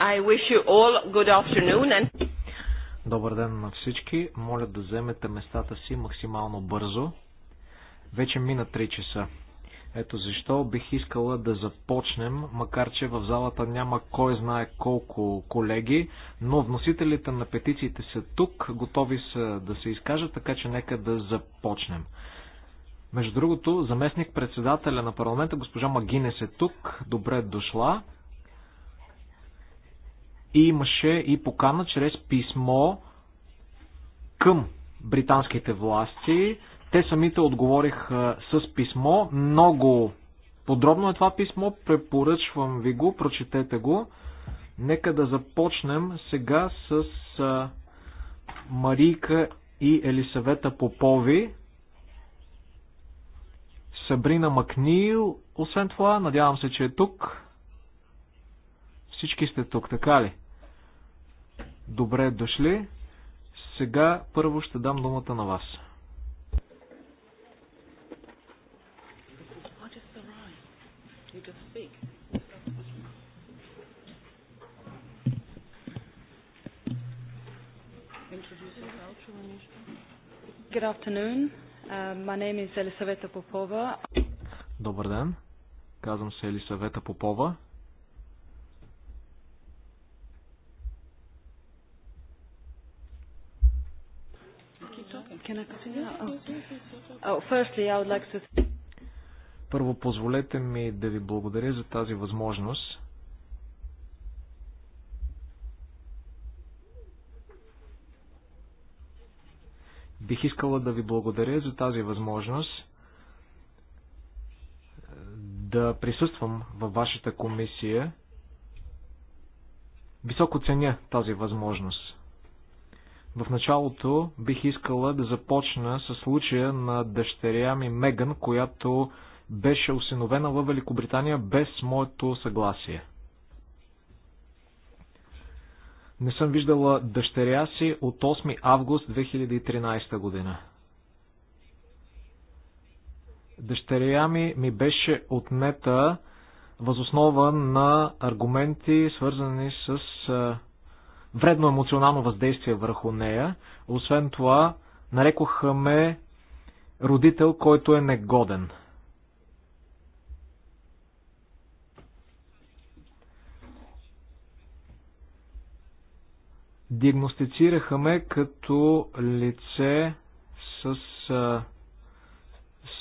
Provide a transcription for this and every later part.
I wish you all good afternoon and... Добър ден на всички. Моля да вземете местата си максимално бързо. Вече мина 3 часа. Ето защо бих искала да започнем, макар че в залата няма кой знае колко колеги, но вносителите на петициите са тук, готови са да се изкажат, така че нека да започнем. Между другото, заместник председателя на парламента, госпожа Магинес е тук. Добре дошла. И имаше и покана чрез писмо към британските власти. Те самите отговорих с писмо. Много подробно е това писмо. Препоръчвам ви го, прочетете го. Нека да започнем сега с Марийка и Елисавета Попови. Сабрина Макнил, освен това, надявам се, че е тук. Всички сте тук, така ли? Добре дошли. Сега първо ще дам думата на вас. Good afternoon. Uh, my name is Елисавета Попова. Добър ден. Казвам се Елисавета Попова. Can I continue? Oh. Oh, firstly, I would like to... Първо, позволете ми да ви благодаря за тази възможност. Бих искала да ви благодаря за тази възможност е, да присъствам във вашата комисия. Високо ценя тази възможност. В началото бих искала да започна с случая на дъщеря ми Меган, която беше осиновена във Великобритания без моето съгласие. Не съм виждала дъщеря си от 8 август 2013 година. Дъщеря ми ми беше отнета възоснова на аргументи, свързани с вредно емоционално въздействие върху нея. Освен това, нарекоха ме родител, който е негоден. Диагностицираха ме като лице с а,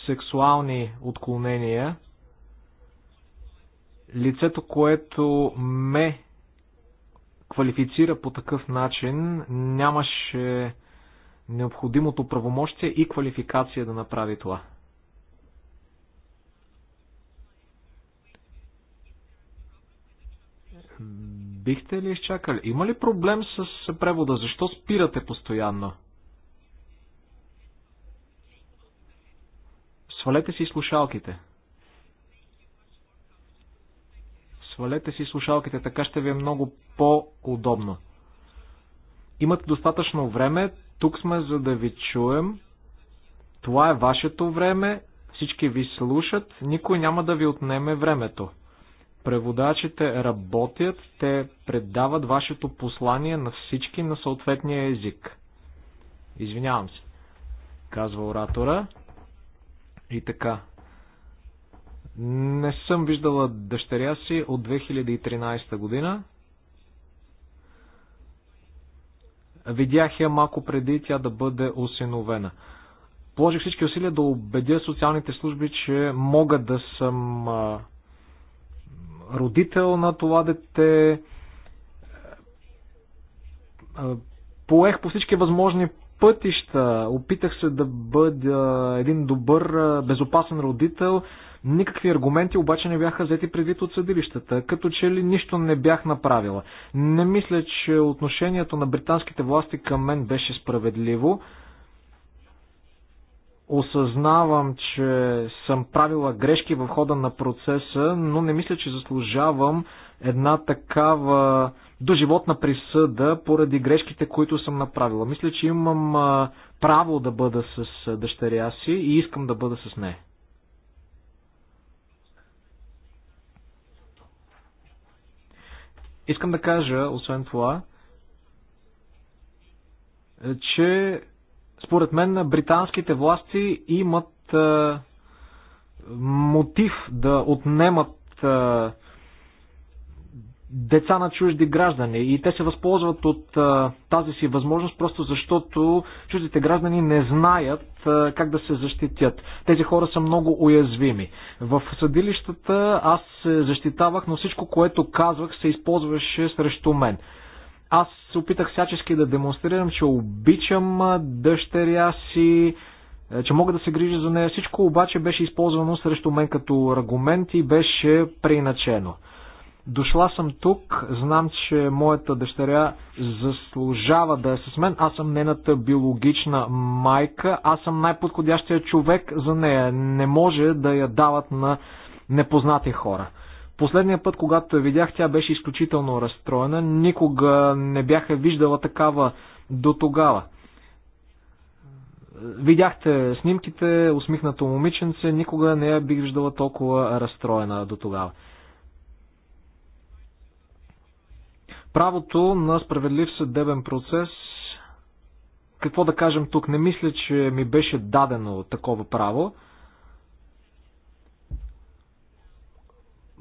сексуални отклонения. Лицето, което ме квалифицира по такъв начин, нямаше необходимото правомощие и квалификация да направи това. Бихте ли изчакали? Има ли проблем с превода? Защо спирате постоянно? Свалете си слушалките. Свалете си слушалките, така ще ви е много по-удобно. Имате достатъчно време, тук сме за да ви чуем. Това е вашето време, всички ви слушат, никой няма да ви отнеме времето. Преводачите работят, те предават вашето послание на всички на съответния език. Извинявам се, казва оратора. И така, не съм виждала дъщеря си от 2013 година. Видях я малко преди тя да бъде осиновена. Положих всички усилия да убедя социалните служби, че мога да съм родител на това дете. Поех по всички възможни пътища. Опитах се да бъда един добър, безопасен родител Никакви аргументи обаче не бяха взети предвид от съдилищата, като че ли нищо не бях направила. Не мисля, че отношението на британските власти към мен беше справедливо. Осъзнавам, че съм правила грешки в хода на процеса, но не мисля, че заслужавам една такава доживотна присъда поради грешките, които съм направила. Мисля, че имам право да бъда с дъщеря си и искам да бъда с нея. Искам да кажа, освен това, е, че според мен британските власти имат е, мотив да отнемат е, деца на чужди граждани и те се възползват от а, тази си възможност просто защото чуждите граждани не знаят а, как да се защитят. Тези хора са много уязвими. В съдилищата аз се защитавах, но всичко, което казвах, се използваше срещу мен. Аз се опитах всячески да демонстрирам, че обичам дъщеря си, че мога да се грижа за нея. Всичко обаче беше използвано срещу мен като аргумент и беше преиначено. Дошла съм тук, знам, че моята дъщеря заслужава да е с мен. Аз съм нената биологична майка. Аз съм най-подходящия човек за нея. Не може да я дават на непознати хора. Последния път, когато я видях, тя беше изключително разстроена. Никога не бяха виждала такава до тогава. Видяхте снимките, усмихнато момиченце, никога не я бих виждала толкова разстроена до тогава. Правото на справедлив съдебен процес, какво да кажем тук, не мисля, че ми беше дадено такова право.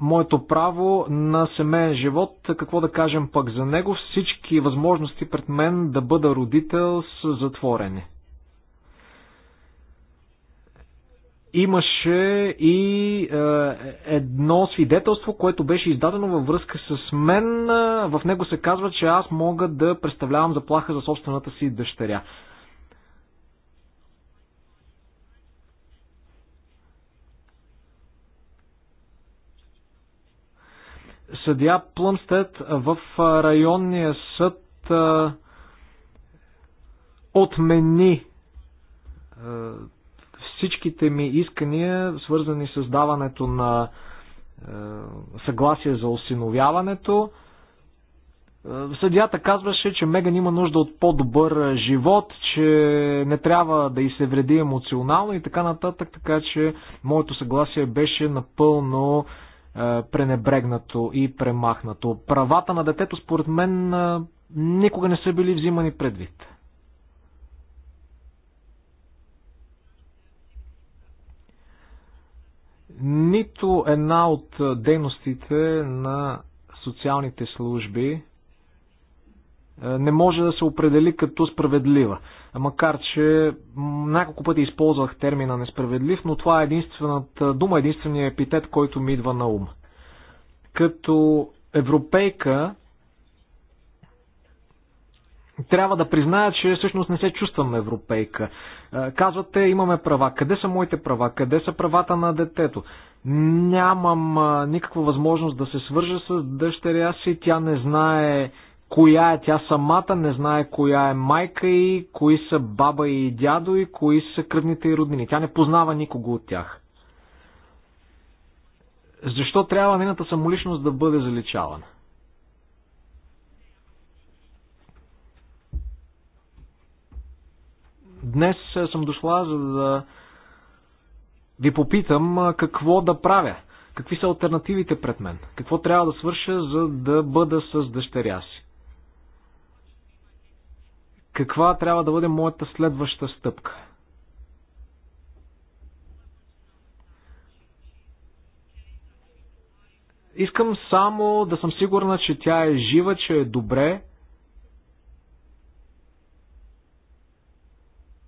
моето право на семейен живот, какво да кажем пък за него, всички възможности пред мен да бъда родител са затворени. имаше и е, едно свидетелство, което беше издадено във връзка с мен. Е, в него се казва, че аз мога да представлявам заплаха за собствената си дъщеря. Съдия Плъмстед в е, районния съд е, отмени всичките ми искания, свързани с даването на е, съгласие за осиновяването, е, Съдията казваше, че Меган има нужда от по-добър живот, че не трябва да й се вреди емоционално и така нататък, така че моето съгласие беше напълно е, пренебрегнато и премахнато. Правата на детето, според мен, е, никога не са били взимани предвид. Нито една от дейностите на социалните служби не може да се определи като справедлива. Макар, че няколко пъти използвах термина несправедлив, но това е единствената дума, единственият епитет, който ми идва на ум. Като европейка, трябва да призная, че всъщност не се чувствам европейка. Е, казвате, имаме права. Къде са моите права? Къде са правата на детето? Нямам е, никаква възможност да се свържа с дъщеря си. Тя не знае коя е тя самата, не знае коя е майка и кои са баба и дядо и кои са кръвните и роднини. Тя не познава никого от тях. Защо трябва нейната самоличност да бъде заличавана? Днес съм дошла за да ви попитам какво да правя. Какви са альтернативите пред мен? Какво трябва да свърша, за да бъда с дъщеря си? Каква трябва да бъде моята следваща стъпка? Искам само да съм сигурна, че тя е жива, че е добре,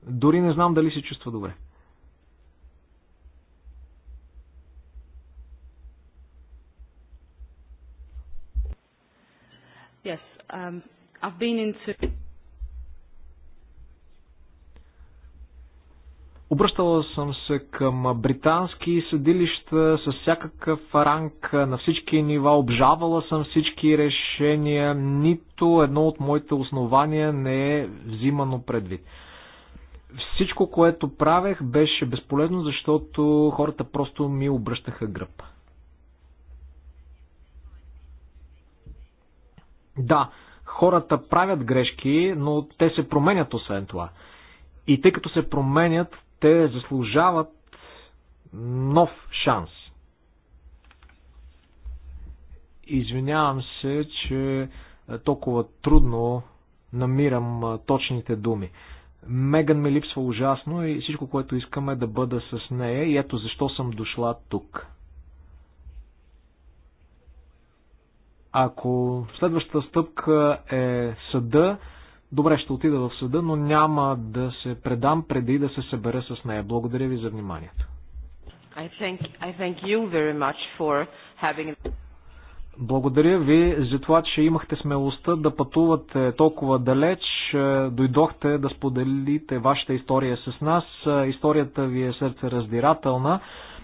Дори не знам дали се чувства добре. Yes, um, I've been into... Обръщала съм се към британски съдилища с всякакъв ранг на всички нива, обжавала съм всички решения, нито едно от моите основания не е взимано предвид всичко, което правех, беше безполезно, защото хората просто ми обръщаха гръб. Да, хората правят грешки, но те се променят освен това. И тъй като се променят, те заслужават нов шанс. Извинявам се, че толкова трудно намирам точните думи. Меган ми липсва ужасно и всичко, което искаме е да бъда с нея и ето защо съм дошла тук. Ако следващата стъпка е съда, добре ще отида в съда, но няма да се предам преди да се събера с нея. Благодаря ви за вниманието. I thank, I thank you very much for having... Благодаря ви за това, че имахте смелостта да пътувате толкова далеч. Е, дойдохте да споделите вашата история с нас. Е, историята ви е сърцераздирателна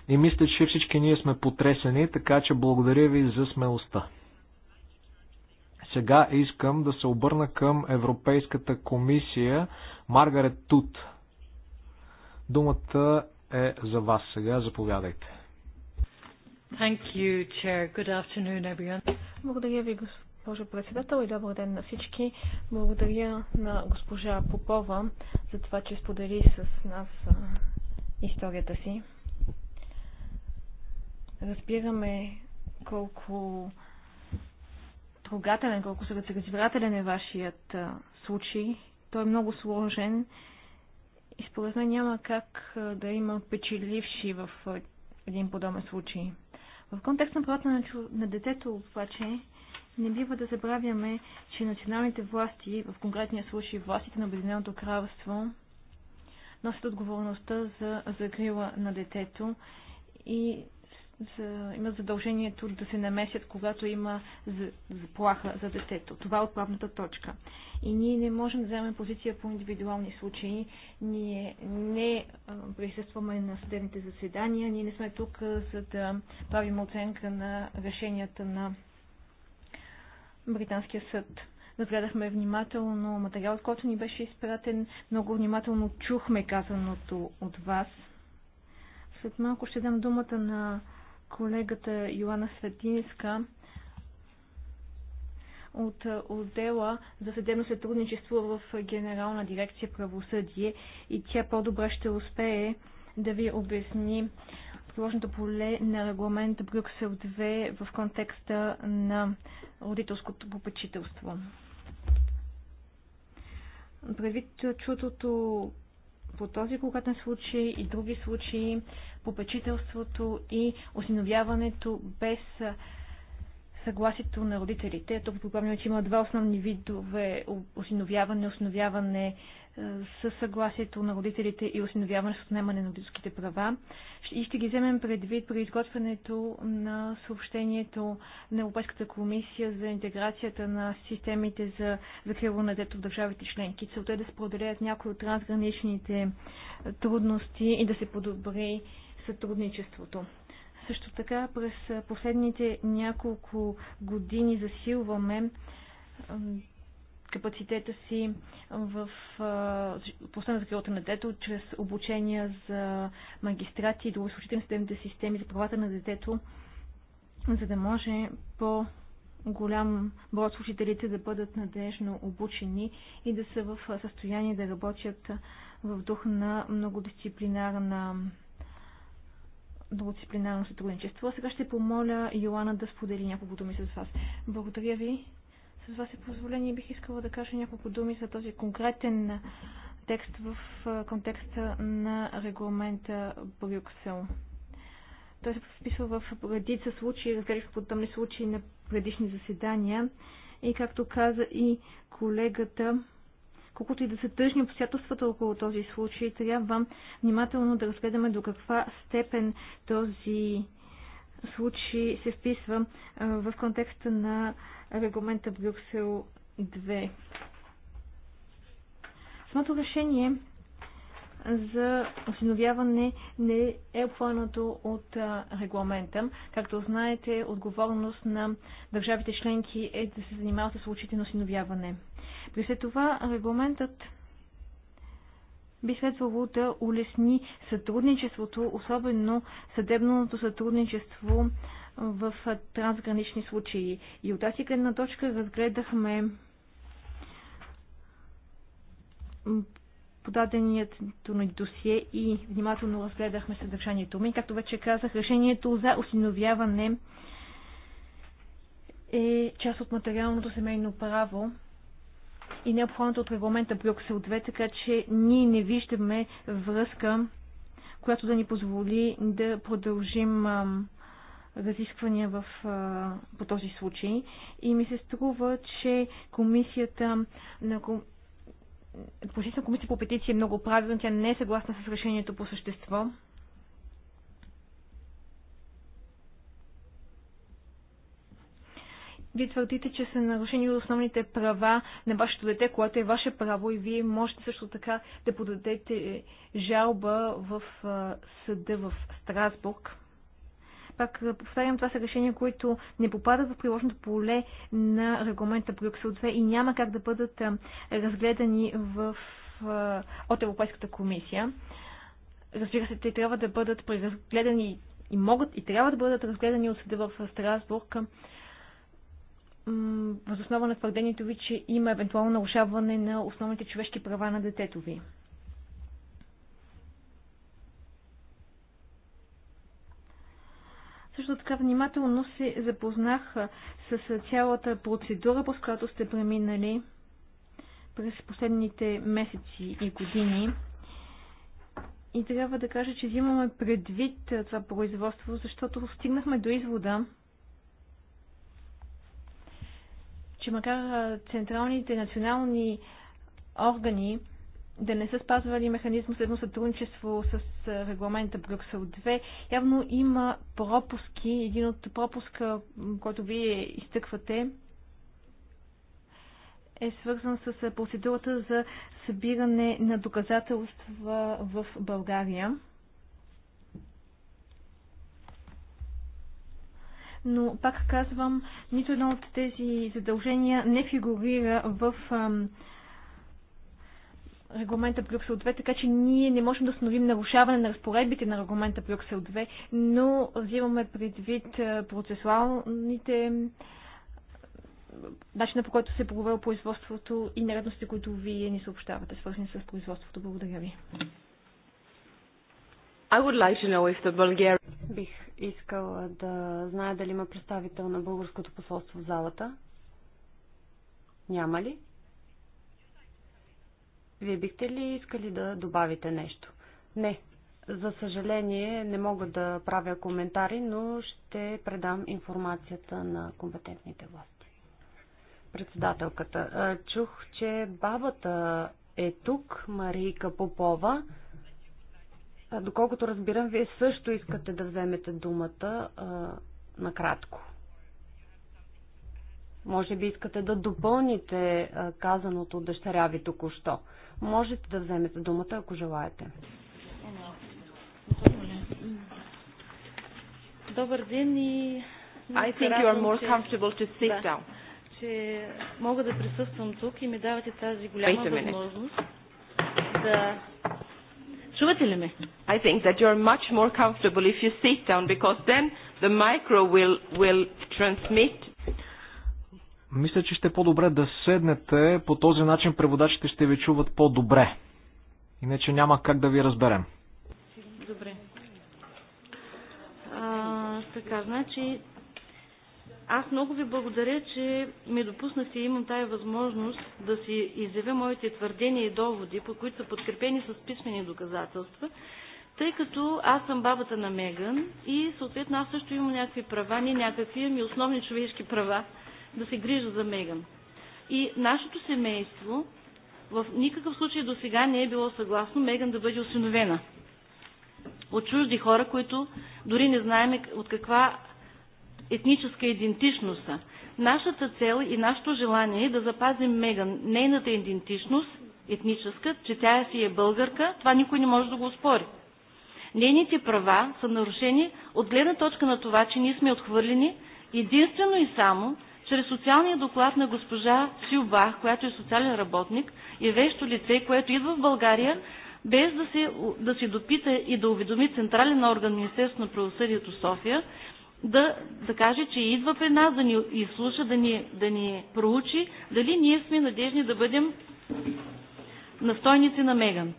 и мисля, че всички ние сме потресени, така че благодаря ви за смелостта. Сега искам да се обърна към Европейската комисия Маргарет Тут. Думата е за вас сега. Заповядайте. Thank you, Chair. Good afternoon, everyone. Благодаря ви, госпожо председател и добър ден на всички. Благодаря на госпожа Попова за това, че сподели с нас историята си. Разбираме колко трогателен, колко сърцеразвирателен е вашият случай. Той е много сложен и според мен няма как да има печеливши в един подобен случай. В контекст на правата на, на детето обаче не бива да забравяме, че националните власти, в конкретния случай властите на Обединеното кралство, носят отговорността за закрила на детето и за, имат задължението да се намесят, когато има заплаха за детето. Това е отправната точка. И ние не можем да вземем позиция по индивидуални случаи. Ние не присъстваме на съдебните заседания. Ние не сме тук, за да правим оценка на решенията на Британския съд. Разгледахме внимателно материал, който ни беше изпратен. Много внимателно чухме казаното от вас. След малко ще дам думата на колегата Йоана Светинска от отдела за съдебно сътрудничество в Генерална дирекция правосъдие и тя по-добре ще успее да ви обясни приложното поле на регламент Брюксел 2 в контекста на родителското попечителство. Предвид чутото по този конкретен случай и други случаи, попечителството и осиновяването без съгласието на родителите. Тук припомням, че има два основни видове осиновяване, осиновяване със съгласието на родителите и осиновяване с отнемане на родителските права. И ще ги вземем предвид при изготвянето на съобщението на Европейската комисия за интеграцията на системите за закрило на дето в държавите членки. Целта е да споделят някои от трансграничните е, трудности и да се подобри сътрудничеството. Също така през последните няколко години засилваме капацитета си в областта на закрилата на детето, чрез обучения за магистрати и другослужителни съдебните системи за правата на детето, за да може по голям брой от служителите да бъдат надежно обучени и да са в състояние да работят в дух на многодисциплинарна многодисциплинарно сътрудничество. Сега ще помоля Йоана да сподели няколко думи с вас. Благодаря ви. С вас е позволение бих искала да кажа няколко думи за този конкретен текст в контекста на регламента Брюксел. Той се вписва в редица случаи, по подобни случаи на предишни заседания. И както каза и колегата, колкото и да са тъжни обстоятелствата около този случай, трябва внимателно да разгледаме до каква степен този случай се вписва в контекста на регламента Брюксел 2. Самото решение за осиновяване не е обхванато от регламента. Както знаете, отговорност на държавите членки е да се занимават с случаите на осиновяване. При след това регламентът би следвало да улесни сътрудничеството, особено съдебното сътрудничество в трансгранични случаи. И от тази гледна точка разгледахме подаденият на досие и внимателно разгледахме съдържанието ми. Както вече казах, решението за осиновяване е част от материалното семейно право и не от регламента Брюксел 2, така че ние не виждаме връзка, която да ни позволи да продължим разисквания в, а, по този случай и ми се струва, че комисията на Позиция комисия по петиция е много правилна, тя не е съгласна с решението по същество. вие твърдите, че са нарушени основните права на вашето дете, което е ваше право и вие можете също така да подадете е, жалба в съда в Страсбург. Пак повтарям, това са решения, които не попадат в приложното поле на регламента Брюксел 2 и няма как да бъдат разгледани в, от Европейската комисия. Разбира се, те трябва да бъдат преразгледани и могат и трябва да бъдат разгледани от съда в Страсбург възоснова на твърдението ви, че има евентуално нарушаване на основните човешки права на детето ви? Също така внимателно се запознах с цялата процедура, по която сте преминали през последните месеци и години. И трябва да кажа, че взимаме предвид това производство, защото стигнахме до извода, че макар централните национални органи да не са спазвали механизма следно сътрудничество с регламента Брюксел 2, явно има пропуски. Един от пропуска, който вие изтъквате, е свързан с процедурата за събиране на доказателства в България. но пак казвам, нито едно от тези задължения не фигурира в ам, регламента Брюксел 2, така че ние не можем да установим нарушаване на разпоредбите на регламента Брюксел 2, но взимаме предвид процесуалните начина по който се провел производството и нередности, които вие ни съобщавате, свързани с производството. Благодаря ви. I would like to know if the Бих искала да знае дали има представител на българското посолство в залата. Няма ли? Вие бихте ли искали да добавите нещо? Не. За съжаление не мога да правя коментари, но ще предам информацията на компетентните власти. Председателката. Чух, че бабата е тук, Марийка Попова. Доколкото разбирам, вие също искате да вземете думата а, накратко. Може би искате да допълните а, казаното от дъщеря ви току-що. Можете да вземете думата, ако желаете. Добър ден и... I think you are more comfortable to sit down. Че мога да присъствам тук и ми давате тази голяма възможност да tror till och med. I think that you're much more comfortable if you sit down because then the micro will, will transmit. Мисля, че ще е по-добре да седнете. По този начин преводачите ще ви чуват по-добре. Иначе няма как да ви разберем. Добре. А, така, значи аз много ви благодаря, че ми допуснахте и имам тая възможност да си изявя моите твърдения и доводи, по които са подкрепени с писмени доказателства, тъй като аз съм бабата на Меган и съответно аз също имам някакви права, не някакви, ами основни човешки права да се грижа за Меган. И нашето семейство в никакъв случай до сега не е било съгласно Меган да бъде осиновена от чужди хора, които дори не знаем от каква етническа идентичност. Нашата цел и нашето желание е да запазим Меган, нейната идентичност, етническа, че тя си е българка, това никой не може да го спори. Нейните права са нарушени от гледна точка на това, че ние сме отхвърлени единствено и само чрез социалния доклад на госпожа Силбах, която е социален работник и вещо лице, което идва в България, без да се, да се допита и да уведоми централен орган Министерство на правосъдието София, да, да каже, че идва при нас, да ни изслуша, да ни, да ни проучи, дали ние сме надежни да бъдем настойници на Меган.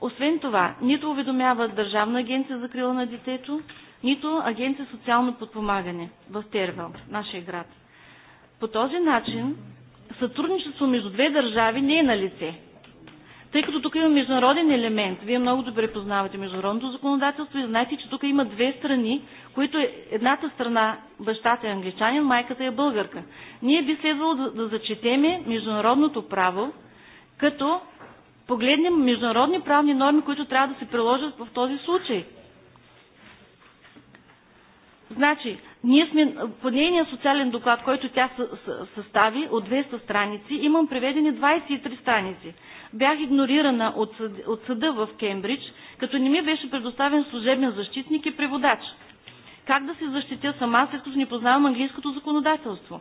Освен това, нито уведомява Държавна агенция за крила на детето, нито Агенция социално подпомагане в Тервел, нашия град. По този начин сътрудничество между две държави не е на лице. Тъй като тук има международен елемент, вие много добре познавате международното законодателство и знаете, че тук има две страни, които е, едната страна, бащата е англичанин, майката е българка. Ние би следвало да, да зачетеме международното право, като погледнем международни правни норми, които трябва да се приложат в този случай. Значи, ние сме, по нейния социален доклад, който тя съ, съ, състави от 200 страници, имам преведени 23 страници бях игнорирана от, съд, от съда в Кембридж, като не ми беше предоставен служебен защитник и преводач. Как да се защитя сама, след като не познавам английското законодателство?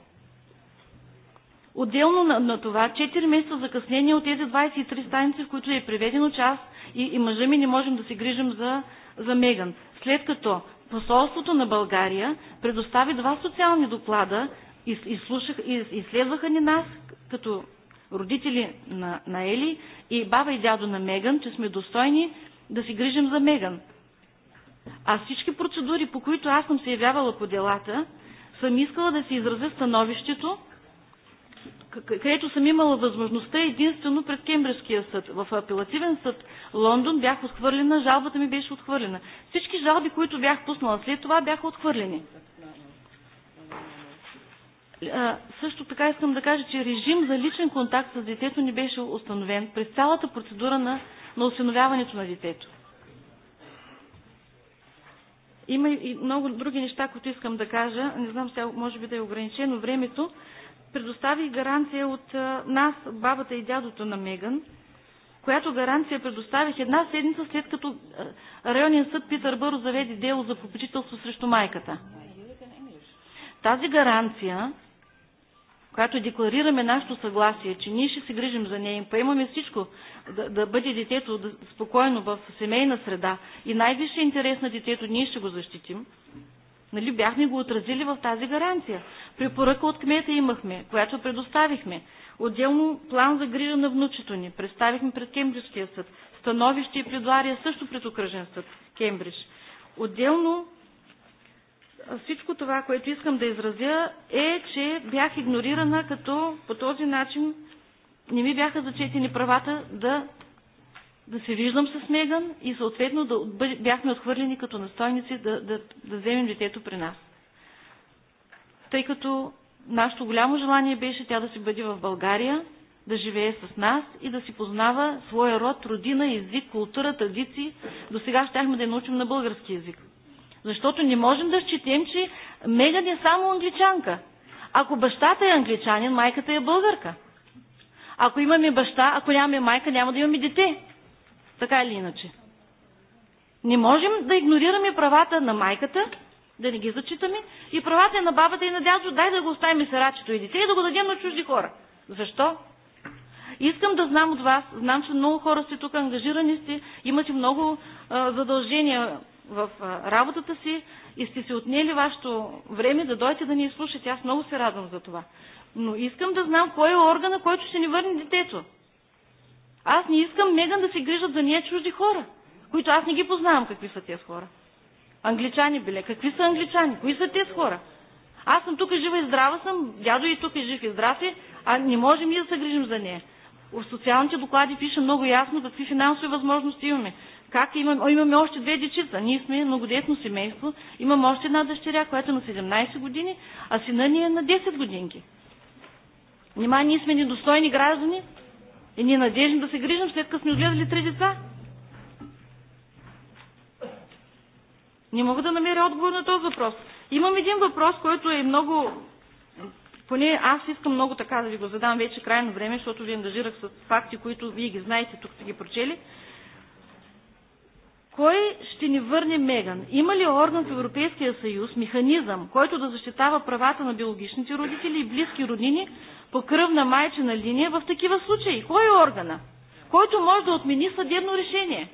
Отделно на, на това, 4 месеца закъснение от тези 23 страници, в които е приведено част и, и мъжа ми не можем да се грижим за, за Меган. След като посолството на България предостави два социални доклада, и и изследваха ни нас като родители на, на Ели и баба и дядо на Меган, че сме достойни да си грижим за Меган. А всички процедури, по които аз съм се явявала по делата, съм искала да си изразя становището, където съм имала възможността единствено пред Кембриджския съд. В апелативен съд Лондон бях отхвърлена, жалбата ми беше отхвърлена. Всички жалби, които бях пуснала след това, бяха отхвърлени също така искам да кажа, че режим за личен контакт с детето не беше установен през цялата процедура на, на осиновяването на детето. Има и много други неща, които искам да кажа. Не знам сега, може би да е ограничено времето. Предостави гаранция от нас, бабата и дядото на Меган, която гаранция предоставих една седмица след като районен съд Питър Бърро заведе дело за попечителство срещу майката. Тази гаранция когато декларираме нашето съгласие, че ние ще се грижим за нея, поемаме всичко, да, да бъде детето да, спокойно в семейна среда и най-висше интерес на детето ние ще го защитим, нали, бяхме го отразили в тази гаранция. Препоръка от кмета имахме, която предоставихме. Отделно план за грижа на внучето ни представихме пред Кембриджския съд. Становище и предуария също пред окръжен съд Кембридж. Отделно всичко това, което искам да изразя, е, че бях игнорирана, като по този начин не ми бяха зачетени правата да, да се виждам с Меган и съответно да бяхме отхвърлени като настойници да, да, да вземем детето при нас. Тъй като нашето голямо желание беше тя да се бъде в България, да живее с нас и да си познава своя род, родина, език, култура, традиции. До сега щяхме да я научим на български язик. Защото не можем да считем, че Меган е само англичанка. Ако бащата е англичанин, майката е българка. Ако имаме баща, ако нямаме майка, няма да имаме дете. Така или иначе. Не можем да игнорираме правата на майката, да не ги зачитаме, и правата на бабата и на дядо, дай да го оставим сирачето и дете и да го дадем на чужди хора. Защо? Искам да знам от вас, знам, че много хора сте тук, ангажирани сте, имате много а, задължения в работата си и сте си отнели вашето време да дойдете да ни изслушате. Аз много се радвам за това. Но искам да знам кой е органа, който ще ни върне детето. Аз не искам Меган да се грижат за нея чужди хора, които аз не ги познавам какви са тези хора. Англичани биле. Какви са англичани? Кои са тези хора? Аз съм тук жива и здрава съм, дядо и тук е жив и здрав е, а не можем и да се грижим за нея. В социалните доклади пише много ясно какви финансови възможности имаме. Как имаме, имаме още две дечица. Ние сме многодетно семейство. Имам още една дъщеря, която е на 17 години, а сина ни е на 10 годинки. Нима ние сме недостойни граждани и ние надежни да се грижим, след като сме отгледали три деца. Не мога да намеря отговор на този въпрос. Имам един въпрос, който е много... Поне аз искам много така да ви го задам вече крайно време, защото ви ангажирах с факти, които вие ги знаете, тук сте ги прочели. Кой ще ни върне Меган? Има ли орган в Европейския съюз, механизъм, който да защитава правата на биологичните родители и близки роднини по кръвна майчина линия в такива случаи? Кой е органа? Който може да отмени съдебно решение?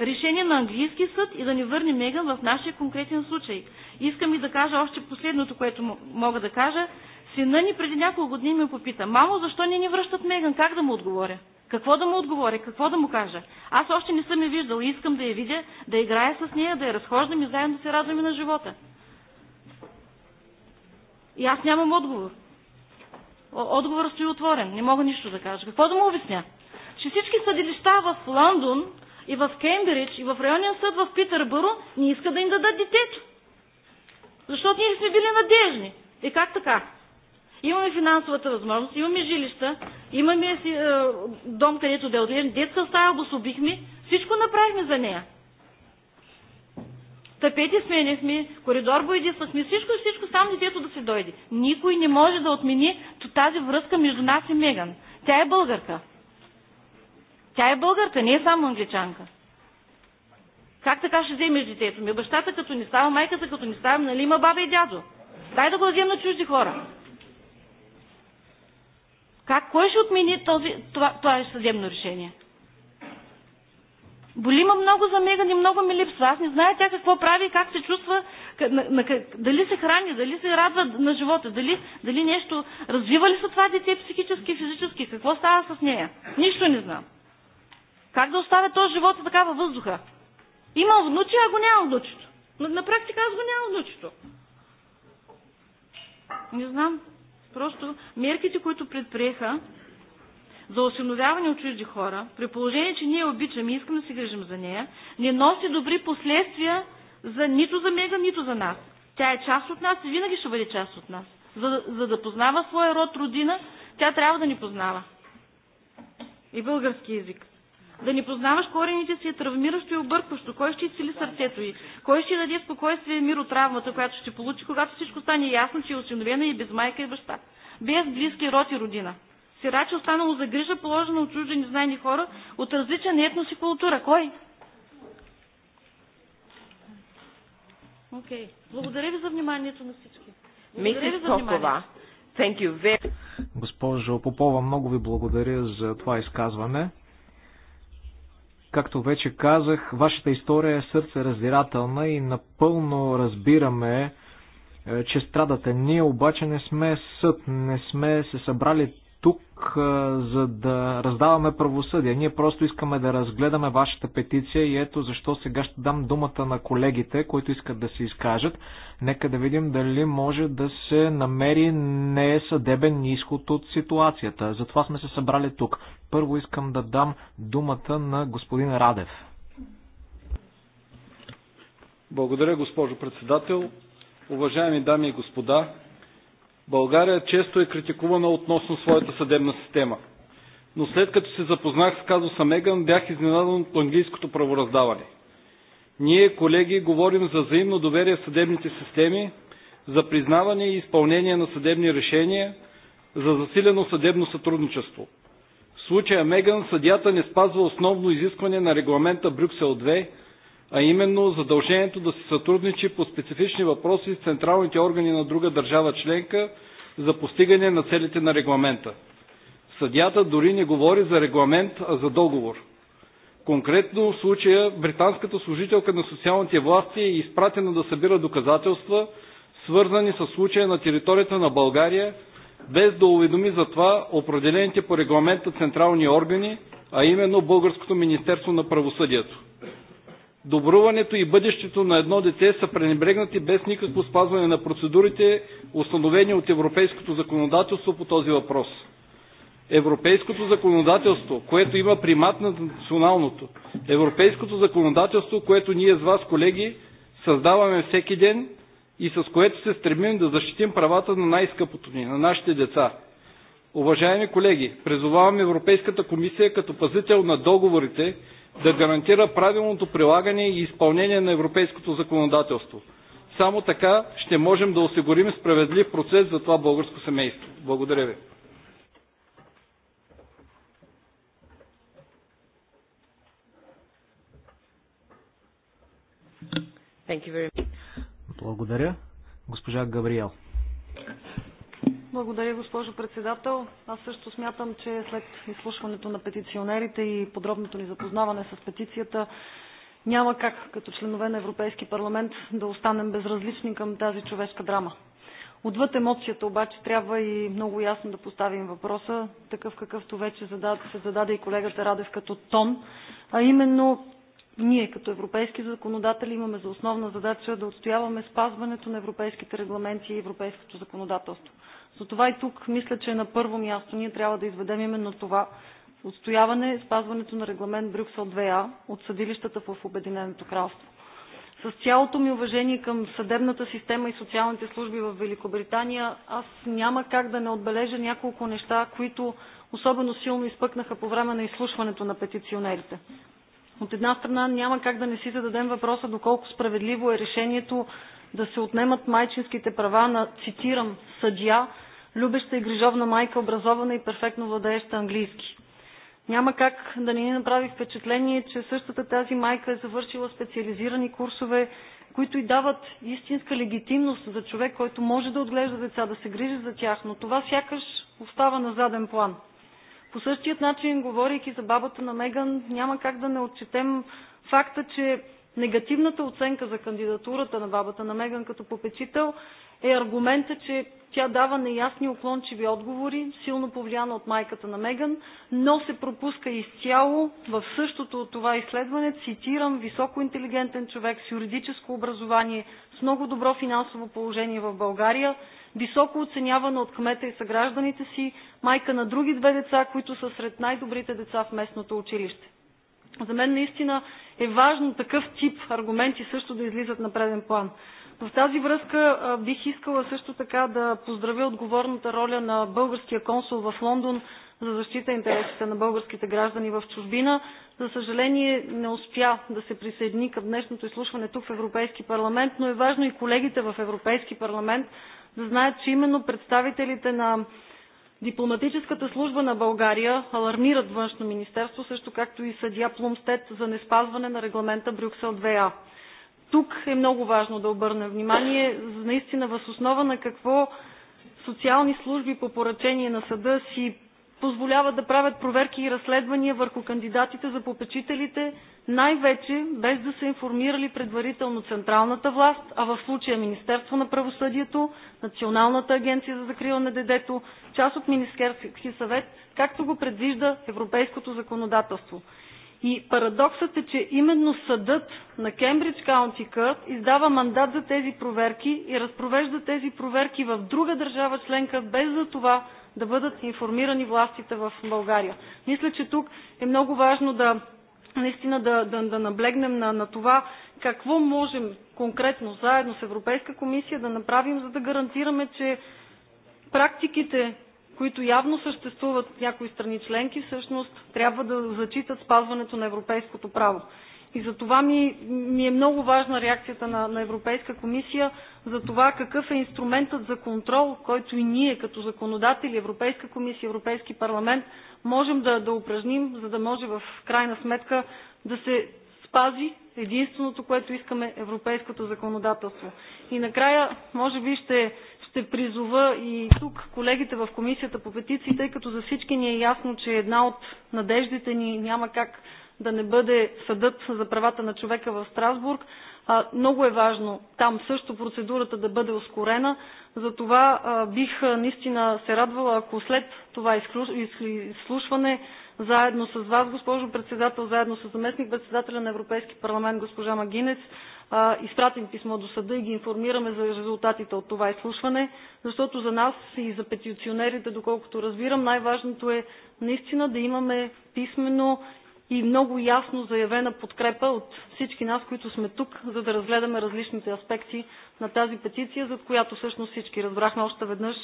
Решение на английски съд и да ни върне Меган в нашия конкретен случай. Искам и да кажа още последното, което мога да кажа. Сина ни преди няколко години ме попита, мамо, защо не ни връщат Меган? Как да му отговоря? Какво да му отговоря? Какво да му кажа? Аз още не съм я виждал. Искам да я видя, да играя с нея, да я разхождам и заедно да се радваме на живота. И аз нямам отговор. Отговорът стои отворен. Не мога нищо да кажа. Какво да му обясня? Че всички съдилища в Лондон и в Кембридж и в районния съд в Питърбъро не иска да им дадат детето. Защото ние сме били надежни. И е, как така? Имаме финансовата възможност, имаме жилища, имаме е, дом, където да отидем, детска стая обособихме, всичко направихме за нея. Тапети сменихме, коридор боядисвахме, всичко, всичко, само детето да се дойде. Никой не може да отмени тази връзка между нас и Меган. Тя е българка. Тя е българка, не е само англичанка. Как така ще вземеш детето ми? Бащата като не става, майката като не става, нали има баба и дядо. Дай да го вземем на чужди хора. Как, кой ще отмени този, това, това е съдебно решение? Боли ма много за Меган и много ми липсва. Аз не зная тя какво прави и как се чувства, на, на, дали се храни, дали се радва на живота, дали, дали нещо... Развива ли се това дете психически, физически? Какво става с нея? Нищо не знам. Как да оставя този живот така във въздуха? Имам внуче, а го нямам внучето. На, на практика аз го нямам внучето. Не знам. Просто мерките, които предприеха за осиновяване от чужди хора, при положение, че ние обичаме и искаме да се грижим за нея, не носи добри последствия за, нито за Мега, нито за нас. Тя е част от нас и винаги ще бъде част от нас. За, за да познава своя род, родина, тя трябва да ни познава. И български язик. Да не познаваш корените си е травмиращо и объркващо. Кой ще изцели сърцето й? Кой ще даде спокойствие и мир от травмата, която ще получи, когато всичко стане ясно, че е осиновена и без майка и баща? Без близки род и родина. Сираче останало за грижа, положено от чужди незнайни хора от различен етнос и култура. Кой? Окей. Okay. Благодаря ви за вниманието на всички. Благодаря ви за вниманието. Госпожо Попова, много ви благодаря за това изказване. Както вече казах, вашата история е сърцераздирателна и напълно разбираме, е, че страдате. Ние обаче не сме съд, не сме се събрали тук, за да раздаваме правосъдие. Ние просто искаме да разгледаме вашата петиция и ето защо сега ще дам думата на колегите, които искат да се изкажат. Нека да видим дали може да се намери несъдебен изход от ситуацията. Затова сме се събрали тук. Първо искам да дам думата на господин Радев. Благодаря, госпожо председател. Уважаеми дами и господа, България често е критикувана относно своята съдебна система. Но след като се запознах с казуса Меган, бях изненадан от английското правораздаване. Ние, колеги, говорим за взаимно доверие в съдебните системи, за признаване и изпълнение на съдебни решения, за засилено съдебно сътрудничество. В случая Меган съдията не спазва основно изискване на регламента Брюксел 2 а именно задължението да се сътрудничи по специфични въпроси с централните органи на друга държава членка за постигане на целите на регламента. Съдията дори не говори за регламент, а за договор. Конкретно в случая британската служителка на социалните власти е изпратена да събира доказателства, свързани с случая на територията на България, без да уведоми за това определените по регламента централни органи, а именно Българското министерство на правосъдието добруването и бъдещето на едно дете са пренебрегнати без никакво спазване на процедурите, установени от европейското законодателство по този въпрос. Европейското законодателство, което има примат на националното, европейското законодателство, което ние с вас, колеги, създаваме всеки ден и с което се стремим да защитим правата на най-скъпото ни, на нашите деца. Уважаеми колеги, призовавам Европейската комисия като пазител на договорите, да гарантира правилното прилагане и изпълнение на европейското законодателство. Само така ще можем да осигурим справедлив процес за това българско семейство. Благодаря ви. Благодаря. Госпожа Габриел. Благодаря, госпожо председател. Аз също смятам, че след изслушването на петиционерите и подробното ни запознаване с петицията, няма как като членове на Европейски парламент да останем безразлични към тази човешка драма. Отвъд емоцията обаче трябва и много ясно да поставим въпроса, такъв какъвто вече зададе, се зададе и колегата Радев като тон, а именно ние като европейски законодатели имаме за основна задача да отстояваме спазването на европейските регламенти и европейското законодателство. Затова и тук мисля, че на първо място ние трябва да изведем именно това отстояване спазването на регламент Брюксел 2А от съдилищата в Обединеното кралство. С цялото ми уважение към съдебната система и социалните служби в Великобритания, аз няма как да не отбележа няколко неща, които особено силно изпъкнаха по време на изслушването на петиционерите. От една страна няма как да не си зададем въпроса доколко справедливо е решението да се отнемат майчинските права на, цитирам, съдия, любеща и грижовна майка, образована и перфектно владееща английски. Няма как да не ни направи впечатление, че същата тази майка е завършила специализирани курсове, които и дават истинска легитимност за човек, който може да отглежда деца, да се грижи за тях, но това сякаш остава на заден план. По същият начин, говорейки за бабата на Меган, няма как да не отчетем факта, че негативната оценка за кандидатурата на бабата на Меган като попечител е аргумента, че тя дава неясни уклончиви отговори, силно повлияна от майката на Меган, но се пропуска изцяло в същото от това изследване, цитирам, високоинтелигентен човек с юридическо образование, с много добро финансово положение в България, високо оценявана от кмета и съгражданите си, майка на други две деца, които са сред най-добрите деца в местното училище. За мен наистина е важно такъв тип аргументи също да излизат на преден план. В тази връзка бих искала също така да поздравя отговорната роля на българския консул в Лондон за защита интересите на българските граждани в чужбина. За съжаление не успя да се присъедини към днешното изслушване тук в Европейски парламент, но е важно и колегите в Европейски парламент да знаят, че именно представителите на Дипломатическата служба на България алармират Външно министерство, също както и съдя Пломстет за неспазване на регламента Брюксел 2А тук е много важно да обърнем внимание, наистина въз основа на какво социални служби по поръчение на съда си позволяват да правят проверки и разследвания върху кандидатите за попечителите, най-вече без да са информирали предварително централната власт, а в случая Министерство на правосъдието, Националната агенция за закрила на детето, част от Министерски съвет, както го предвижда европейското законодателство. И парадоксът е, че именно съдът на Кембридж Каунти Кът издава мандат за тези проверки и разпровежда тези проверки в друга държава членка, без за това да бъдат информирани властите в България. Мисля, че тук е много важно да наистина да, да, да наблегнем на, на това какво можем конкретно заедно с Европейска комисия да направим, за да гарантираме, че практиките които явно съществуват в някои страни членки, всъщност трябва да зачитат спазването на европейското право. И за това ми, ми е много важна реакцията на, на Европейска комисия за това какъв е инструментът за контрол, който и ние като законодатели, Европейска комисия, Европейски парламент можем да, да упражним, за да може в крайна сметка да се спази единственото, което искаме европейското законодателство. И накрая, може би ще, ще призова и тук колегите в Комисията по петиции, тъй като за всички ни е ясно, че една от надеждите ни няма как да не бъде съдът за правата на човека в Страсбург. Много е важно там също процедурата да бъде ускорена. Затова бих наистина се радвала, ако след това изслушване заедно с вас, госпожо председател, заедно с заместник председателя на Европейски парламент госпожа Магинец, изпратим писмо до съда и ги информираме за резултатите от това изслушване, защото за нас и за петиционерите, доколкото разбирам, най-важното е наистина да имаме писмено и много ясно заявена подкрепа от всички нас, които сме тук, за да разгледаме различните аспекти на тази петиция, за която всъщност всички разбрахме още веднъж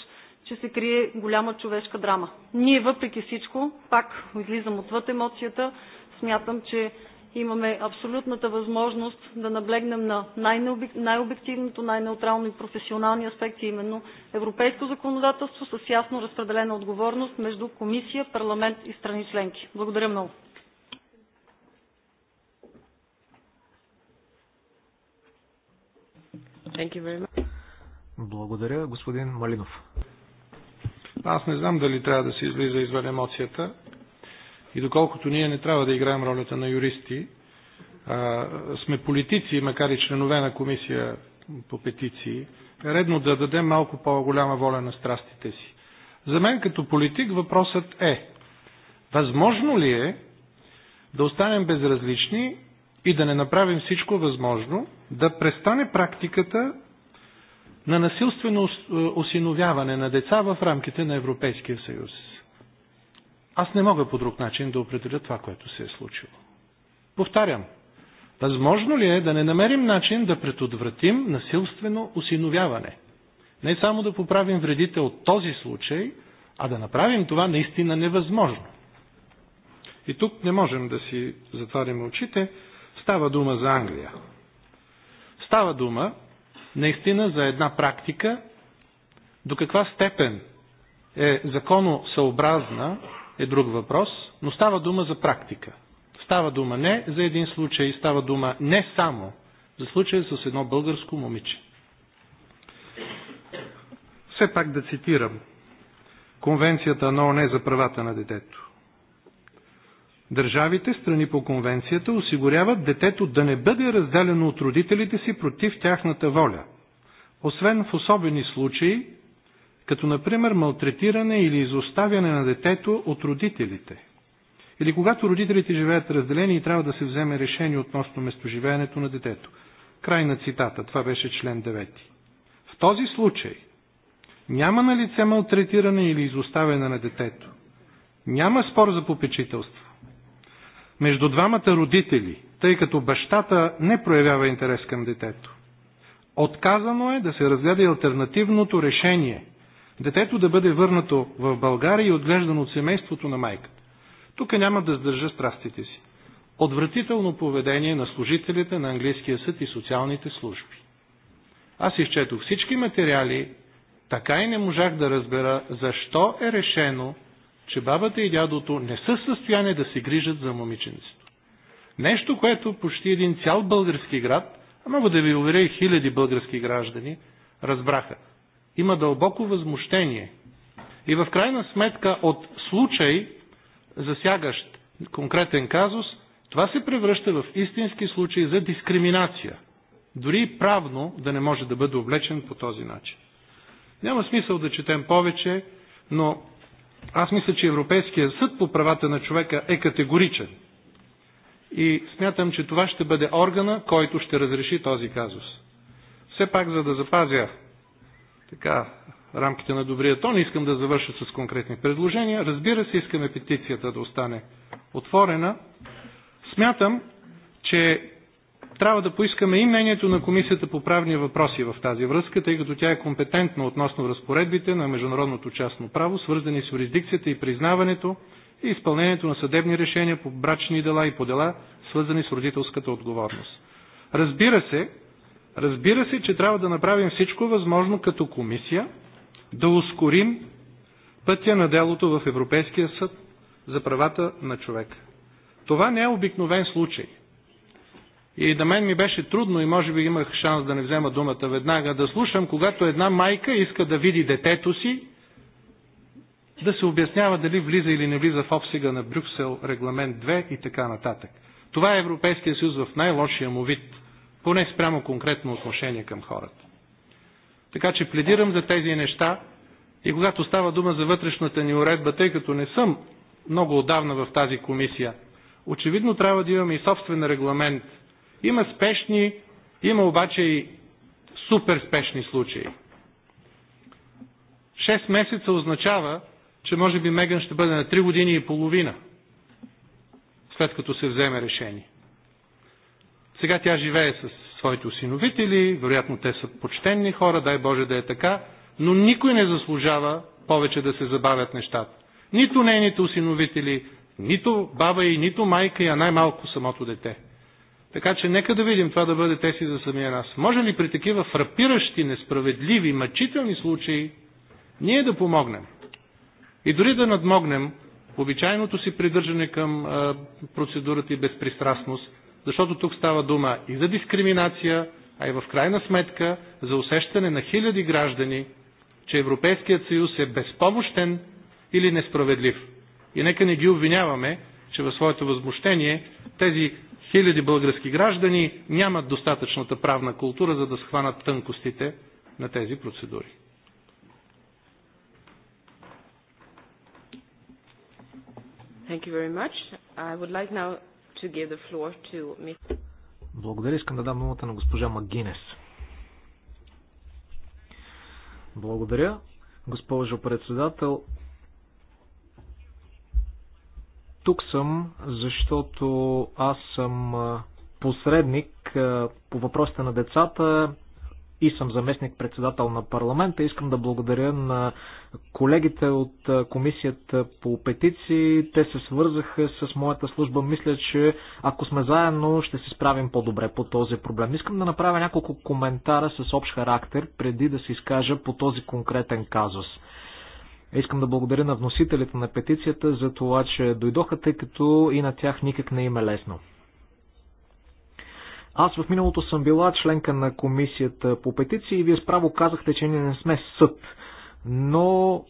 че се крие голяма човешка драма. Ние въпреки всичко, пак излизам отвъд емоцията, смятам, че имаме абсолютната възможност да наблегнем на най-обективното, най-неутрално и професионални аспекти, именно европейско законодателство с ясно разпределена отговорност между комисия, парламент и страни членки. Благодаря много. Благодаря, господин Малинов. Аз не знам дали трябва да се излиза извън емоцията и доколкото ние не трябва да играем ролята на юристи, а, сме политици, макар и членове на комисия по петиции, е редно да дадем малко по-голяма воля на страстите си. За мен като политик въпросът е, възможно ли е да останем безразлични и да не направим всичко възможно да престане практиката на насилствено е, осиновяване на деца в рамките на Европейския съюз. Аз не мога по друг начин да определя това, което се е случило. Повтарям, възможно ли е да не намерим начин да предотвратим насилствено осиновяване? Не само да поправим вредите от този случай, а да направим това наистина невъзможно. И тук не можем да си затваряме очите. Става дума за Англия. Става дума наистина за една практика, до каква степен е законосъобразна е друг въпрос, но става дума за практика. Става дума не за един случай, става дума не само за случая с едно българско момиче. Все пак да цитирам Конвенцията на ОНЕ за правата на детето. Държавите, страни по конвенцията, осигуряват детето да не бъде разделено от родителите си против тяхната воля, освен в особени случаи, като например малтретиране или изоставяне на детето от родителите. Или когато родителите живеят разделени и трябва да се вземе решение относно местоживеенето на детето. Край на цитата. Това беше член 9. В този случай няма на лице малтретиране или изоставяне на детето. Няма спор за попечителство между двамата родители, тъй като бащата не проявява интерес към детето. Отказано е да се разгледа и альтернативното решение детето да бъде върнато в България и отглеждано от семейството на майката. Тук няма да сдържа страстите си. Отвратително поведение на служителите на английския съд и социалните служби. Аз изчетох всички материали, така и не можах да разбера защо е решено че бабата и дядото не са в състояние да се грижат за момиченцето. Нещо, което почти един цял български град, а мога да ви уверя и хиляди български граждани, разбраха. Има дълбоко възмущение. И в крайна сметка от случай, засягащ конкретен казус, това се превръща в истински случай за дискриминация. Дори и правно да не може да бъде облечен по този начин. Няма смисъл да четем повече, но аз мисля, че Европейския съд по правата на човека е категоричен. И смятам, че това ще бъде органа, който ще разреши този казус. Все пак, за да запазя така рамките на добрия тон, искам да завърша с конкретни предложения. Разбира се, искаме петицията да остане отворена. Смятам, че трябва да поискаме и мнението на Комисията по правни въпроси в тази връзка, тъй като тя е компетентна относно разпоредбите на международното частно право, свързани с юрисдикцията и признаването и изпълнението на съдебни решения по брачни дела и по дела, свързани с родителската отговорност. Разбира се, разбира се, че трябва да направим всичко възможно като комисия да ускорим пътя на делото в Европейския съд за правата на човека. Това не е обикновен случай – и на да мен ми беше трудно и може би имах шанс да не взема думата веднага, да слушам, когато една майка иска да види детето си, да се обяснява дали влиза или не влиза в обсега на Брюксел, регламент 2 и така нататък. Това е Европейския съюз в най-лошия му вид, поне спрямо конкретно отношение към хората. Така че пледирам за тези неща и когато става дума за вътрешната ни уредба, тъй като не съм много отдавна в тази комисия, очевидно трябва да имаме и собствен регламент – има спешни, има обаче и супер спешни случаи. Шест месеца означава, че може би Меган ще бъде на 3 години и половина, след като се вземе решение. Сега тя живее с своите осиновители, вероятно те са почтенни хора, дай Боже да е така, но никой не заслужава повече да се забавят нещата. Нито нейните осиновители, нито баба и нито майка, а най-малко самото дете. Така че нека да видим това да бъде тези за самия нас. Може ли при такива фрапиращи, несправедливи, мъчителни случаи ние да помогнем? И дори да надмогнем обичайното си придържане към процедурата и безпристрастност, защото тук става дума и за дискриминация, а и в крайна сметка за усещане на хиляди граждани, че Европейският съюз е безпомощен или несправедлив. И нека не ги обвиняваме, че във своето възмущение тези Хиляди български граждани нямат достатъчната правна култура, за да схванат тънкостите на тези процедури. Thank you very much. I would like now to give the floor to Благодаря. Искам да дам думата на госпожа Магинес. Благодаря, госпожо председател. Тук съм, защото аз съм посредник по въпросите на децата и съм заместник председател на парламента. Искам да благодаря на колегите от комисията по петиции. Те се свързаха с моята служба. Мисля, че ако сме заедно, ще се справим по-добре по този проблем. Искам да направя няколко коментара с общ характер, преди да се изкажа по този конкретен казус. Искам да благодаря на вносителите на петицията за това, че дойдоха, тъй като и на тях никак не им е лесно. Аз в миналото съм била членка на комисията по петиции и вие справо казахте, че ние не сме съд. Но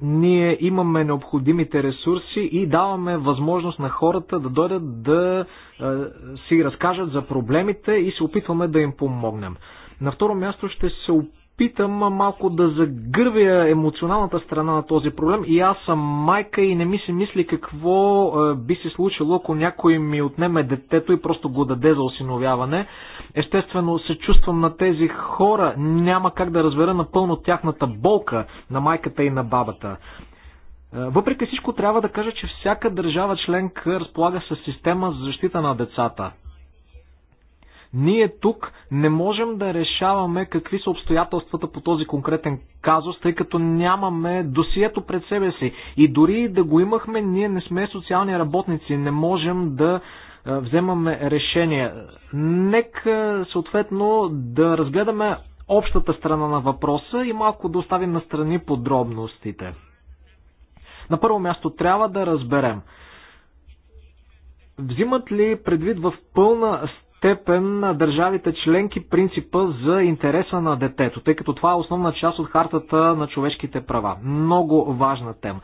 ние имаме необходимите ресурси и даваме възможност на хората да дойдат да е, си разкажат за проблемите и се опитваме да им помогнем. На второ място ще се опитаме Питам малко да загървя емоционалната страна на този проблем. И аз съм майка и не ми се мисли какво е, би се случило, ако някой ми отнеме детето и просто го даде за осиновяване. Естествено се чувствам на тези хора. Няма как да разбера напълно тяхната болка на майката и на бабата. Е, въпреки всичко трябва да кажа, че всяка държава членка разполага с система за защита на децата. Ние тук не можем да решаваме какви са обстоятелствата по този конкретен казус, тъй като нямаме досието пред себе си. И дори да го имахме, ние не сме социални работници, не можем да вземаме решение. Нека съответно да разгледаме общата страна на въпроса и малко да оставим на страни подробностите. На първо място трябва да разберем. Взимат ли предвид в пълна степен на държавите членки принципа за интереса на детето, тъй като това е основна част от хартата на човешките права. Много важна тема.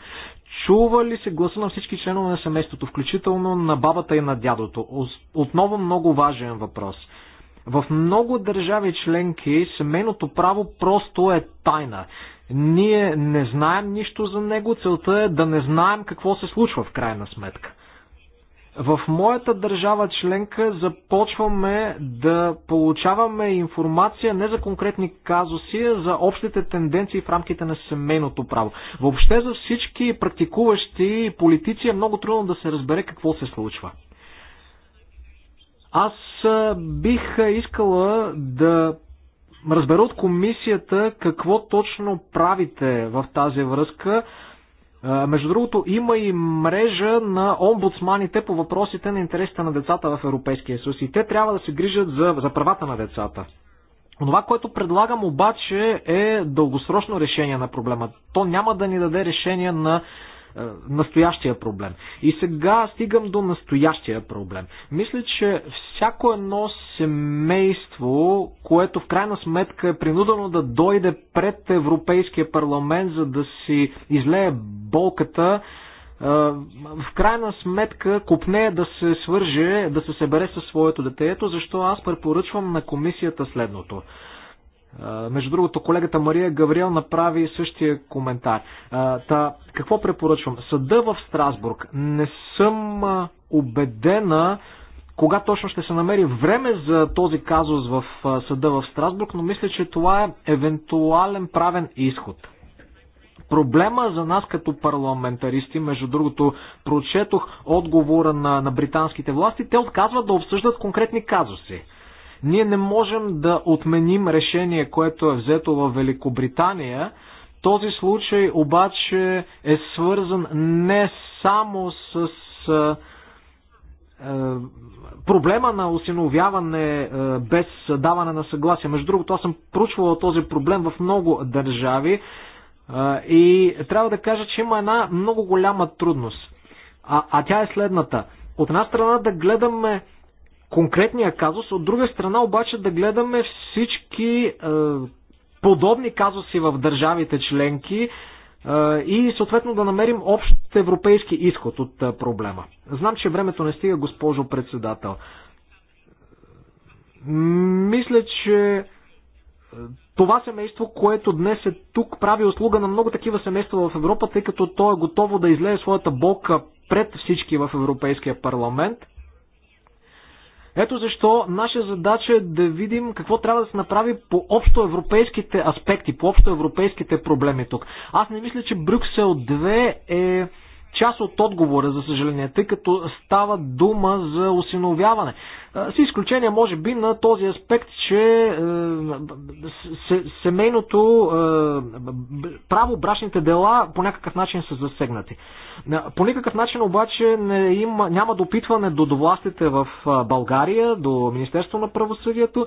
Чува ли се гласа на всички членове на семейството, включително на бабата и на дядото? Отново много важен въпрос. В много държави членки семейното право просто е тайна. Ние не знаем нищо за него, целта е да не знаем какво се случва в крайна сметка. В моята държава членка започваме да получаваме информация не за конкретни казуси, а за общите тенденции в рамките на семейното право. Въобще за всички практикуващи политици е много трудно да се разбере какво се случва. Аз бих искала да разбера от комисията какво точно правите в тази връзка. Между другото, има и мрежа на омбудсманите по въпросите на интересите на децата в Европейския съюз и те трябва да се грижат за, за правата на децата. Това, което предлагам обаче е дългосрочно решение на проблема. То няма да ни даде решение на е, настоящия проблем. И сега стигам до настоящия проблем. Мисля, че всяко едно семейство, което в крайна сметка е принудено да дойде пред Европейския парламент, за да си излее болката, е, в крайна сметка купне да се свърже, да се събере със своето дете. Ето защо аз препоръчвам на комисията следното. Между другото, колегата Мария Гавриел направи същия коментар. Та, какво препоръчвам? Съда в Страсбург. Не съм убедена кога точно ще се намери време за този казус в съда в Страсбург, но мисля, че това е евентуален правен изход. Проблема за нас като парламентаристи, между другото, прочетох отговора на, на британските власти, те отказват да обсъждат конкретни казуси ние не можем да отменим решение, което е взето в Великобритания. Този случай обаче е свързан не само с проблема на осиновяване без даване на съгласие. Между другото, аз съм проучвал този проблем в много държави и трябва да кажа, че има една много голяма трудност. А, а тя е следната. От една страна да гледаме конкретния казус, от друга страна обаче да гледаме всички е, подобни казуси в държавите членки е, и съответно да намерим общ европейски изход от е, проблема. Знам, че времето не стига, госпожо председател. Мисля, че е, това семейство, което днес е тук, прави услуга на много такива семейства в Европа, тъй като то е готово да излее своята болка пред всички в Европейския парламент – ето защо наша задача е да видим какво трябва да се направи по общо европейските аспекти, по общо европейските проблеми тук. Аз не мисля, че Брюксел 2 е част от отговора, за съжаление, тъй като става дума за осиновяване. С изключение, може би, на този аспект, че е, семейното е, право, брачните дела по някакъв начин са засегнати. По никакъв начин обаче не има, няма допитване до властите в България, до Министерство на правосъдието.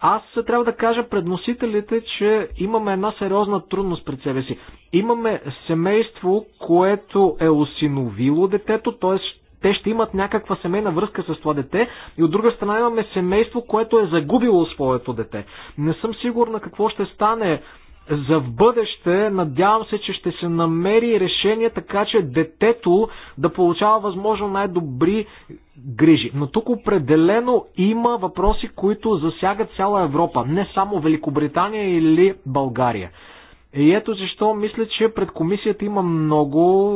Аз трябва да кажа пред носителите, че имаме една сериозна трудност пред себе си. Имаме семейство, което е осиновило детето, т.е. те ще имат някаква семейна връзка с това дете и от друга страна имаме семейство, което е загубило своето дете. Не съм сигурна какво ще стане за в бъдеще, надявам се, че ще се намери решение така, че детето да получава възможно най-добри грижи. Но тук определено има въпроси, които засягат цяла Европа, не само Великобритания или България. Е, и ето защо мисля, че пред комисията има много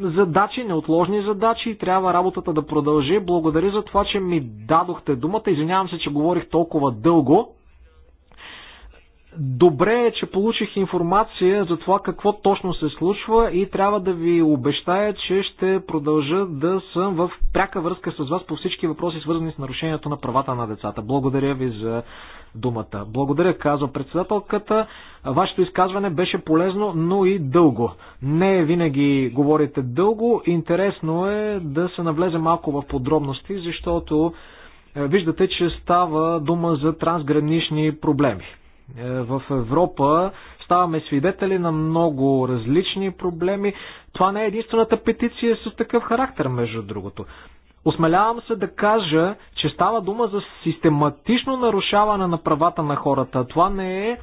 задачи, неотложни задачи и трябва работата да продължи. Благодаря за това, че ми дадохте думата. Извинявам се, че говорих толкова дълго. Добре е, че получих информация за това какво точно се случва и трябва да ви обещая, че ще продължа да съм в пряка връзка с вас по всички въпроси, свързани с нарушението на правата на децата. Благодаря ви за думата. Благодаря, казва председателката. Вашето изказване беше полезно, но и дълго. Не винаги говорите дълго. Интересно е да се навлезе малко в подробности, защото е, виждате, че става дума за трансгранични проблеми. Е, в Европа ставаме свидетели на много различни проблеми. Това не е единствената петиция с такъв характер, между другото. Осмелявам се да кажа, че става дума за систематично нарушаване на правата на хората. Това не е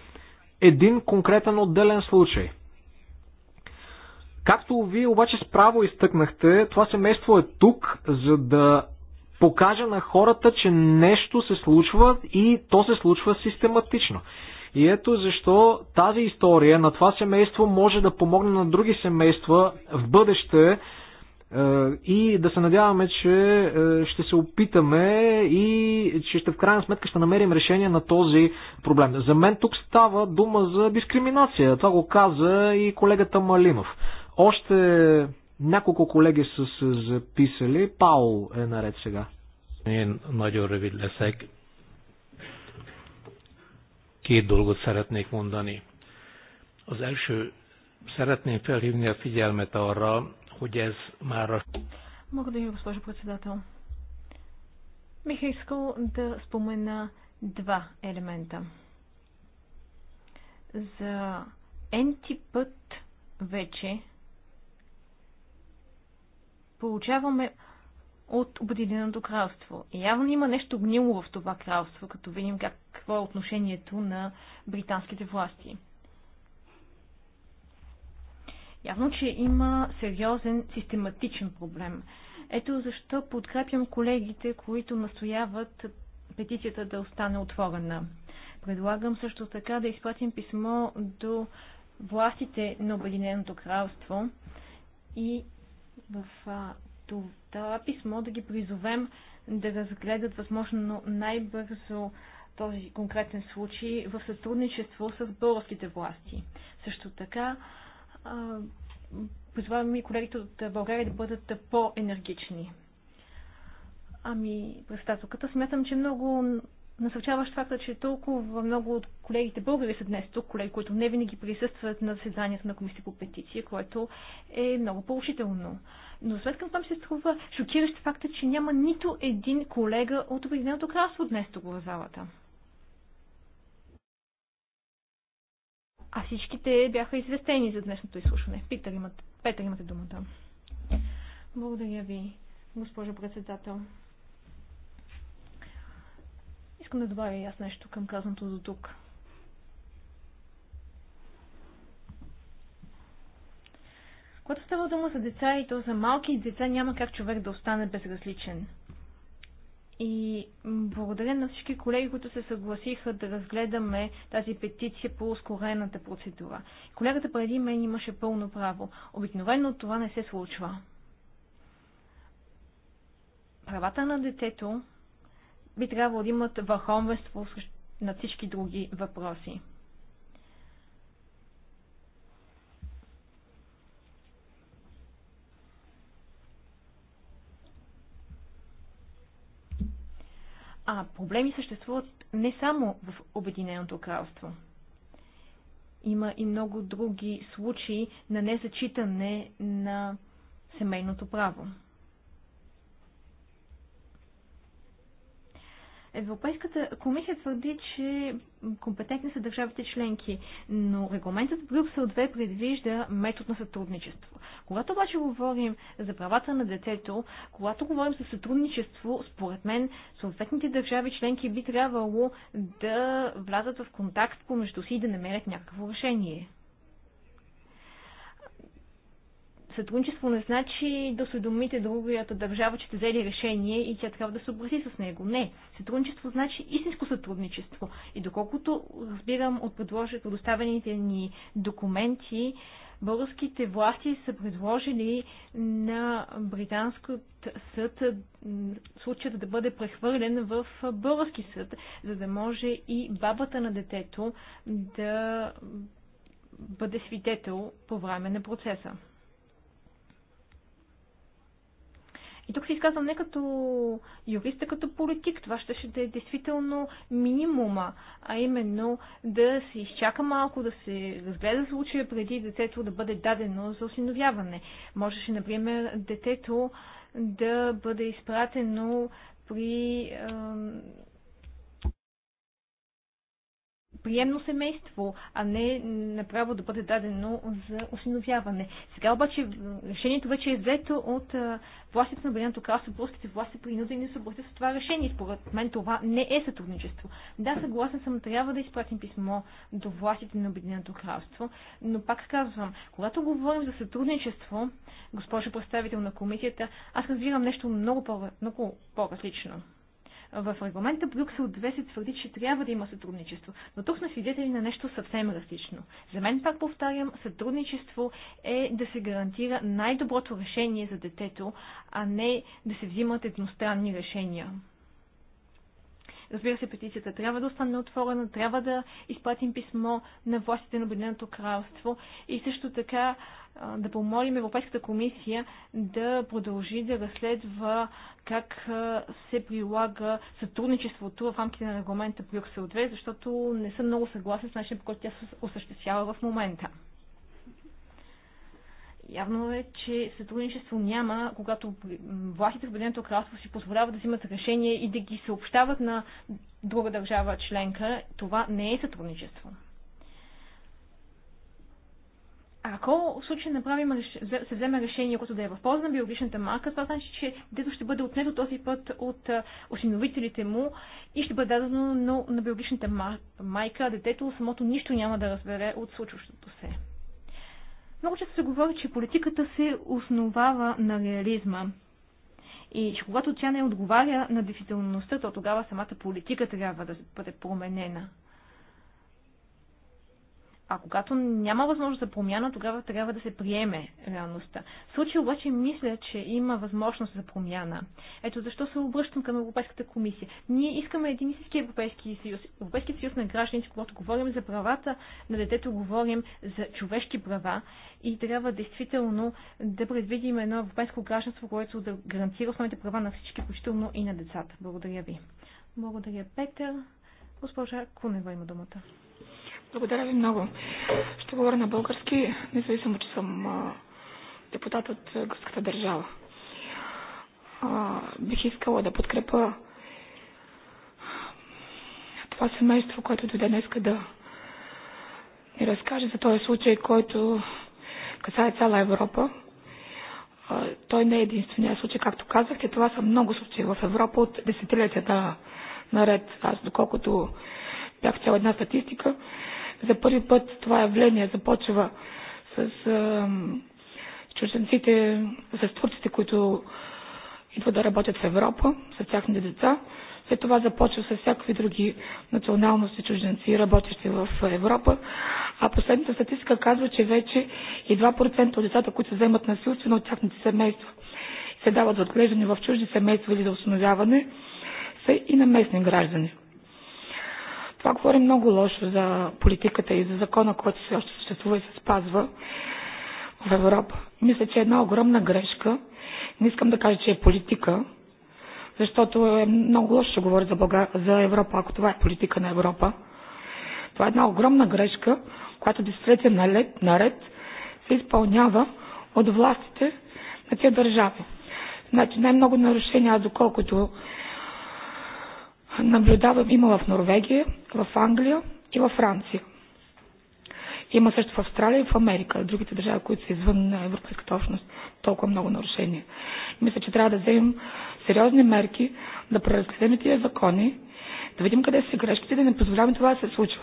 един конкретен отделен случай. Както вие обаче справо изтъкнахте, това семейство е тук, за да покаже на хората, че нещо се случва и то се случва систематично. И ето защо тази история на това семейство може да помогне на други семейства в бъдеще е, и да се надяваме, че е, ще се опитаме и че ще в крайна сметка ще намерим решение на този проблем. За мен тук става дума за дискриминация. Това го каза и колегата Малинов. Още няколко колеги са се записали. Паул е наред сега. Nagyon rövid leszek két dolgot szeretnék mondani. Az első, szeretném felhívni a figyelmet arra, hogy ez már a... Благодаря, госпожо председател. Бих искал да спомена два елемента. За енти път вече получаваме от Обединеното кралство. И явно има нещо гнило в това кралство, като видим какво е отношението на британските власти. Явно, че има сериозен систематичен проблем. Ето защо подкрепям колегите, които настояват петицията да остане отворена. Предлагам също така да изпратим писмо до властите на Обединеното кралство и в това писмо да ги призовем да разгледат възможно най-бързо този конкретен случай в сътрудничество с българските власти. Също така, призваваме и колегите от България да бъдат по-енергични. Ами, тази смятам, че много насърчаващ факта, че толкова много от колегите българи са днес тук, колеги, които не винаги присъстват на заседанието на комисията по петиция, което е много положително. Но след към това ми се струва шокиращ факта, че няма нито един колега от Обединеното кралство днес тук в залата. А всички те бяха известени за днешното изслушване. Питър имате, Петър имате думата. Благодаря ви, госпожо председател. Искам да добавя и аз нещо към казаното до тук. Когато става дума за деца и то за малки деца, няма как човек да остане безразличен. И благодаря на всички колеги, които се съгласиха да разгледаме тази петиция по ускорената процедура. Колегата преди мен имаше пълно право. Обикновено това не се случва. Правата на детето би трябвало да имат върховенство на всички други въпроси. А проблеми съществуват не само в Обединеното кралство. Има и много други случаи на незачитане на семейното право. Европейската комисия твърди, че компетентни са държавите членки, но регламентът Брюксел 2 предвижда метод на сътрудничество. Когато обаче говорим за правата на детето, когато говорим за сътрудничество, според мен съответните държави членки би трябвало да влязат в контакт помежду си и да намерят някакво решение. Сътрудничество не значи да осведомите другата държава, че сте взели решение и тя трябва да се образи с него. Не. Сътрудничество значи истинско сътрудничество. И доколкото разбирам от предоставените ни документи, българските власти са предложили на британският съд случаят да бъде прехвърлен в български съд, за да може и бабата на детето да бъде свидетел по време на процеса. И тук се изказвам не като юрист, а като политик. Това ще, ще е действително минимума, а именно да се изчака малко, да се разгледа случая преди детето да бъде дадено за осиновяване. Можеше, например, детето да бъде изпратено при приемно семейство, а не направо да бъде дадено за осиновяване. Сега обаче решението вече е взето от властите на Обединеното кралство, българските власти принудени да се с това решение. Според мен това не е сътрудничество. Да, съгласен съм, трябва да изпратим писмо до властите на Обединеното кралство, но пак казвам, когато говорим за сътрудничество, госпожо представител на комисията, аз разбирам нещо много по-различно. По-, по в регламента Брюксел 2 се твърди, че трябва да има сътрудничество, но тук сме свидетели на нещо съвсем различно. За мен, пак повтарям, сътрудничество е да се гарантира най-доброто решение за детето, а не да се взимат едностранни решения. Разбира се, петицията трябва да остане отворена, трябва да изпратим писмо на властите на Обединеното кралство и също така да помолим Европейската комисия да продължи да разследва как се прилага сътрудничеството в рамките на регламента Брюксел 2, защото не съм много съгласен с начинът по който тя се осъществява в момента. Явно е, че сътрудничество няма, когато властите в Обединеното кралство си позволяват да взимат решение и да ги съобщават на друга държава членка. Това не е сътрудничество. ако в случай направим, се вземе решение, което да е в полза на биологичната марка, това значи, че детето ще бъде отнето този път от осиновителите му и ще бъде дадено на, биологичната майка, детето самото нищо няма да разбере от случващото се. Много често се говори, че политиката се основава на реализма. И че когато тя не отговаря на действителността, то тогава самата политика трябва да бъде променена. А когато няма възможност за промяна, тогава трябва да се приеме реалността. В случай обаче мисля, че има възможност за промяна. Ето защо се обръщам към Европейската комисия. Ние искаме един истински Европейски съюз. Европейски съюз на гражданите, когато говорим за правата на детето, говорим за човешки права и трябва действително да предвидим едно европейско гражданство, което да гарантира основните права на всички, включително и на децата. Благодаря ви. Благодаря, Петър. Госпожа Кунева има думата. Благодаря ви много. Ще говоря на български, независимо, че съм депутат от гръцката държава. А, бих искала да подкрепа това семейство, което дойде днес да ни разкаже за този случай, който касае цяла Европа. А, той не е единствения случай, както казахте. Това са много случаи в Европа от десетилетията наред. Аз, доколкото бях цяла една статистика, за първи път това явление започва с чужденците, с турците, които идват да работят в Европа, с тяхните деца. След това започва с всякакви други националности чужденци, работещи в Европа. А последната статистика казва, че вече и 2% от децата, които се вземат насилствено от тяхните семейства, се дават за отглеждане в чужди семейства или за установяване, са и на местни граждани. Това говори много лошо за политиката и за закона, който все още съществува и се спазва в Европа. Мисля, че е една огромна грешка. Не искам да кажа, че е политика, защото е много лошо да говори за, Бълга... за Европа, ако това е политика на Европа. Това е една огромна грешка, която десетилетия наред, наред се изпълнява от властите на тези държави. Значи най-много нарушения, аз доколкото наблюдавам, има в Норвегия, в Англия и във Франция. Има също в Австралия и в Америка, другите държави, които са извън Европейската общност, толкова много нарушения. Мисля, че трябва да вземем сериозни мерки, да преразгледаме тези закони, да видим къде са грешките, да не позволяваме това да се случва.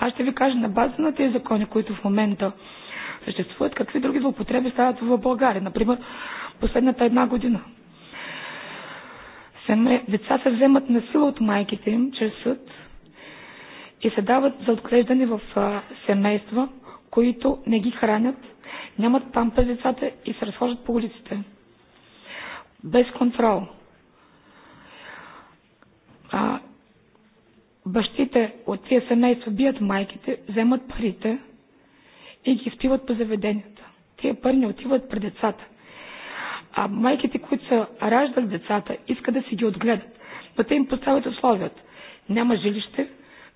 Аз ще ви кажа на база на тези закони, които в момента съществуват, какви други злоупотреби стават в България. Например, последната една година. Е. Деца се вземат на сила от майките им чрез съд и се дават за отглеждане в семейства, които не ги хранят, нямат през децата и се разхождат по улиците. Без контрол. А, бащите от тия семейства бият майките, вземат парите и ги спиват по заведенията. Тия пари не отиват при децата а майките, които са раждали децата, искат да си ги отгледат, но те им поставят условията. Няма жилище,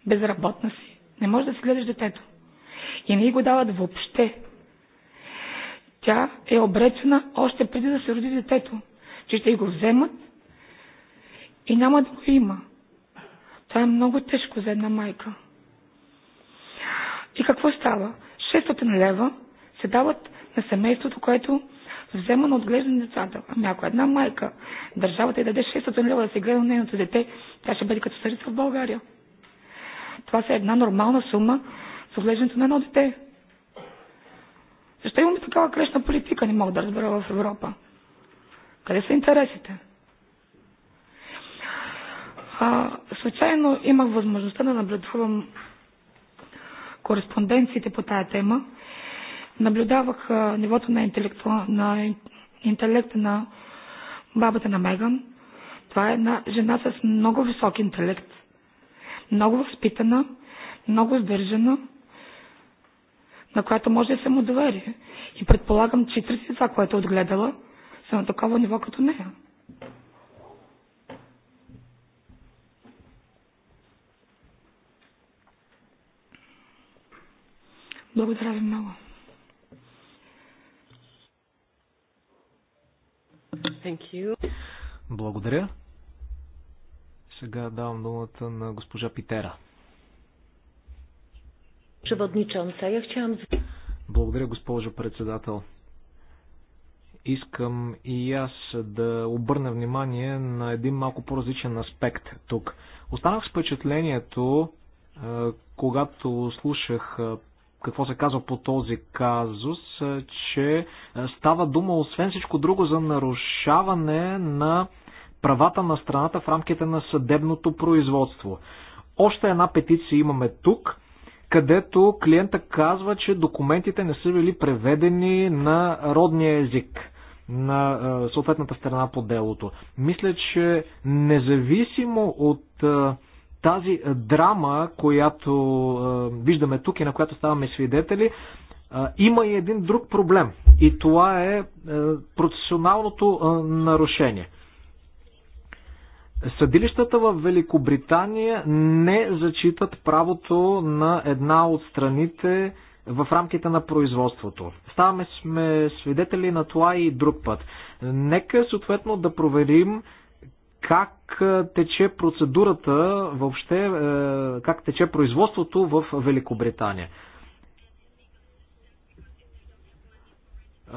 безработна си, не можеш да си гледаш детето. И не го дават въобще. Тя е обречена още преди да се роди детето, че ще го вземат и няма да го има. Това е много тежко за една майка. И какво става? 600 лева се дават на семейството, което взема на отглеждане децата. Ами ако една майка, държавата й даде 600 лева да се гледа на нейното дете, тя ще бъде като царица в България. Това са една нормална сума с отглеждането на едно дете. Защо имаме такава крешна политика, не мога да разбера в Европа. Къде са интересите? А, случайно имах възможността да наблюдавам кореспонденциите по тая тема наблюдавах нивото на, интелект, на интелекта на бабата на Меган. Това е една жена с много висок интелект, много възпитана, много сдържана, на която може да се му довери. И предполагам, че читрите това, което е отгледала, са на такова ниво като нея. Благодаря ви много. Thank you. Благодаря. Сега давам думата на госпожа Питера. Благодаря, госпожо председател. Искам и аз да обърна внимание на един малко по-различен аспект тук. Останах с впечатлението, когато слушах какво се казва по този казус, е, че е, става дума освен всичко друго за нарушаване на правата на страната в рамките на съдебното производство. Още една петиция имаме тук, където клиента казва, че документите не са били преведени на родния език на е, съответната страна по делото. Мисля, че независимо от тази е, драма, която е, виждаме тук и на която ставаме свидетели, е, има и един друг проблем. И това е процесионалното нарушение. Съдилищата в Великобритания не зачитат правото на една от страните в рамките на производството. Ставаме сме свидетели на това и друг път. Нека съответно да проверим как тече процедурата въобще, как тече производството в Великобритания.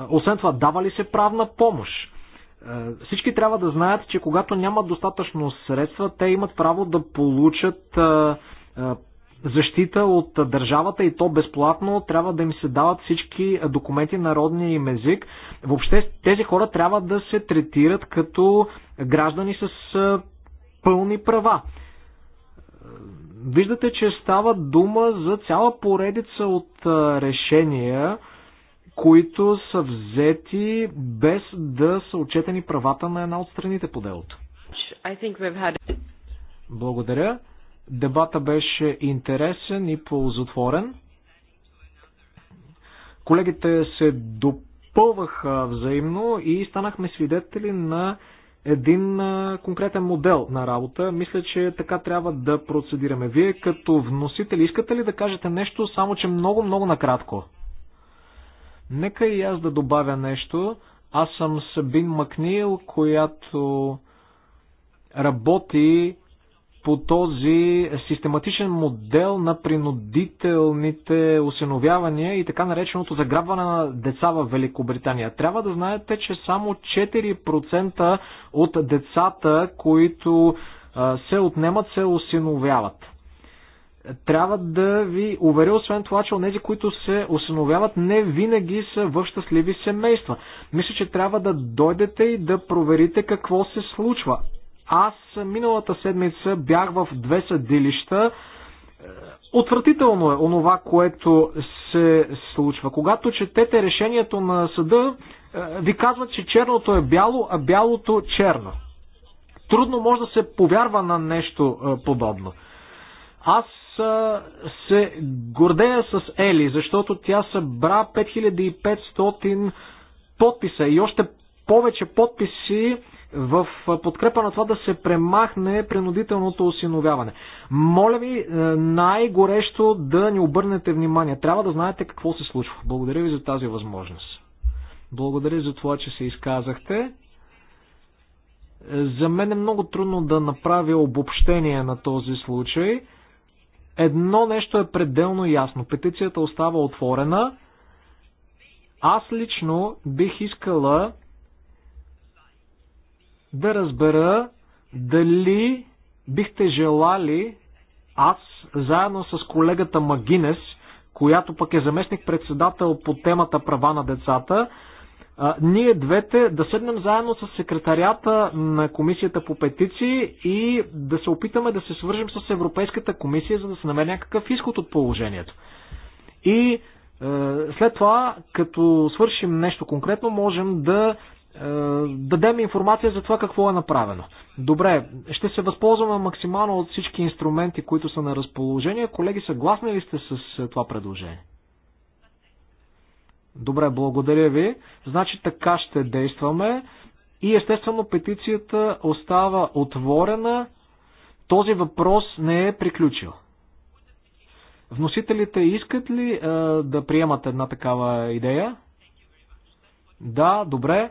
Освен това, дава ли се правна помощ? Всички трябва да знаят, че когато нямат достатъчно средства, те имат право да получат защита от държавата и то безплатно, трябва да им се дават всички документи на родния им език. Въобще тези хора трябва да се третират като граждани с пълни права. Виждате, че става дума за цяла поредица от решения, които са взети без да са отчетени правата на една от страните по делото. Благодаря. Дебата беше интересен и ползотворен. Колегите се допълваха взаимно и станахме свидетели на един конкретен модел на работа. Мисля, че така трябва да процедираме. Вие като вносители искате ли да кажете нещо, само че много-много накратко? Нека и аз да добавя нещо. Аз съм Сабин Макнил, която работи по този систематичен модел на принудителните осиновявания и така нареченото заграбване на деца в Великобритания. Трябва да знаете, че само 4% от децата, които се отнемат, се осиновяват. Трябва да ви уверя, освен това, че онези, които се осиновяват, не винаги са в щастливи семейства. Мисля, че трябва да дойдете и да проверите какво се случва. Аз миналата седмица бях в две съдилища. Е, отвратително е онова, което се случва. Когато четете решението на съда, е, ви казват, че черното е бяло, а бялото черно. Трудно може да се повярва на нещо е, подобно. Аз се гордея с Ели, защото тя събра 5500 подписа и още повече подписи в подкрепа на това да се премахне принудителното осиновяване. Моля ви е, най-горещо да ни обърнете внимание. Трябва да знаете какво се случва. Благодаря ви за тази възможност. Благодаря за това, че се изказахте. За мен е много трудно да направя обобщение на този случай. Едно нещо е пределно ясно. Петицията остава отворена. Аз лично бих искала да разбера дали бихте желали аз, заедно с колегата Магинес, която пък е заместник-председател по темата права на децата, ние двете да седнем заедно с секретарията на Комисията по петиции и да се опитаме да се свържем с Европейската комисия, за да се намери някакъв изход от положението. И е, след това, като свършим нещо конкретно, можем да е, дадем информация за това какво е направено. Добре, ще се възползваме максимално от всички инструменти, които са на разположение. Колеги, съгласни ли сте с е, това предложение? Добре, благодаря ви. Значи така ще действаме. И естествено петицията остава отворена. Този въпрос не е приключил. Вносителите искат ли е, да приемат една такава идея? Да, добре.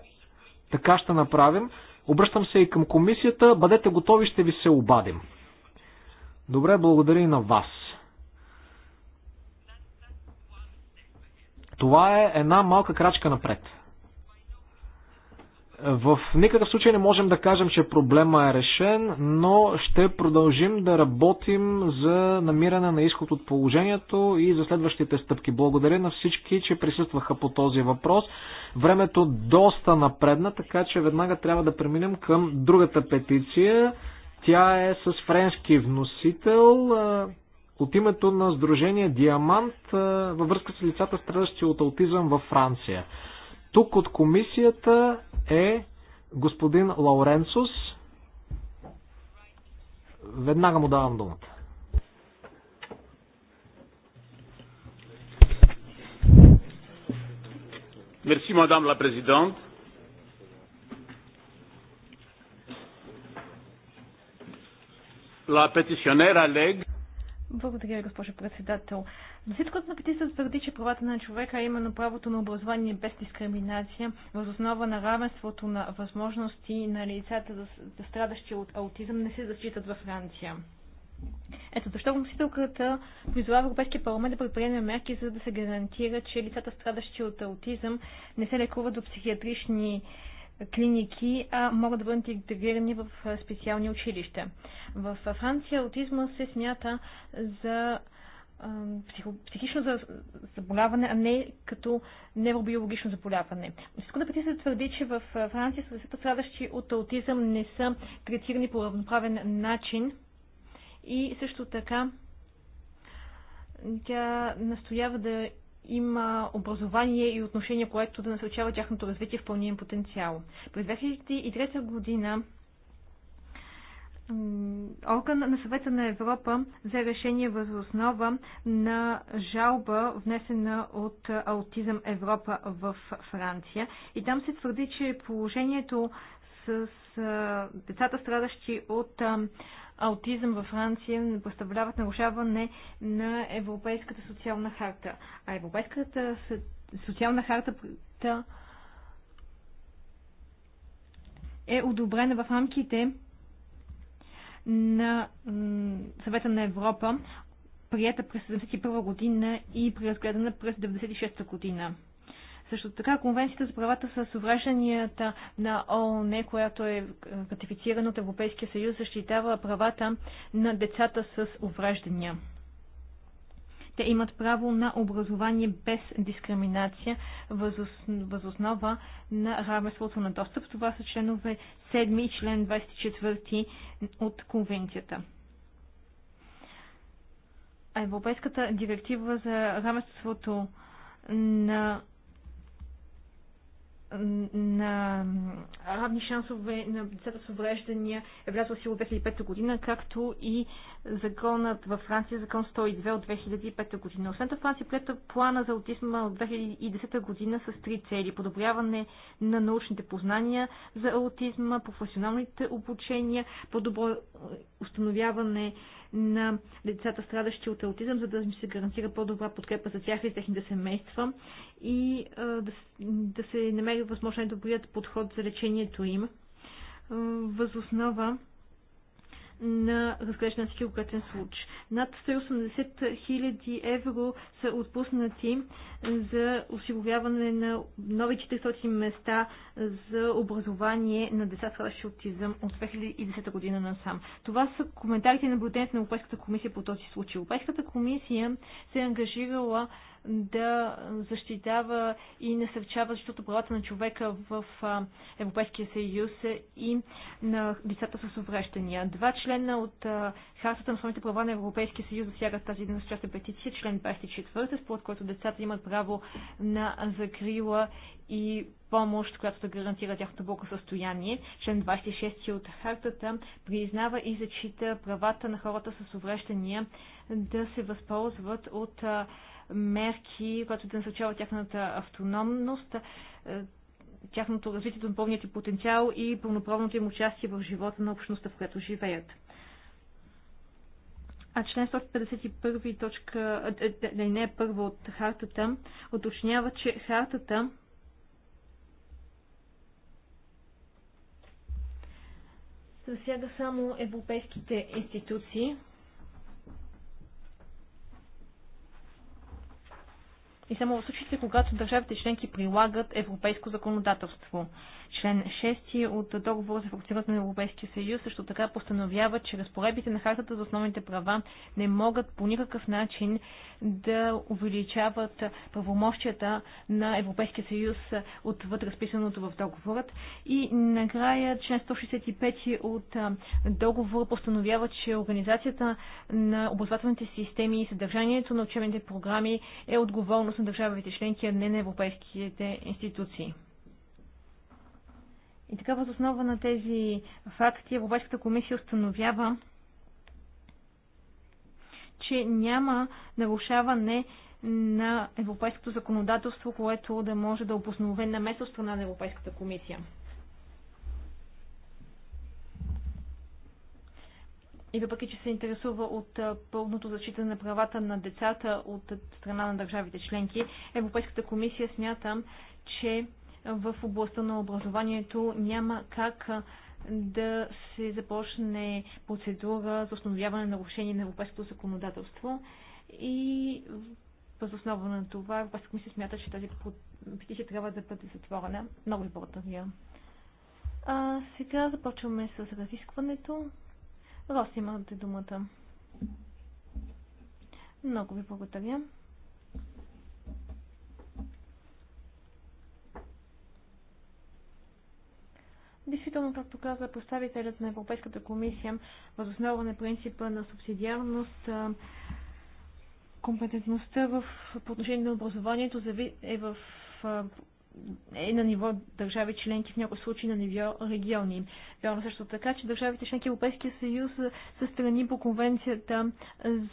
Така ще направим. Обръщам се и към комисията. Бъдете готови, ще ви се обадим. Добре, благодаря и на вас. Това е една малка крачка напред. В никакъв случай не можем да кажем, че проблема е решен, но ще продължим да работим за намиране на изход от положението и за следващите стъпки. Благодаря на всички, че присъстваха по този въпрос. Времето доста напредна, така че веднага трябва да преминем към другата петиция. Тя е с френски вносител от името на Сдружение Диамант във връзка с лицата страдащи от аутизъм във Франция. Тук от комисията е господин Лауренсус. Веднага му давам думата. Мерси, мадам ла президент. Ла петиционера Лег. Благодаря, госпожо председател. Всичко, на петиста твърди, че правата на човека, а именно правото на образование без дискриминация, въз основа на равенството на възможности на лицата, за, страдащи от аутизъм, не се зачитат във Франция. Ето защо вносителката призовава Европейския парламент да предприеме мерки, за да се гарантира, че лицата страдащи от аутизъм не се лекуват до психиатрични клиники, а могат да бъдат интегрирани в специални училища. В Франция аутизма се смята за психо, психично заболяване, а не като невробиологично заболяване. Искам да пъти се твърди, че в Франция са страдащи от аутизъм не са третирани по равноправен начин и също така тя настоява да има образование и отношение, което да насърчава тяхното развитие в пълния потенциал. През 2003 година орган на съвета на Европа взе решение въз основа на жалба, внесена от Аутизъм Европа в Франция. И там се твърди, че положението с децата, страдащи от аутизъм във Франция представляват нарушаване на Европейската социална харта. А Европейската социална харта е одобрена в рамките на Съвета на Европа, прията през 1971 година и преразгледана през 1996 година. Също така Конвенцията за правата с уврежданията на ООН, която е ратифицирана от Европейския съюз, защитава правата на децата с увреждания. Те имат право на образование без дискриминация възоснова на равенството на достъп. Това са членове 7 и член 24 от конвенцията. Европейската директива за равенството на на равни шансове на децата с увреждания е влязла в сила 2005 година, както и законът във Франция, закон 102 от 2005 година. Освен това, Франция плета плана за аутизма от 2010 година с три цели. Подобряване на научните познания за аутизма, професионалните обучения, по-добро установяване на децата, страдащи от аутизъм, за да им се гарантира по-добра подкрепа за тях и за техните семейства и да, да се намери възможно най-добрият подход за лечението им. Възоснова на разглеждане на всеки конкретен случай. Над 180 хиляди евро са отпуснати за осигуряване на нови 400 места за образование на деца с аутизъм от 2010 година насам. Това са коментарите на наблюдението на Европейската комисия по този случай. Европейската комисия се е ангажирала да защитава и насърчава защото правата на човека в Европейския съюз и на лицата с увреждания. Два члена от Хартата на основните права на Европейския съюз засягат тази настояща петиция, член 24, според който децата имат право на закрила и помощ, която да гарантира тяхното благосъстояние. Член 26 от хартата признава и зачита правата на хората с увреждания да се възползват от мерки, които да насърчават тяхната автономност, е, тяхното развитие на и потенциал и пълноправното им участие в живота на общността, в която живеят. А член 151 точка, е, е, не, не е първа от хартата, уточнява, че хартата засяга само европейските институции, и само в случаите, когато държавите членки прилагат европейско законодателство. Член 6 от договора за функционирането на Европейския съюз също така постановява, че разпоредбите на хартата за основните права не могат по никакъв начин да увеличават правомощията на Европейския съюз отвъд разписаното в договорът. И накрая член 165 от договора постановява, че организацията на образователните системи и съдържанието на учебните програми е отговорност отговорност на държавите членки, а не на европейските институции. И така, въз основа на тези факти, Европейската комисия установява, че няма нарушаване на европейското законодателство, което да може да е обоснове на страна на Европейската комисия. и въпреки, че се интересува от пълното защита на правата на децата от страна на държавите членки, Европейската комисия смятам, че в областта на образованието няма как да се започне процедура за установяване на нарушение на европейското законодателство и въз основа на това Европейската комисия смята, че тази петиция трябва да бъде затворена. Много ви благодаря. А, сега започваме с разискването. Рос, имате думата. Много ви благодаря. Действително, както каза представителят на Европейската комисия, възоснова на принципа на субсидиарност, компетентността в, по отношение на образованието е в е на ниво държави членки, в някои случаи на ниво региони. Вярно също така, че държавите членки Европейския съюз са страни по конвенцията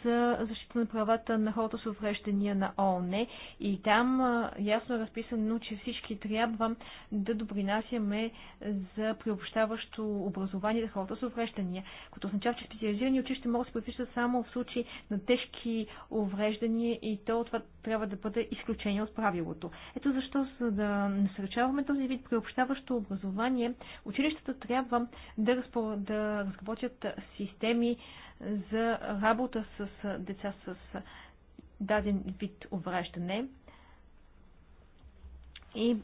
за защита на правата на хората с увреждания на ООН и там ясно е разписано, че всички трябва да допринасяме за приобщаващо образование на хората с увреждания, като означава, че специализирани училища могат да се предвиждат само в случай на тежки увреждания и то това трябва да бъде изключение от правилото. Ето защо, за да насърчаваме този вид приобщаващо образование, училищата трябва да, разпо... да разработят системи за работа с деца с даден вид увреждане. И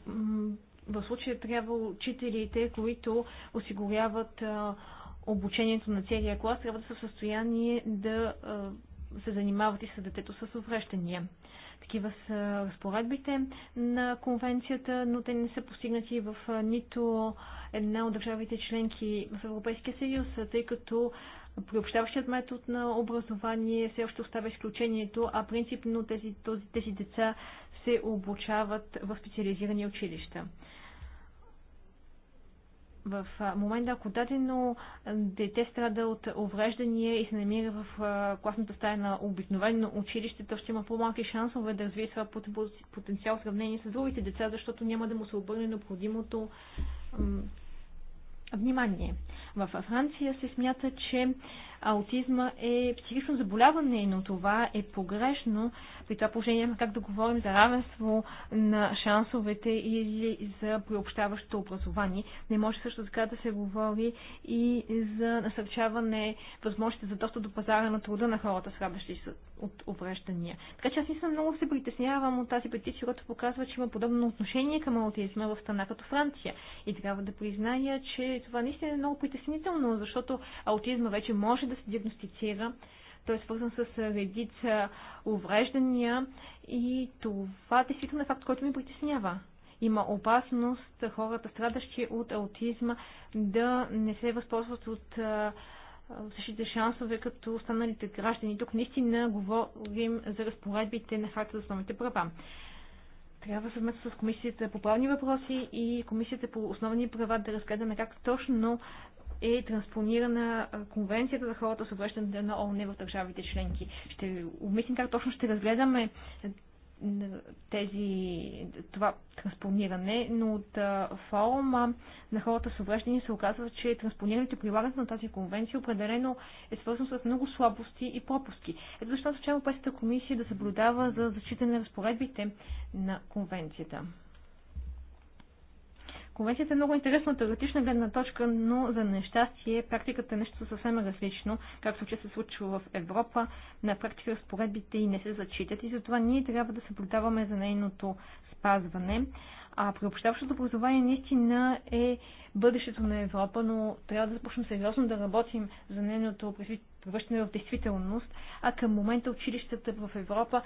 в случая трябва учителите, които осигуряват обучението на целия клас, трябва да са в състояние да се занимават и с детето с увреждания. Такива са разпоредбите на конвенцията, но те не са постигнати в нито една от държавите членки в Европейския съюз, тъй като приобщаващият метод на образование все още остава изключението, а принципно тези, този, тези деца се обучават в специализирани училища в момента, ако дадено дете страда от увреждания и се намира в класната стая на обикновено училище, то ще има по-малки шансове да развие своя потенциал в сравнение с другите деца, защото няма да му се обърне необходимото внимание. В Франция се смята, че аутизма е психично заболяване, но това е погрешно. При това положение няма как да говорим за равенство на шансовете или за приобщаващо образование. Не може също така да се говори и за насърчаване възможности за доста до пазара на труда на хората, се от увреждания. Така че аз съм много се притеснявам от тази петиция, която показва, че има подобно отношение към аутизма в страна като Франция. И трябва да призная, че това наистина е много притеснително, защото аутизма вече може да се диагностицира. Той е свързан с редица увреждания и това действително е факт, който ми притеснява. Има опасност хората, страдащи от аутизма, да не се възползват от същите шансове като останалите граждани. Тук наистина говорим за разпоредбите на Харта за основните права. Трябва съвместно с Комисията по правни въпроси и Комисията по основни права да разгледаме как точно е транспонирана конвенцията за хората с обръщане на ООН в държавите членки. Ще обмислим как точно ще разгледаме тези, това транспониране, но от форума на хората с увреждания се оказва, че транспонирането и прилагането на тази конвенция определено е свързано с много слабости и пропуски. Ето защо случайно Европейската комисия да съблюдава за зачитане на разпоредбите на конвенцията. Конвенцията е много интересна от теоретична гледна точка, но за нещастие практиката е нещо съвсем различно, както че се случва в Европа. На практика разпоредбите и не се зачитат и затова ние трябва да съблюдаваме за нейното спазване. А приобщаващото образование наистина е бъдещето на Европа, но трябва да започнем сериозно да работим за нейното превръщане в действителност, а към момента училищата в Европа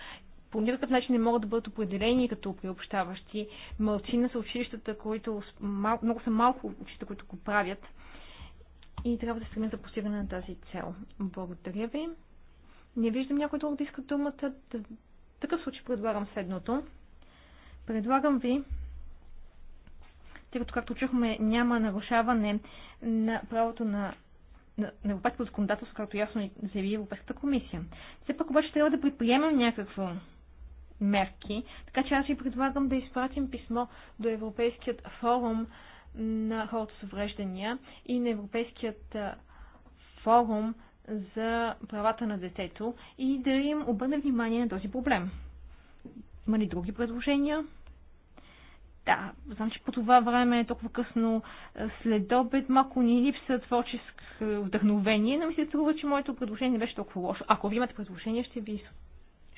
по никакъв начин не могат да бъдат определени като приобщаващи. Малцина са училищата, които мал, много са малко училища, които го правят. И трябва да стремим за постигане на тази цел. Благодаря ви. Не виждам някой друг да иска думата. В такъв случай предлагам следното. Предлагам ви, тъй като както чухме няма нарушаване на правото на на европейското законодателство, както ясно заяви Европейската комисия. Все пак обаче трябва да предприемем някакво мерки. Така че аз ви предлагам да изпратим писмо до Европейският форум на хората с увреждания и на Европейският форум за правата на детето и да им обърнем внимание на този проблем. Има ли други предложения? Да, знам, че по това време е толкова късно след обед, малко ни липса творческо вдъхновение, но ми се струва, че моето предложение беше толкова лошо. Ако ви имате предложение, ще ви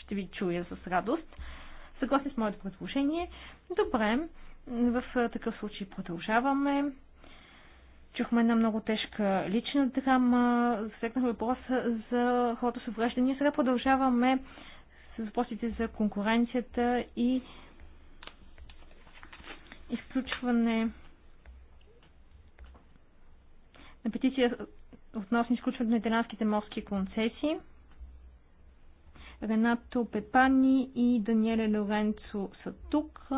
ще ви чуя с радост. Съгласни с моето предложение. Добре, в такъв случай продължаваме. Чухме една много тежка лична драма, Засекнахме въпроса за хората с увреждания. Сега продължаваме с въпросите за конкуренцията и изключване на петиция относно изключването на италянските морски концесии. Ренато Пепани и Даниеле Лоренцо са тук.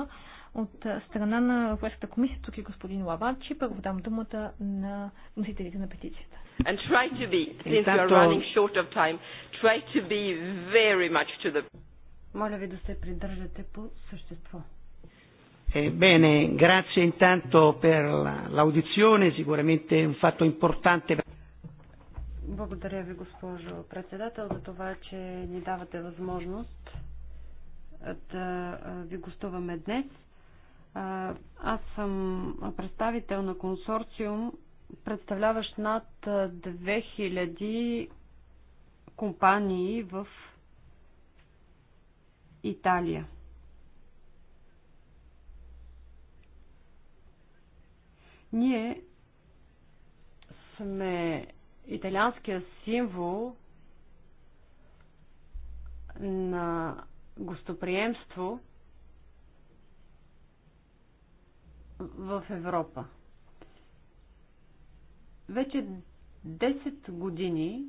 От страна на Европейската комисия тук е господин Лавачи. Първо дам думата на носителите на петицията. And try to be, е, since we are running short of time, try to be very much to the... Моля ви да се придържате по същество. Eh, grazie intanto per l'audizione, sicuramente un fatto importante. Благодаря ви, госпожо председател, за това, че ни давате възможност да ви гостуваме днес. Аз съм представител на консорциум, представляващ над 2000 компании в Италия. Ние сме италианския символ на гостоприемство в Европа. Вече 10 години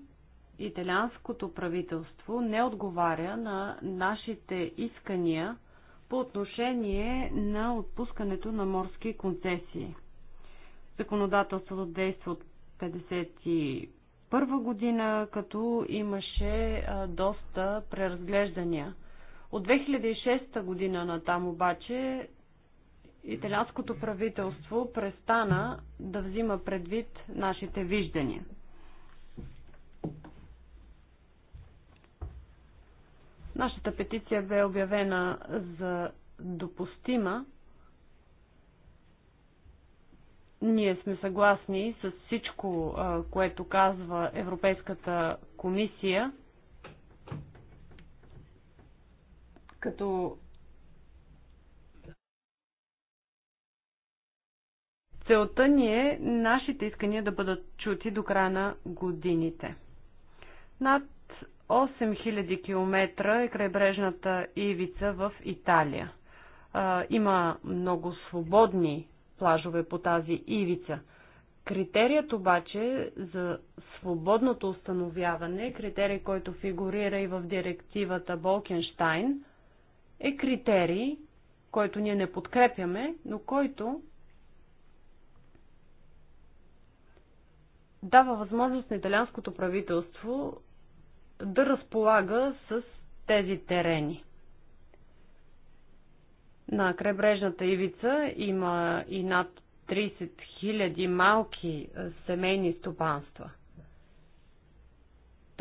италианското правителство не отговаря на нашите искания по отношение на отпускането на морски концесии. Законодателството действа от 1951 година, като имаше доста преразглеждания. От 2006 година натам обаче италианското правителство престана да взима предвид нашите виждания. Нашата петиция бе обявена за допустима ние сме съгласни с всичко, което казва Европейската комисия, като Целта ни е нашите искания да бъдат чути до края на годините. Над 8000 км е крайбрежната ивица в Италия. Има много свободни плажове по тази ивица. Критерият обаче за свободното установяване, критерий, който фигурира и в директивата Болкенштайн, е критерий, който ние не подкрепяме, но който дава възможност на италианското правителство да разполага с тези терени. На крайбрежната ивица има и над 30 000 малки е, семейни стопанства.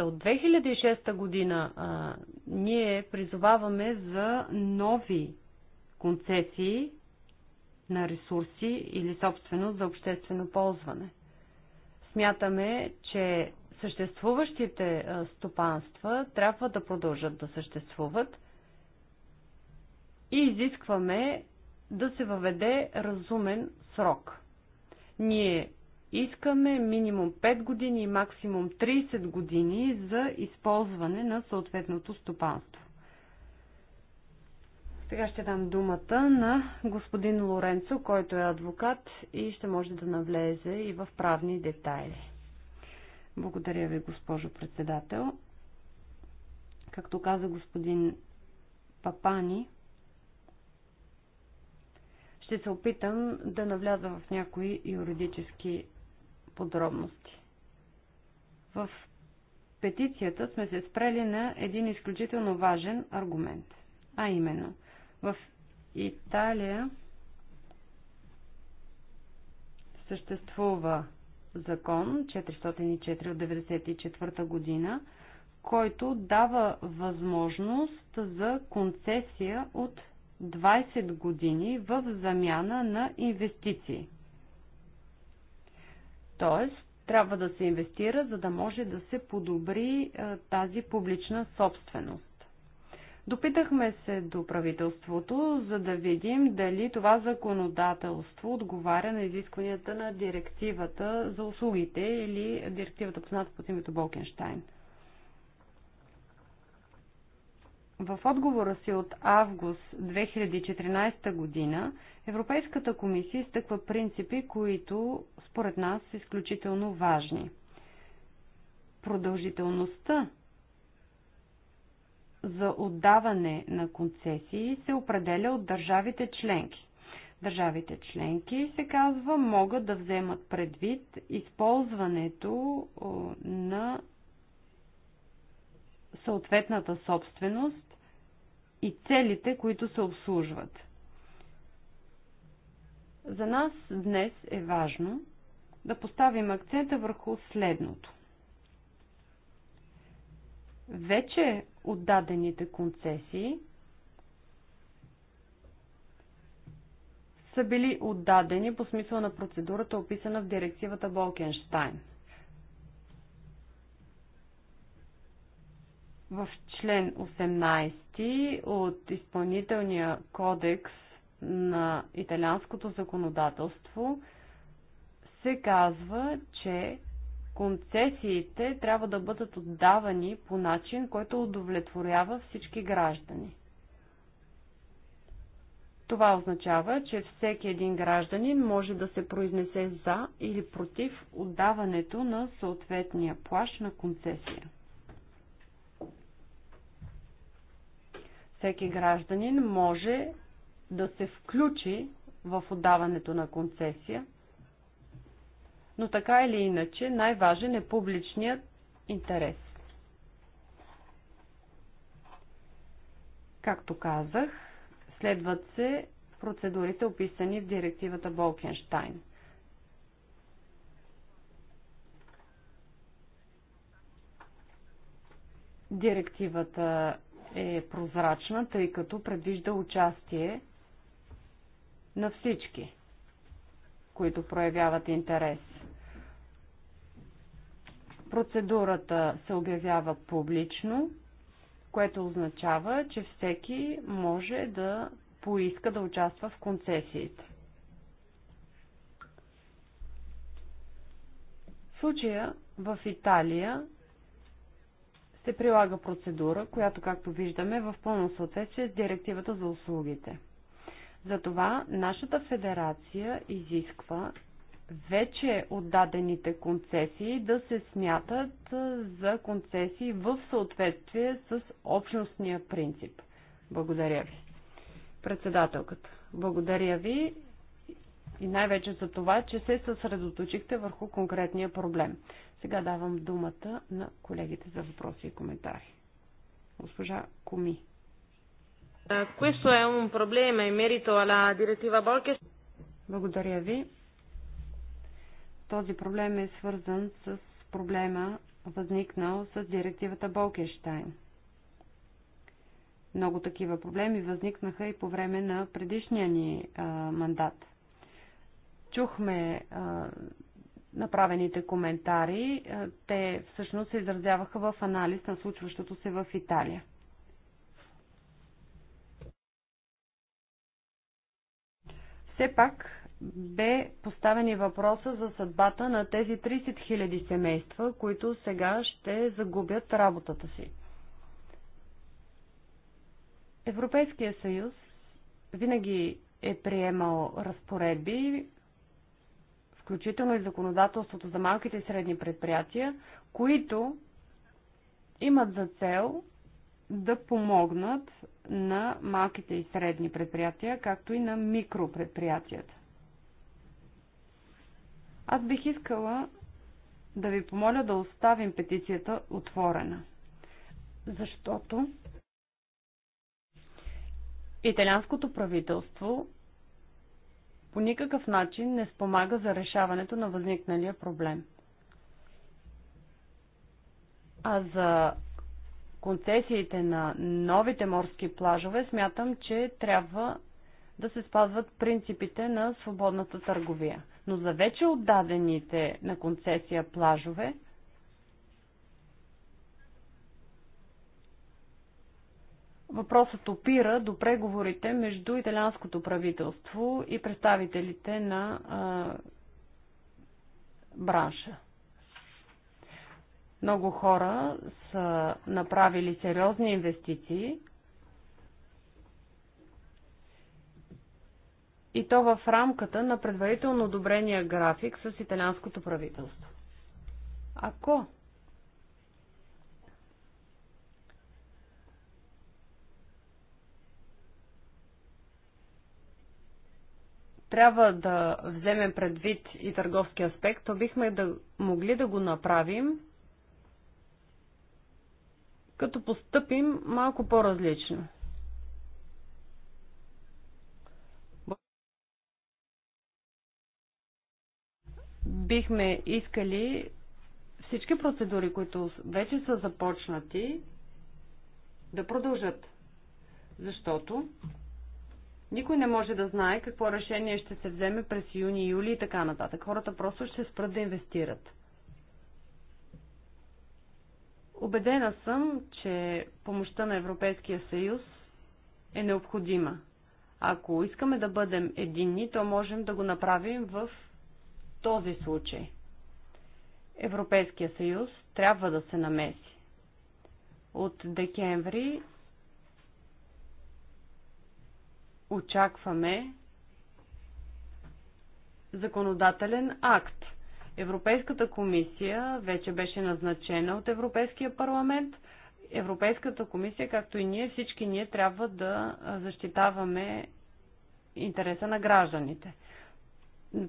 от 2006 година а, е, ние призоваваме за нови концесии на ресурси или собственост за обществено ползване. Смятаме, че съществуващите е, стопанства трябва да продължат да съществуват – и изискваме да се въведе разумен срок. Ние искаме минимум 5 години и максимум 30 години за използване на съответното стопанство. Сега ще дам думата на господин Лоренцо, който е адвокат и ще може да навлезе и в правни детайли. Благодаря ви, госпожо председател. Както каза господин Папани, ще се опитам да навляза в някои юридически подробности. В петицията сме се спрели на един изключително важен аргумент, а именно в Италия съществува закон 404 от 1994 година, който дава възможност за концесия от 20 години в замяна на инвестиции. Тоест, трябва да се инвестира, за да може да се подобри е, тази публична собственост. Допитахме се до правителството, за да видим дали това законодателство отговаря на изискванията на директивата за услугите или директивата позната под името Болкенштайн – В отговора си от август 2014 година Европейската комисия изтъква принципи, които според нас са изключително важни. Продължителността за отдаване на концесии се определя от държавите членки. Държавите членки, се казва, могат да вземат предвид използването на съответната собственост и целите, които се обслужват. За нас днес е важно да поставим акцента върху следното. Вече отдадените концесии са били отдадени по смисъла на процедурата, описана в директивата Болкенштайн – в член 18 от изпълнителния кодекс на италианското законодателство се казва, че концесиите трябва да бъдат отдавани по начин, който удовлетворява всички граждани. Това означава, че всеки един гражданин може да се произнесе за или против отдаването на съответния плащ на концесия. всеки гражданин може да се включи в отдаването на концесия, но така или иначе най-важен е публичният интерес. Както казах, следват се процедурите описани в директивата Болкенштайн. Директивата е прозрачна, тъй като предвижда участие на всички, които проявяват интерес. Процедурата се обявява публично, което означава, че всеки може да поиска да участва в концесиите. В случая в Италия се прилага процедура, която, както виждаме, е в пълно съответствие с директивата за услугите. Затова нашата федерация изисква вече отдадените концесии да се смятат за концесии в съответствие с общностния принцип. Благодаря ви. Председателката, благодаря ви. И най-вече за това, че се съсредоточихте върху конкретния проблем. Сега давам думата на колегите за въпроси и коментари. Госпожа Коми. Е, questo è un problema in merito alla direttiva Благодаря ви. Този проблем е свързан с проблема, възникнал с директивата Болкенштайн. Много такива проблеми възникнаха и по време на предишния ни а, мандат. Чухме а, направените коментари. Те всъщност се изразяваха в анализ на случващото се в Италия. Все пак бе поставени въпроса за съдбата на тези 30 000 семейства, които сега ще загубят работата си. Европейския съюз винаги е приемал разпоредби, включително и законодателството за малките и средни предприятия, които имат за цел да помогнат на малките и средни предприятия, както и на микропредприятията. Аз бих искала да ви помоля да оставим петицията отворена, защото италианското правителство по никакъв начин не спомага за решаването на възникналия проблем. А за концесиите на новите морски плажове смятам, че трябва да се спазват принципите на свободната търговия. Но за вече отдадените на концесия плажове Въпросът опира до преговорите между италианското правителство и представителите на а, бранша. Много хора са направили сериозни инвестиции и то в рамката на предварително одобрения график с италианското правителство. Ако трябва да вземем предвид и търговски аспект, то бихме да могли да го направим, като постъпим малко по-различно. Бихме искали всички процедури, които вече са започнати, да продължат. Защото никой не може да знае какво решение ще се вземе през юни, юли и така нататък. Хората просто ще спрат да инвестират. Обедена съм, че помощта на Европейския съюз е необходима. Ако искаме да бъдем единни, то можем да го направим в този случай. Европейския съюз трябва да се намеси. От декември очакваме законодателен акт. Европейската комисия вече беше назначена от Европейския парламент. Европейската комисия, както и ние, всички ние трябва да защитаваме интереса на гражданите.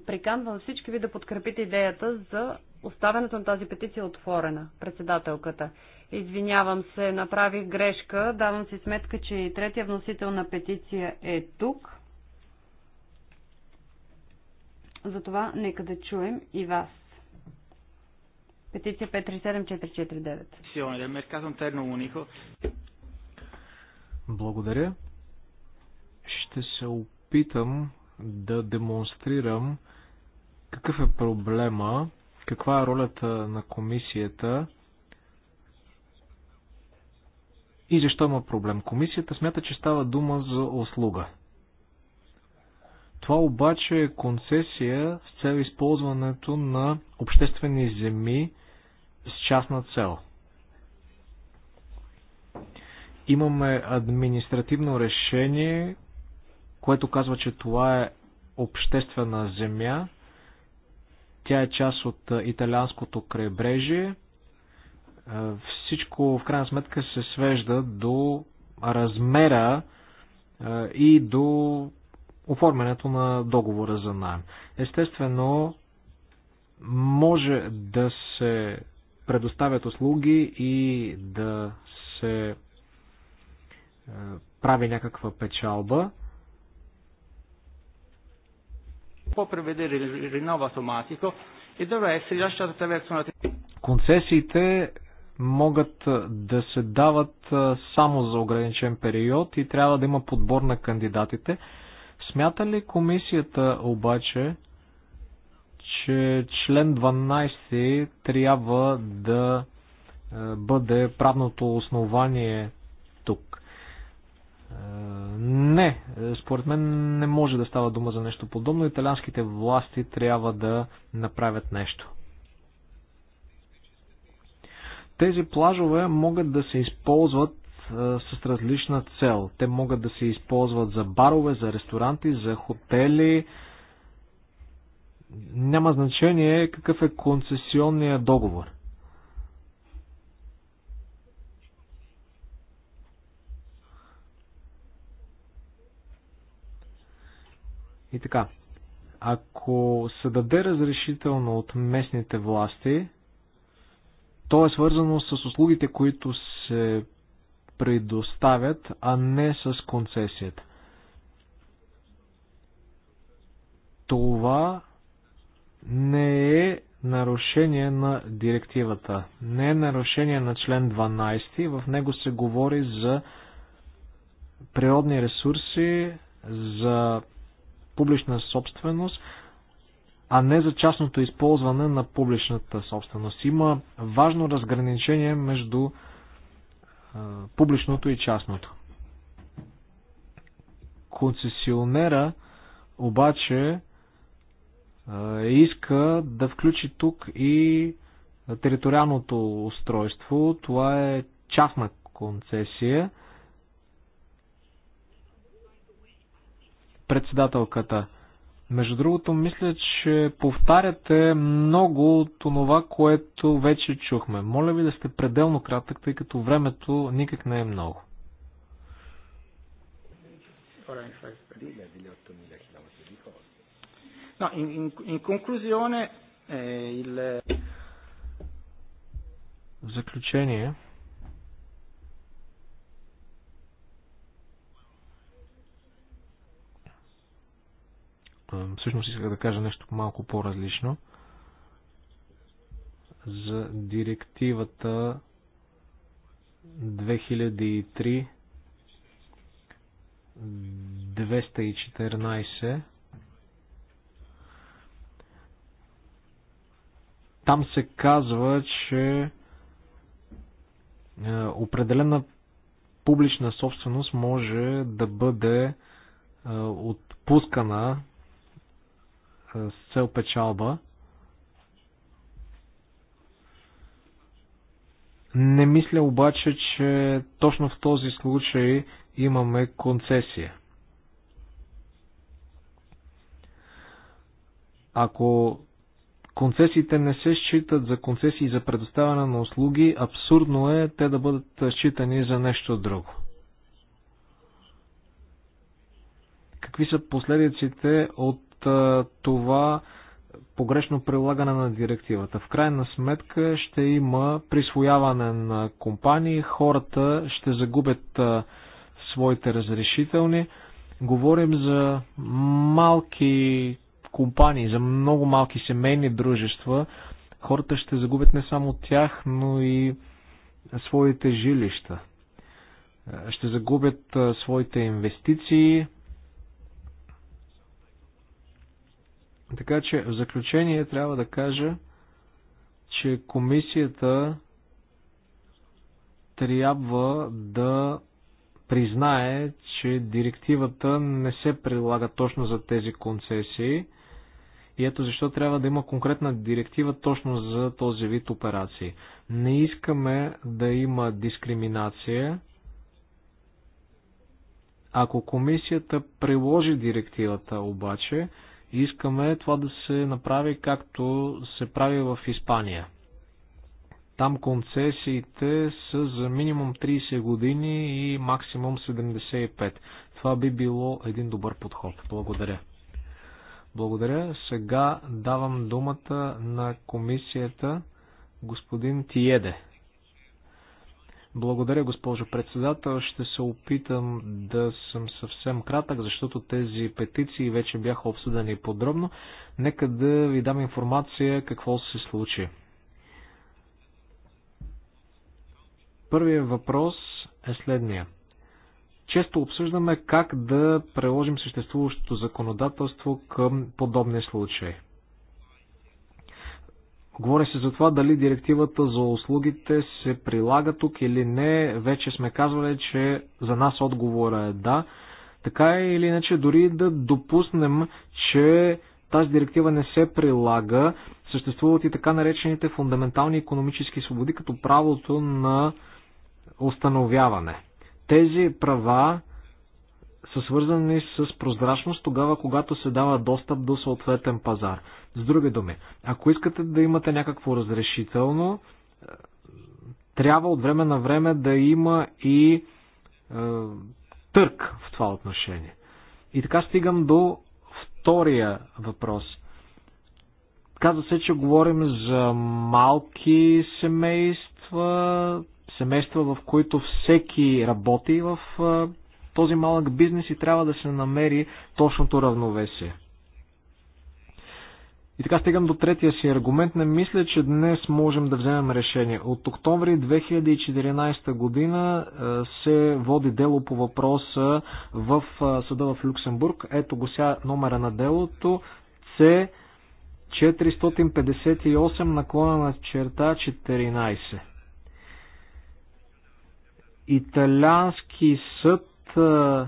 Приканвам всички ви да подкрепите идеята за оставянето на тази петиция отворена, председателката. Извинявам се, направих грешка. Давам си сметка, че и третия вносител на петиция е тук. Затова нека да чуем и вас. Петиция 537449. Благодаря. Ще се опитам да демонстрирам какъв е проблема, каква е ролята на комисията и защо има проблем. Комисията смята, че става дума за услуга. Това обаче е концесия с цел използването на обществени земи с частна цел. Имаме административно решение, което казва, че това е обществена земя. Тя е част от италианското крайбрежие – е, всичко в крайна сметка се свежда до размера е, и до оформянето на договора за найем. Естествено, може да се предоставят услуги и да се е, прави някаква печалба. E Концесиите могат да се дават само за ограничен период и трябва да има подбор на кандидатите. Смята ли комисията обаче, че член 12 трябва да бъде правното основание тук? Не, според мен не може да става дума за нещо подобно. Италианските власти трябва да направят нещо. Тези плажове могат да се използват с различна цел. Те могат да се използват за барове, за ресторанти, за хотели. Няма значение какъв е концесионния договор. И така, ако се даде разрешително от местните власти, то е свързано с услугите, които се предоставят, а не с концесията. Това не е нарушение на директивата, не е нарушение на член 12, в него се говори за природни ресурси, за публична собственост, а не за частното използване на публичната собственост. Има важно разграничение между публичното и частното. Концесионера обаче иска да включи тук и териториалното устройство. Това е частна концесия. Председателката – между другото, мисля, че повтаряте много от това, което вече чухме. Моля ви да сте пределно кратък, тъй като времето никак не е много. Eh, В заключение, Всъщност исках да кажа нещо малко по-различно за директивата 2003 214 там се казва, че е, определена публична собственост може да бъде е, отпускана с цел печалба. Не мисля обаче, че точно в този случай имаме концесия. Ако концесиите не се считат за концесии за предоставяне на услуги, абсурдно е те да бъдат считани за нещо друго. Какви са последиците от това погрешно прилагане на директивата. В крайна сметка ще има присвояване на компании, хората ще загубят своите разрешителни. Говорим за малки компании, за много малки семейни дружества. Хората ще загубят не само тях, но и своите жилища. Ще загубят своите инвестиции, Така че в заключение трябва да кажа, че комисията трябва да признае, че директивата не се прилага точно за тези концесии и ето защо трябва да има конкретна директива точно за този вид операции. Не искаме да има дискриминация. Ако комисията приложи директивата обаче, Искаме това да се направи както се прави в Испания. Там концесиите са за минимум 30 години и максимум 75. Това би било един добър подход. Благодаря. Благодаря. Сега давам думата на комисията господин Тиеде. Благодаря, госпожо председател. Ще се опитам да съм съвсем кратък, защото тези петиции вече бяха обсъдени подробно. Нека да ви дам информация какво се случи. Първият въпрос е следния. Често обсъждаме как да приложим съществуващото законодателство към подобни случаи. Говори се за това дали директивата за услугите се прилага тук или не. Вече сме казвали, че за нас отговора е да. Така или иначе, дори да допуснем, че тази директива не се прилага, съществуват и така наречените фундаментални економически свободи, като правото на установяване. Тези права са свързани с прозрачност тогава, когато се дава достъп до съответен пазар. С други думи, ако искате да имате някакво разрешително, е, трябва от време на време да има и е, търк в това отношение. И така стигам до втория въпрос. Каза се, че говорим за малки семейства, семейства, в които всеки работи в е, този малък бизнес и трябва да се намери точното равновесие. И така стигам до третия си аргумент. Не мисля, че днес можем да вземем решение. От октомври 2014 година е, се води дело по въпроса в е, съда в Люксембург. Ето го сега номера на делото. С 458 наклона на черта 14. Италиански съд е,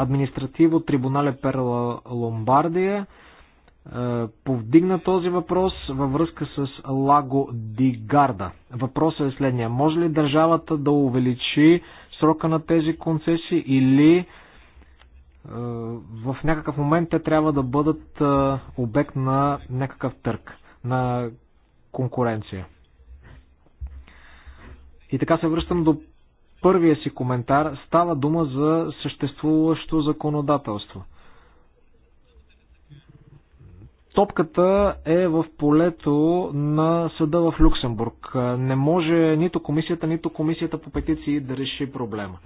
административно трибунале Перла Ломбардия е, повдигна този въпрос във връзка с Лаго Дигарда. Въпросът е следния. Може ли държавата да увеличи срока на тези концесии или е, в някакъв момент те трябва да бъдат обект на някакъв търг, на конкуренция? И така се връщам до първия си коментар става дума за съществуващо законодателство. Топката е в полето на съда в Люксембург. Не може нито комисията, нито комисията по петиции да реши проблема.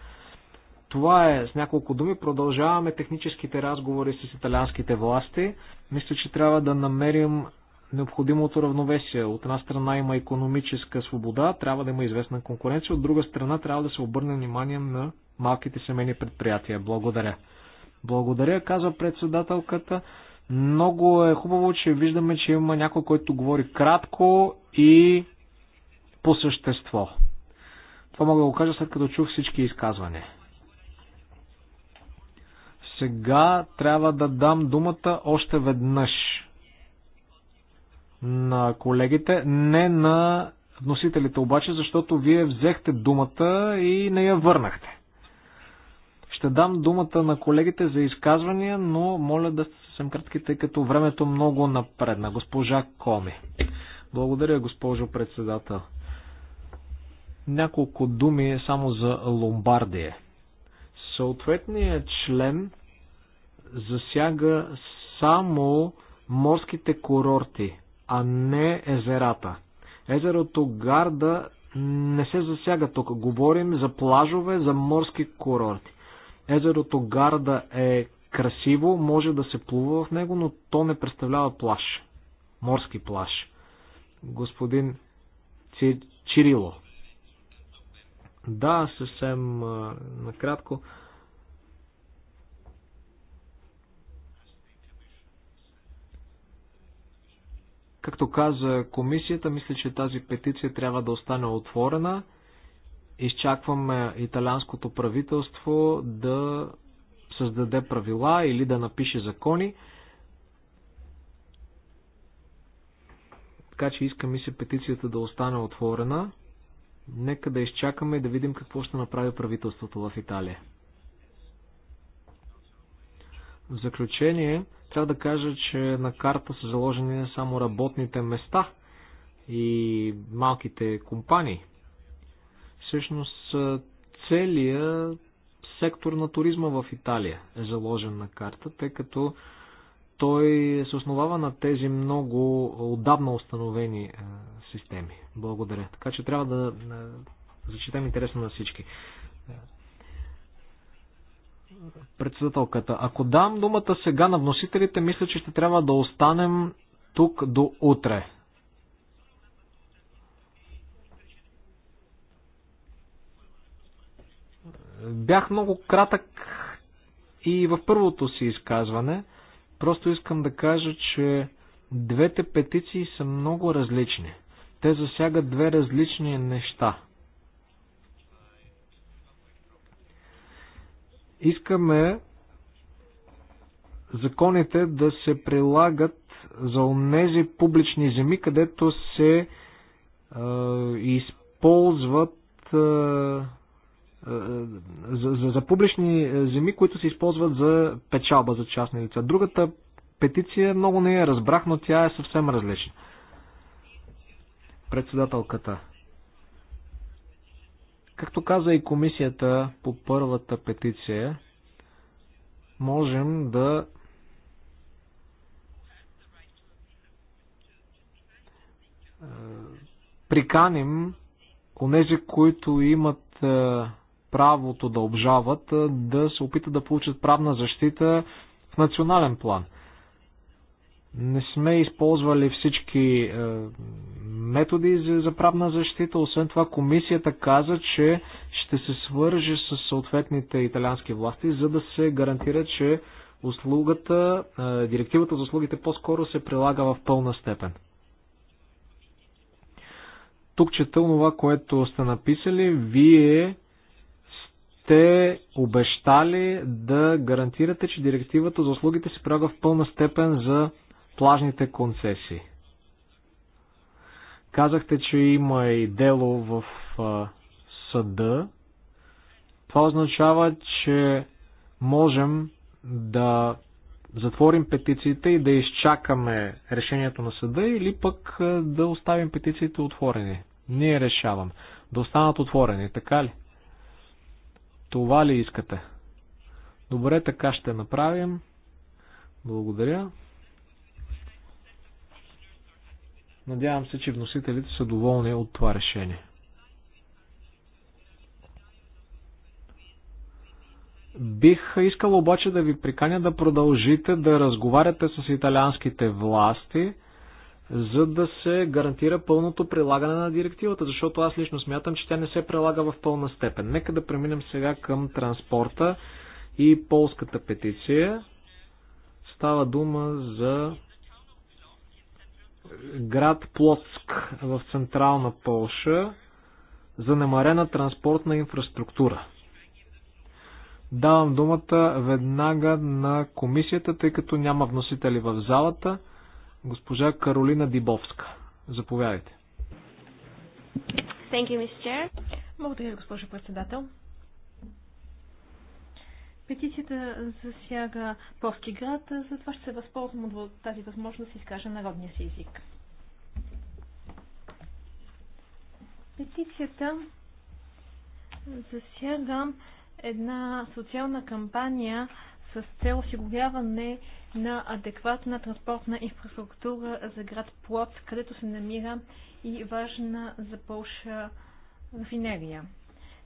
Това е с няколко думи. Продължаваме техническите разговори с италианските власти. Мисля, че трябва да намерим необходимото равновесие. От една страна има економическа свобода, трябва да има известна конкуренция, от друга страна трябва да се обърне внимание на малките семейни предприятия. Благодаря. Благодаря, казва председателката. Много е хубаво, че виждаме, че има някой, който говори кратко и по същество. Това мога да го кажа след като чух всички изказвания. Сега трябва да дам думата още веднъж на колегите, не на вносителите обаче, защото вие взехте думата и не я върнахте. Ще дам думата на колегите за изказвания, но моля да сте съвсем кратки, тъй като времето много напредна. Госпожа Коми. Благодаря, госпожо председател. Няколко думи само за Ломбардия. Съответният член засяга само морските курорти а не езерата. Езерото Гарда не се засяга тук. Говорим за плажове, за морски курорти. Езерото Гарда е красиво, може да се плува в него, но то не представлява плаж. Морски плаж. Господин Ци... Чирило. Да, съвсем накратко. Както каза комисията, мисля, че тази петиция трябва да остане отворена. Изчакваме италианското правителство да създаде правила или да напише закони. Така че иска ми се петицията да остане отворена. Нека да изчакаме и да видим какво ще направи правителството в Италия. В заключение, трябва да кажа, че на карта са заложени не само работните места и малките компании. Всъщност целият сектор на туризма в Италия е заложен на карта, тъй като той се основава на тези много отдавна установени системи. Благодаря. Така че трябва да зачитам интереса на всички. Председателката, ако дам думата сега на вносителите, мисля, че ще трябва да останем тук до утре. Бях много кратък и в първото си изказване. Просто искам да кажа, че двете петиции са много различни. Те засягат две различни неща. Искаме законите да се прилагат за онези публични земи, където се е, използват е, е, за, за, за публични земи, които се използват за печалба за частни лица. Другата петиция много не я разбрах, но тя е съвсем различна. Председателката. Както каза и комисията по първата петиция, можем да приканим онези, които имат е, правото да обжават, е, да се опитат да получат правна защита в национален план. Не сме използвали всички е, методи за, за правна защита. Освен това, комисията каза, че ще се свърже с съответните италиански власти, за да се гарантира, че услугата, директивата за услугите по-скоро се прилага в пълна степен. Тук чета това, което сте написали. Вие сте обещали да гарантирате, че директивата за услугите се прилага в пълна степен за плажните концесии. Казахте, че има и дело в а, съда. Това означава, че можем да затворим петициите и да изчакаме решението на съда или пък да оставим петициите отворени. Ние решаваме. Да останат отворени, така ли? Това ли искате? Добре, така ще направим. Благодаря. Надявам се, че вносителите са доволни от това решение. Бих искал обаче да ви приканя да продължите да разговаряте с италианските власти, за да се гарантира пълното прилагане на директивата, защото аз лично смятам, че тя не се прилага в пълна степен. Нека да преминем сега към транспорта и полската петиция. Става дума за град Плоцк в централна Полша за намарена транспортна инфраструктура. Давам думата веднага на комисията, тъй като няма вносители в залата. Госпожа Каролина Дибовска. Заповядайте. Thank you, Mr. Благодаря, госпожо председател. Петицията засяга Полски град, затова ще се възползвам от тази възможност да изкажа народния си език. Петицията засяга една социална кампания с цел осигуряване на адекватна транспортна инфраструктура за град Плот, където се намира и важна за Полша рафинерия.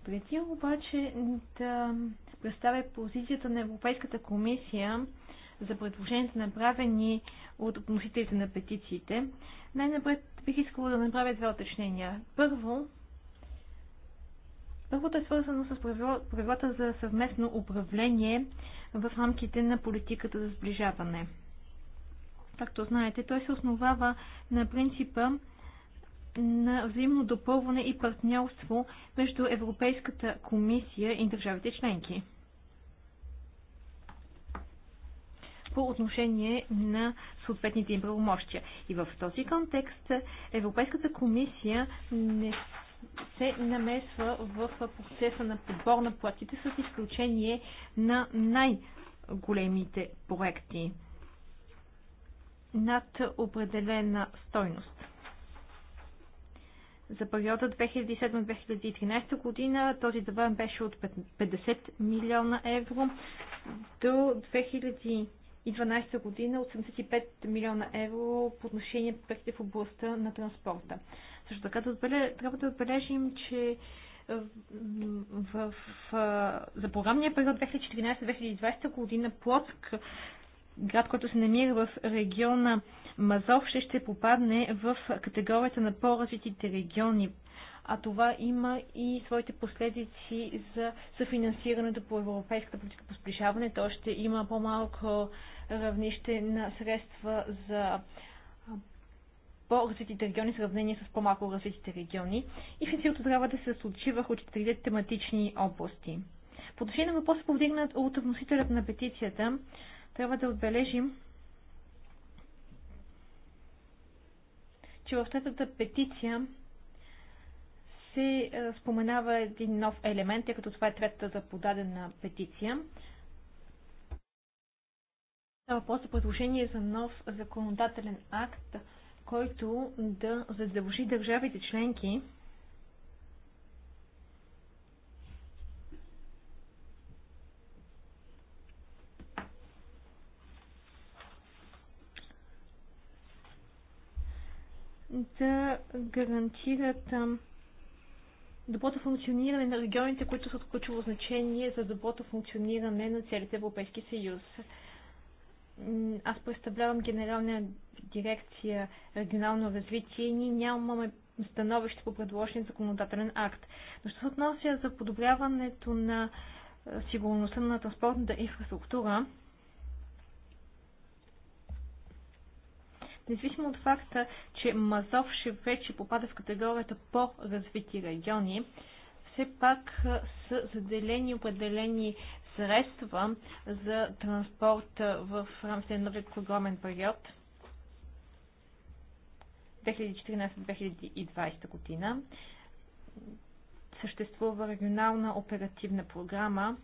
Преди обаче да представя позицията на Европейската комисия за предложенията направени от относителите на петициите, най-напред бих искала да направя две уточнения. Първо, Първото е свързано с правилата за съвместно управление в рамките на политиката за сближаване. Както знаете, той се основава на принципа на взаимно допълване и партньорство между Европейската комисия и държавите членки. по отношение на съответните им правомощия. И в този контекст Европейската комисия не се намесва в процеса на подбор на платите с изключение на най-големите проекти над определена стойност. За периода 2007-2013 година този таван беше от 50 милиона евро до 2012 година от 85 милиона евро по отношение на проекти в областта на транспорта. Също така трябва да отбележим, че е, в, в, в, за програмния период 2014-2020 година Плотск, град, който се намира в региона Мазов ще попадне в категорията на по-развитите региони. А това има и своите последици за съфинансирането по европейската политика по сближаване. То ще има по-малко равнище на средства за по-развитите региони в сравнение с по-малко развитите региони и финансирането трябва да се случи върху четирите тематични области. По отношение на въпроса, повдигнат от вносителят на петицията, трябва да отбележим, че в третата петиция се е, споменава един нов елемент, тъй като това е третата подадена петиция. Става въпрос за предложение за нов законодателен акт, който да задължи държавите членки да гарантират доброто функциониране на регионите, които са от ключово значение за доброто функциониране на целите Европейски съюз. Аз представлявам генерална дирекция регионално развитие и ние нямаме становище по предложен законодателен акт. Но що се отнася за подобряването на сигурността на транспортната инфраструктура, Независимо от факта, че Мазов ще вече попада в категорията по-развити региони, все пак са заделени определени средства за транспорт в рамките на новият програмен период 2014-2020 година. Съществува регионална оперативна програма,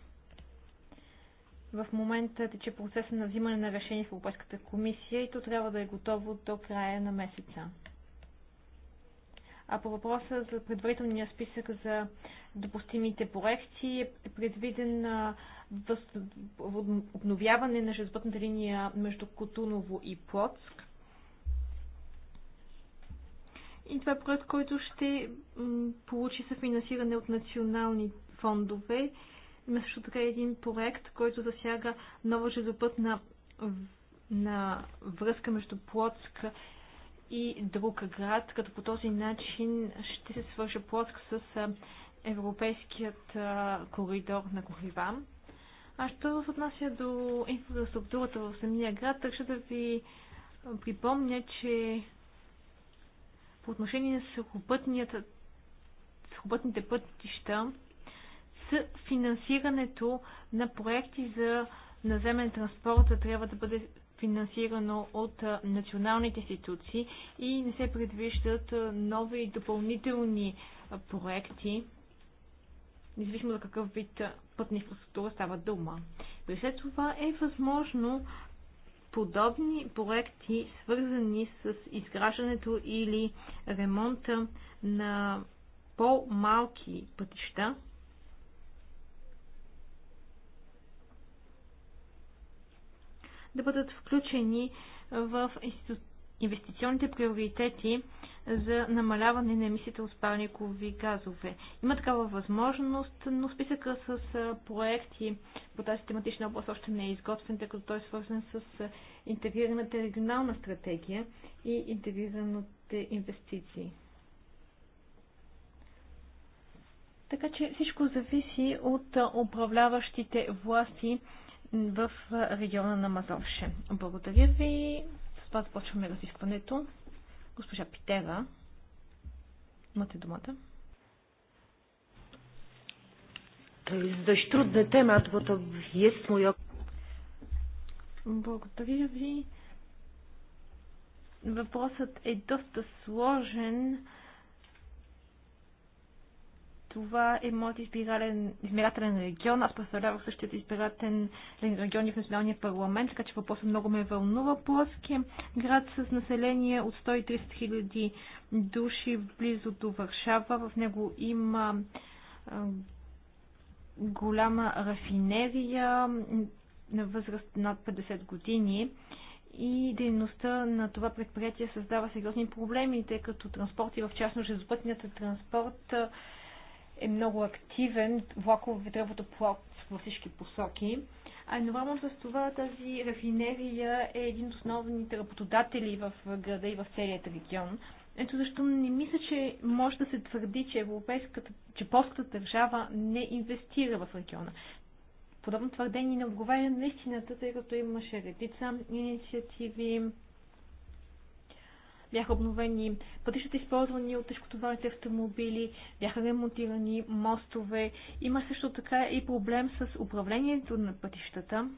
в момента тече процеса на взимане на решение в Европейската комисия и то трябва да е готово до края на месеца. А по въпроса за предварителния списък за допустимите проекти е предвиден въз... обновяване на железопътната линия между Котуново и Плотск. И това е проект, който ще получи съфинансиране от национални фондове има също така един проект, който засяга нова железопътна на връзка между Плоцк и друг град, като по този начин ще се свържа Плоцк с европейският коридор на горива. А що се отнася до инфраструктурата в самия град, държа да ви припомня, че по отношение на сухопътните пътища с финансирането на проекти за наземен транспорт трябва да бъде финансирано от националните институции и не се предвиждат нови допълнителни проекти, независимо за какъв вид пътна инфраструктура става дума. При след това е възможно подобни проекти, свързани с изграждането или ремонта на по-малки пътища, да бъдат включени в инвестиционните приоритети за намаляване на емисиите от спалникови газове. Има такава възможност, но списъка с проекти по тази тематична област още не е изготвен, тъй като той е свързан с интегрираната регионална стратегия и интегрираните инвестиции. Така че всичко зависи от управляващите власти в региона на Мазовше. Благодаря ви. С това започваме разискването. Госпожа Питера, имате думата. To jest dość trudny temat, bo to jest mój... Благодаря ви. Въпросът е доста сложен това е моят избирателен, избирателен регион. Аз представлявах същият избирателен регион и в Националния парламент, така че въпросът много ме вълнува. Плоски град с население от 130 хиляди души близо до Варшава. В него има голяма рафинерия на възраст над 50 години и дейността на това предприятие създава сериозни проблеми, тъй като транспорт и в частност железопътният транспорт е много активен, влакове, ветровото плот във всички посоки. А едновременно с това тази рафинерия е един от основните работодатели в града и в целият регион. Ето защо не мисля, че може да се твърди, че европейската, че полската държава не инвестира в региона. Подобно твърдение не отговаря на истината, тъй като имаше редица инициативи, бяха обновени пътищата, използвани от тежкотоварните автомобили, бяха ремонтирани мостове. Има също така и проблем с управлението на пътищата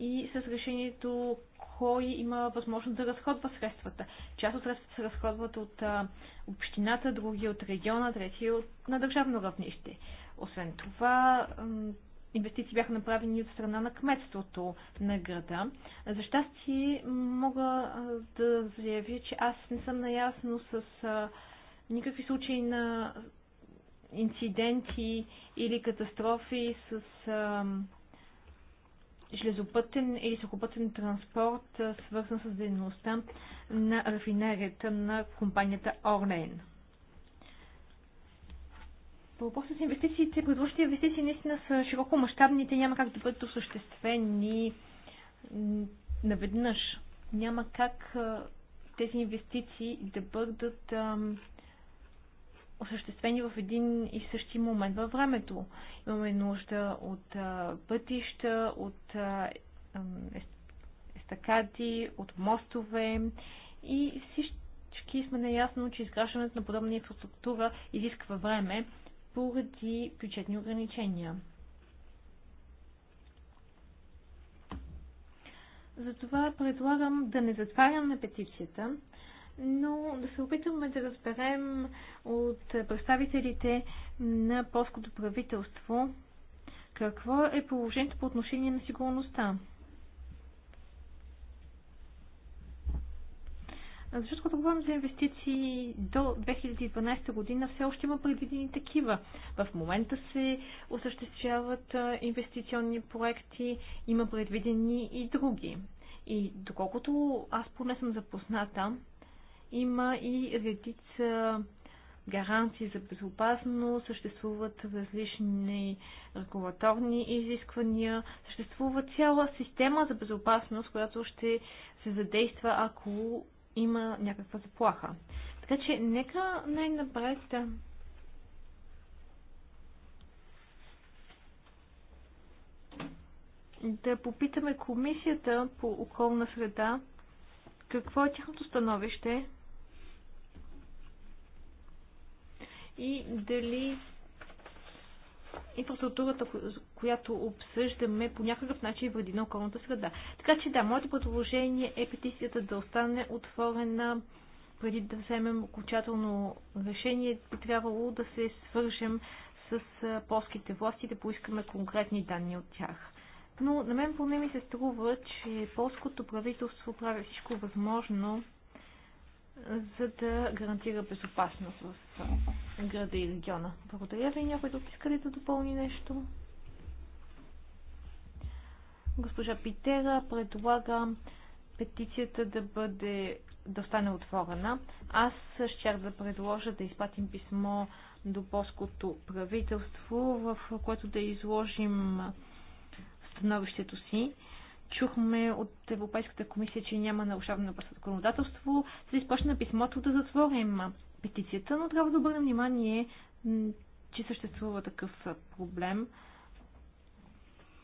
и с решението кой има възможност да разходва средствата. Част от средствата се разходват от а, общината, други от региона, трети от, на държавно равнище. Освен това, инвестиции бяха направени от страна на кметството на града. За щастие мога да заявя, че аз не съм наясно с никакви случаи на инциденти или катастрофи с железопътен или сухопътен транспорт, свързан с дейността на рафинерията на компанията Орлейн. По въпроса с инвестициите, предложите инвестиции наистина са широко мащабни, те няма как да бъдат осъществени наведнъж. Няма как тези инвестиции да бъдат ам, осъществени в един и същи момент във времето. Имаме нужда от а, пътища, от естакади, от мостове и всички сме наясно, че изграждането на подобна инфраструктура изисква време поради бюджетни ограничения. Затова предлагам да не затваряме петицията, но да се опитаме да разберем от представителите на полското правителство какво е положението по отношение на сигурността. Защото като говорим за инвестиции до 2012 година, все още има предвидени такива. В момента се осъществяват инвестиционни проекти, има предвидени и други. И доколкото аз поне съм запозната, има и редица гаранции за безопасност, съществуват различни регулаторни изисквания, съществува цяла система за безопасност, която ще се задейства, ако има някаква заплаха. Така че нека най-напред да попитаме комисията по околна среда какво е тяхното становище и дали инфраструктурата, която обсъждаме, по някакъв начин вреди на околната среда. Така че да, моето предложение е петицията да остане отворена преди да вземем окончателно решение, би трябвало да се свържем с полските власти, да поискаме конкретни данни от тях. Но на мен поне ми се струва, че полското правителство прави всичко възможно за да гарантира безопасност в града и региона. Благодаря ви. Някой друг иска да допълни нещо? Госпожа Питера предлага петицията да бъде да стане отворена. Аз щях да предложа да изпратим писмо до полското правителство, в което да изложим становището си чухме от Европейската комисия, че няма нарушаване на законодателство, се изпраща на писмото да затворим петицията, но трябва да обърнем внимание, че съществува такъв проблем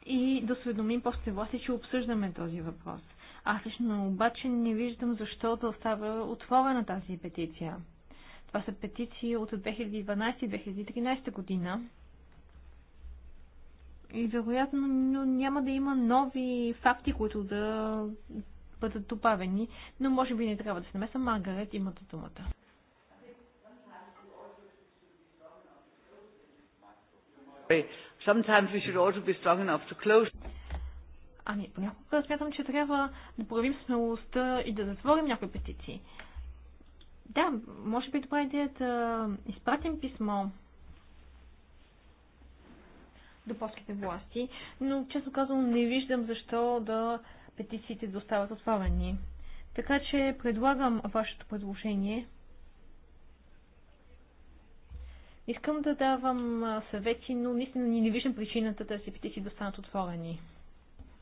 и да уведомим после власти, че обсъждаме този въпрос. Аз лично обаче не виждам защо да остава отворена тази петиция. Това са петиции от 2012-2013 година. И вероятно няма да има нови факти, които да бъдат добавени, но може би не трябва да се намеса. Маргарет, имате думата. Sometimes we should also be strong enough to close. Ами, понякога смятам, че трябва да проявим смелостта и да затворим някои петиции. Да, може би добра идея е да изпратим писмо до полските власти, но често казвам, не виждам защо да петициите да остават отворени. Така че предлагам вашето предложение. Искам да давам съвети, но наистина ни не виждам причината да си петиции да останат отворени.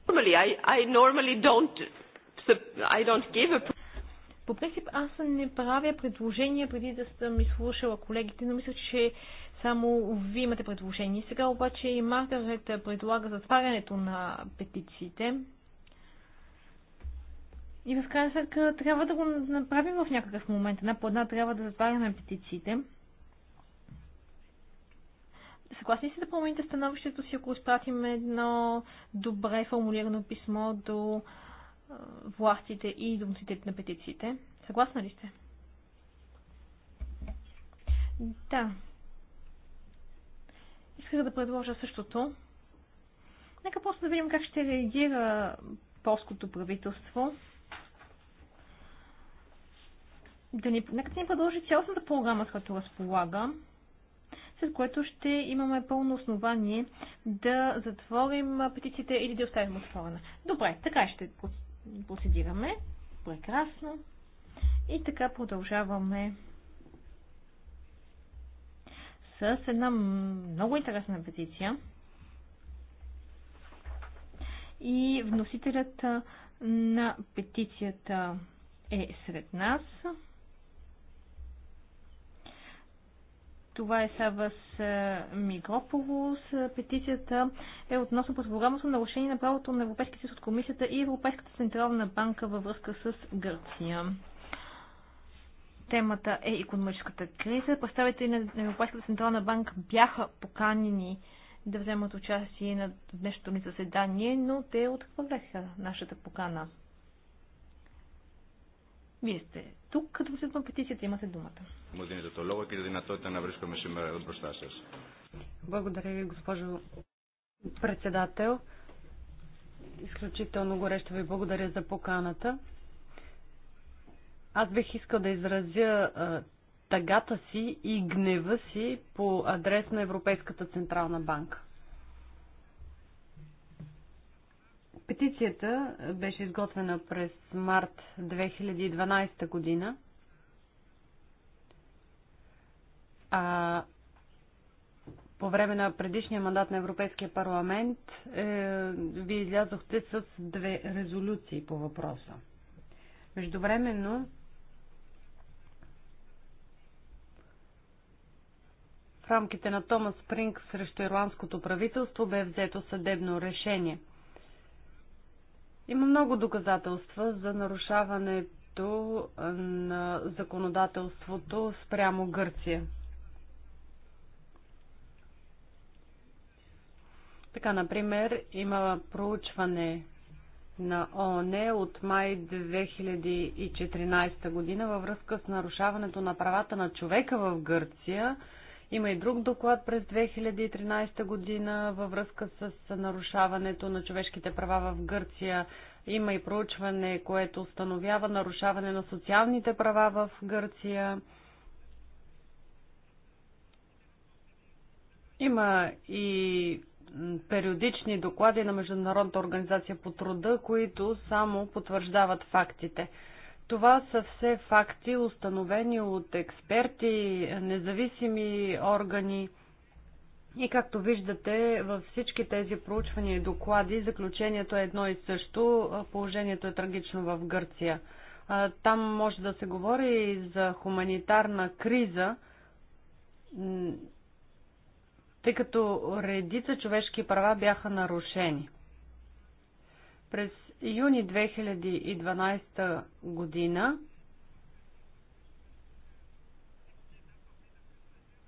Normally, I, I normally don't, I don't give a по принцип аз не правя предложения преди да съм изслушала колегите, но мисля, че само вие имате предложение. Сега обаче и Маргарет предлага затварянето на петициите. И в крайна сметка трябва да го направим в някакъв момент. Една по една трябва да затваряме петициите. Съгласни си да промените становището си, ако изпратим едно добре формулирано писмо до властите и вносителите на петициите. Съгласна ли сте? Да. Исках да предложа същото. Нека просто да видим как ще реагира полското правителство. Да ни, нека да ни продължи цялостната програма, с която разполага, след което ще имаме пълно основание да затворим петициите или да оставим отворена. Добре, така ще поседираме. Прекрасно. И така продължаваме с една много интересна петиция. И вносителят на петицията е сред нас. Това е Савас Мигрополос. Петицията е относно на нарушение на правото на Европейския съюз от Комисията и Европейската централна банка във връзка с Гърция. Темата е економическата криза. Представители на Европейската централна банка бяха поканени да вземат участие на днешното ни заседание, но те отхвърляха нашата покана. Вие сте тук, като на петицията имате думата. Му за το и και τη на връзка βρίσκομαι σήμερα εδώ Благодаря ви, госпожо председател. Изключително горещо ви благодаря за поканата. Аз бих искал да изразя а, тъгата си и гнева си по адрес на Европейската Централна банка. Петицията беше изготвена през март 2012 година. А по време на предишния мандат на Европейския парламент е, вие излязохте с две резолюции по въпроса. Междувременно в рамките на Томас Спринг срещу ирландското правителство бе взето съдебно решение – има много доказателства за нарушаването на законодателството спрямо Гърция. Така, например, има проучване на ООН от май 2014 година във връзка с нарушаването на правата на човека в Гърция – има и друг доклад през 2013 година във връзка с нарушаването на човешките права в Гърция. Има и проучване, което установява нарушаване на социалните права в Гърция. Има и периодични доклади на Международната организация по труда, които само потвърждават фактите. Това са все факти, установени от експерти, независими органи. И както виждате, във всички тези проучвания и доклади заключението е едно и също. Положението е трагично в Гърция. Там може да се говори и за хуманитарна криза, тъй като редица човешки права бяха нарушени. През юни 2012 година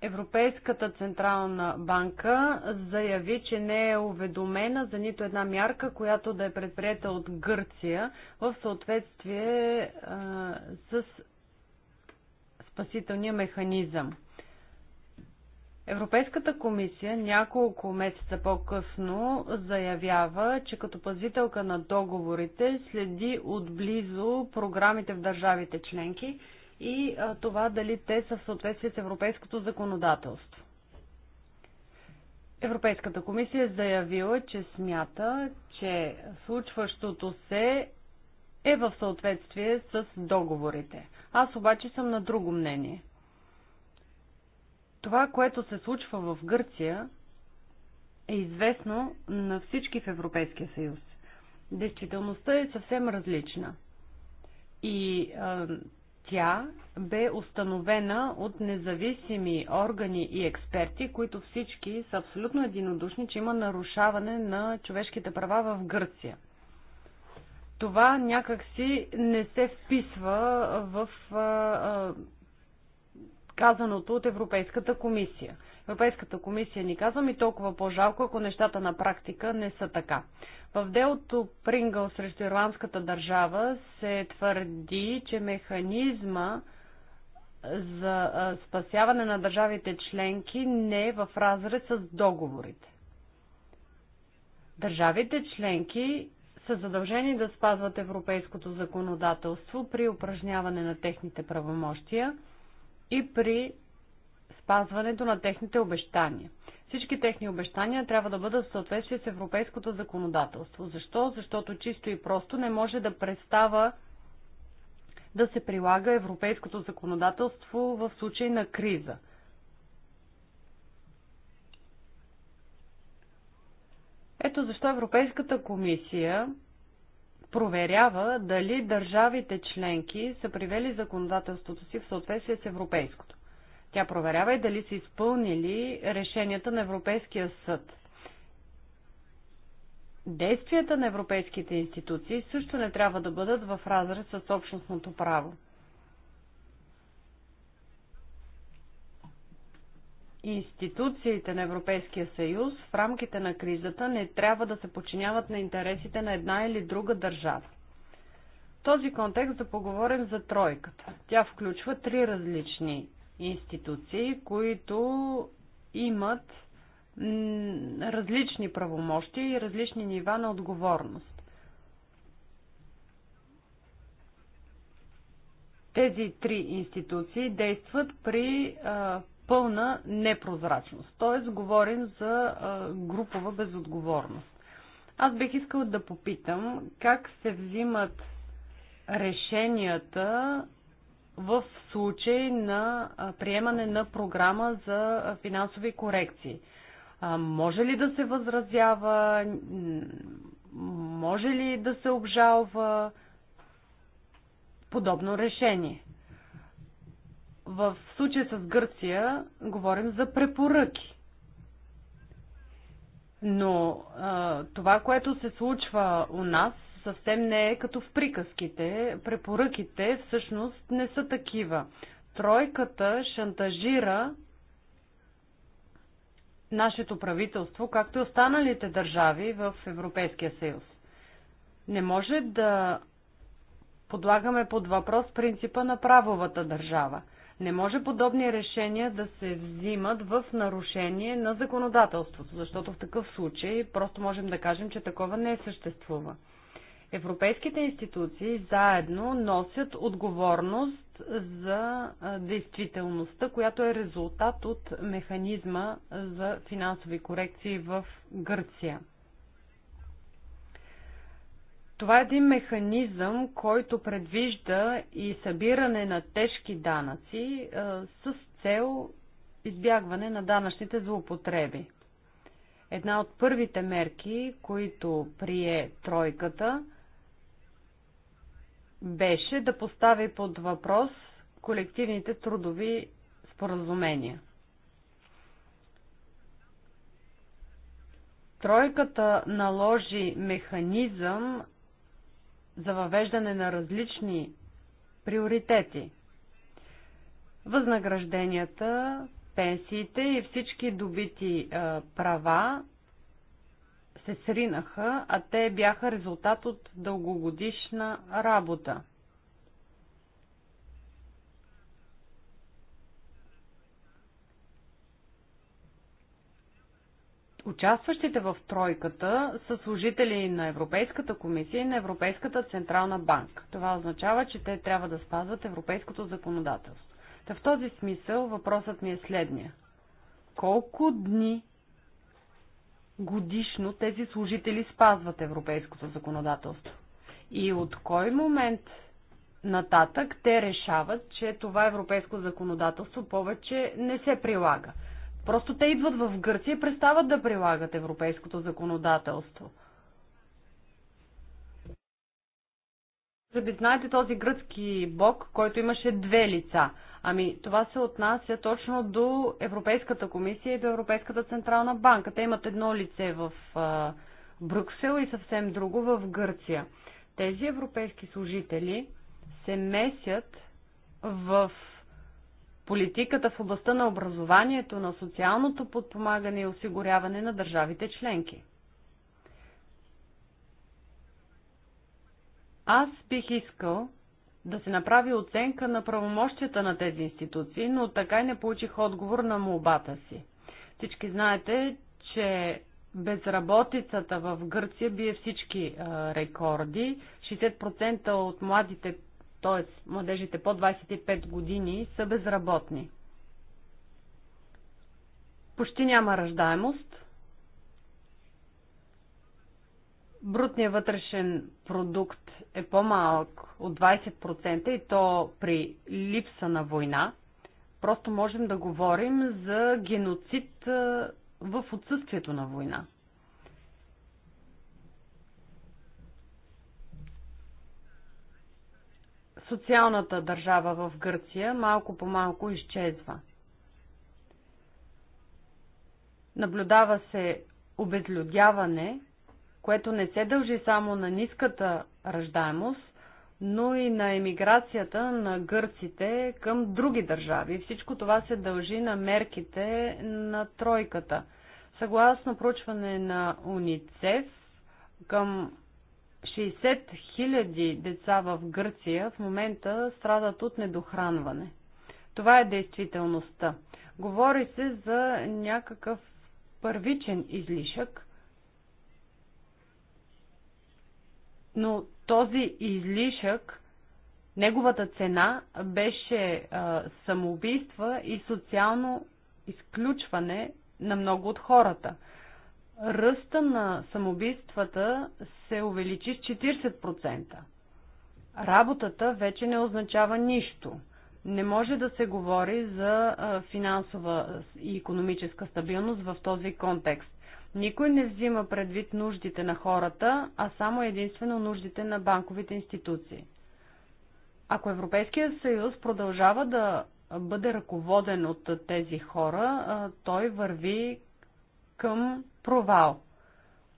Европейската централна банка заяви, че не е уведомена за нито една мярка, която да е предприета от Гърция в съответствие а, с спасителния механизъм. Европейската комисия няколко месеца по-късно заявява, че като пазителка на договорите следи отблизо програмите в държавите членки и това дали те са в съответствие с европейското законодателство. Европейската комисия е заявила, че смята, че случващото се е в съответствие с договорите. Аз обаче съм на друго мнение – това, което се случва в Гърция, е известно на всички в Европейския съюз. Действителността е съвсем различна. И а, тя бе установена от независими органи и експерти, които всички са абсолютно единодушни, че има нарушаване на човешките права в Гърция. Това някакси не се вписва в а, а, казаното от Европейската комисия. Европейската комисия ни казва ми толкова по-жалко, ако нещата на практика не са така. В делото Прингъл срещу ирландската държава се твърди, че механизма за спасяване на държавите членки не е в разред с договорите. Държавите членки са задължени да спазват европейското законодателство при упражняване на техните правомощия – и при спазването на техните обещания. Всички техни обещания трябва да бъдат в съответствие с европейското законодателство. Защо? Защото чисто и просто не може да представа да се прилага европейското законодателство в случай на криза. Ето защо Европейската комисия проверява дали държавите членки са привели законодателството си в съответствие с европейското. Тя проверява и дали са изпълнили решенията на Европейския съд. Действията на европейските институции също не трябва да бъдат в разрез с общностното право. институциите на Европейския съюз в рамките на кризата не трябва да се подчиняват на интересите на една или друга държава. В този контекст да поговорим за тройката. Тя включва три различни институции, които имат различни правомощи и различни нива на отговорност. Тези три институции действат при а, пълна непрозрачност. Тоест, говорим за групова безотговорност. Аз бих искал да попитам как се взимат решенията в случай на приемане на програма за финансови корекции. Може ли да се възразява? Може ли да се обжалва подобно решение? В случая с Гърция говорим за препоръки. Но а, това, което се случва у нас, съвсем не е като в приказките. Препоръките всъщност не са такива. Тройката шантажира нашето правителство, както и останалите държави в Европейския съюз. Не може да подлагаме под въпрос принципа на правовата държава. Не може подобни решения да се взимат в нарушение на законодателството, защото в такъв случай просто можем да кажем, че такова не е съществува. Европейските институции заедно носят отговорност за действителността, която е резултат от механизма за финансови корекции в Гърция – това е един механизъм, който предвижда и събиране на тежки данъци е, с цел избягване на данъчните злоупотреби. Една от първите мерки, които прие тройката, беше да постави под въпрос колективните трудови споразумения. Тройката наложи механизъм за въвеждане на различни приоритети. Възнагражденията, пенсиите и всички добити е, права се сринаха, а те бяха резултат от дългогодишна работа. Участващите в тройката са служители на Европейската комисия и на Европейската централна банка. Това означава, че те трябва да спазват европейското законодателство. Та в този смисъл въпросът ми е следния. Колко дни годишно тези служители спазват европейското законодателство? И от кой момент нататък те решават, че това европейско законодателство повече не се прилага? Просто те идват в Гърция и престават да прилагат европейското законодателство. Заби, би знаете този гръцки бог, който имаше две лица. Ами това се отнася точно до Европейската комисия и до Европейската централна банка. Те имат едно лице в а, Брюксел и съвсем друго в Гърция. Тези европейски служители се месят в политиката в областта на образованието, на социалното подпомагане и осигуряване на държавите членки. Аз бих искал да се направи оценка на правомощията на тези институции, но така и не получих отговор на молбата си. Всички знаете, че безработицата в Гърция бие всички а, рекорди. 60% от младите т.е. младежите по 25 години са безработни. Почти няма ръждаемост. Брутният вътрешен продукт е по-малък от 20% и то при липса на война. Просто можем да говорим за геноцид в отсъствието на война. социалната държава в Гърция малко по малко изчезва. Наблюдава се обезлюдяване, което не се дължи само на ниската ръждаемост, но и на емиграцията на гърците към други държави. Всичко това се дължи на мерките на тройката. Съгласно проучване на УНИЦЕФ, към 60 000 деца в Гърция в момента страдат от недохранване. Това е действителността. Говори се за някакъв първичен излишък, но този излишък, неговата цена беше а, самоубийства и социално изключване на много от хората ръста на самоубийствата се увеличи с 40%. Работата вече не означава нищо. Не може да се говори за финансова и економическа стабилност в този контекст. Никой не взима предвид нуждите на хората, а само единствено нуждите на банковите институции. Ако Европейския съюз продължава да бъде ръководен от тези хора, той върви към провал.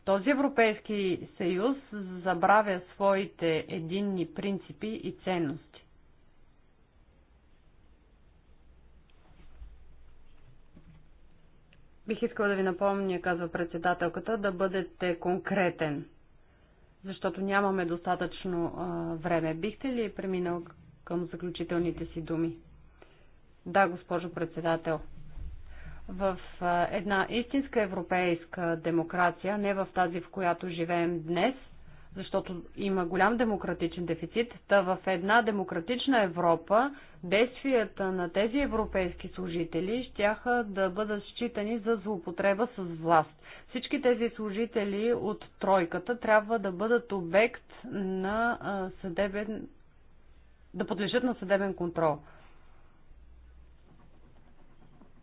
Този Европейски съюз забравя своите единни принципи и ценности. Бих искала да ви напомня, казва председателката, да бъдете конкретен, защото нямаме достатъчно а, време. Бихте ли преминал към заключителните си думи? Да, госпожо председател в една истинска европейска демокрация, не в тази, в която живеем днес, защото има голям демократичен дефицит, та в една демократична Европа действията на тези европейски служители щяха да бъдат считани за злоупотреба с власт. Всички тези служители от тройката трябва да бъдат обект на съдебен да подлежат на съдебен контрол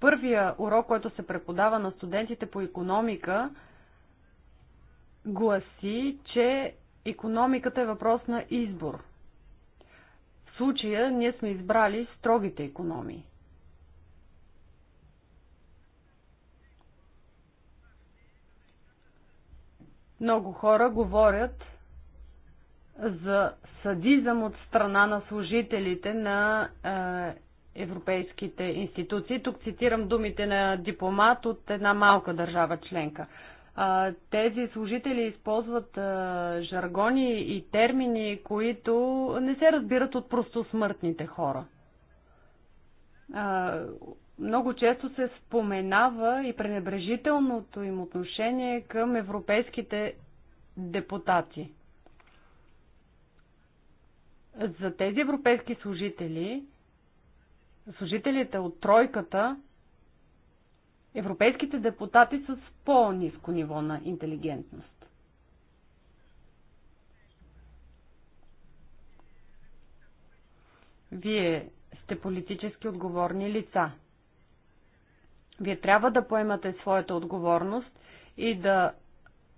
първия урок, който се преподава на студентите по економика, гласи, че економиката е въпрос на избор. В случая ние сме избрали строгите економии. Много хора говорят за садизъм от страна на служителите на е, европейските институции. Тук цитирам думите на дипломат от една малка държава членка. Тези служители използват жаргони и термини, които не се разбират от просто смъртните хора. Много често се споменава и пренебрежителното им отношение към европейските депутати. За тези европейски служители служителите от тройката, европейските депутати са с по-низко ниво на интелигентност. Вие сте политически отговорни лица. Вие трябва да поемате своята отговорност и да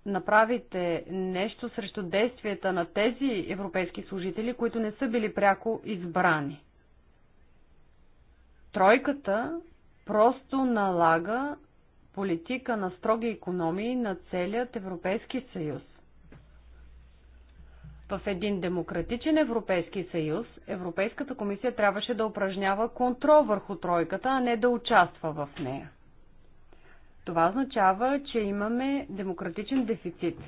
направите нещо срещу действията на тези европейски служители, които не са били пряко избрани. Тройката просто налага политика на строги економии на целият Европейски съюз. В един демократичен Европейски съюз Европейската комисия трябваше да упражнява контрол върху тройката, а не да участва в нея. Това означава, че имаме демократичен дефицит.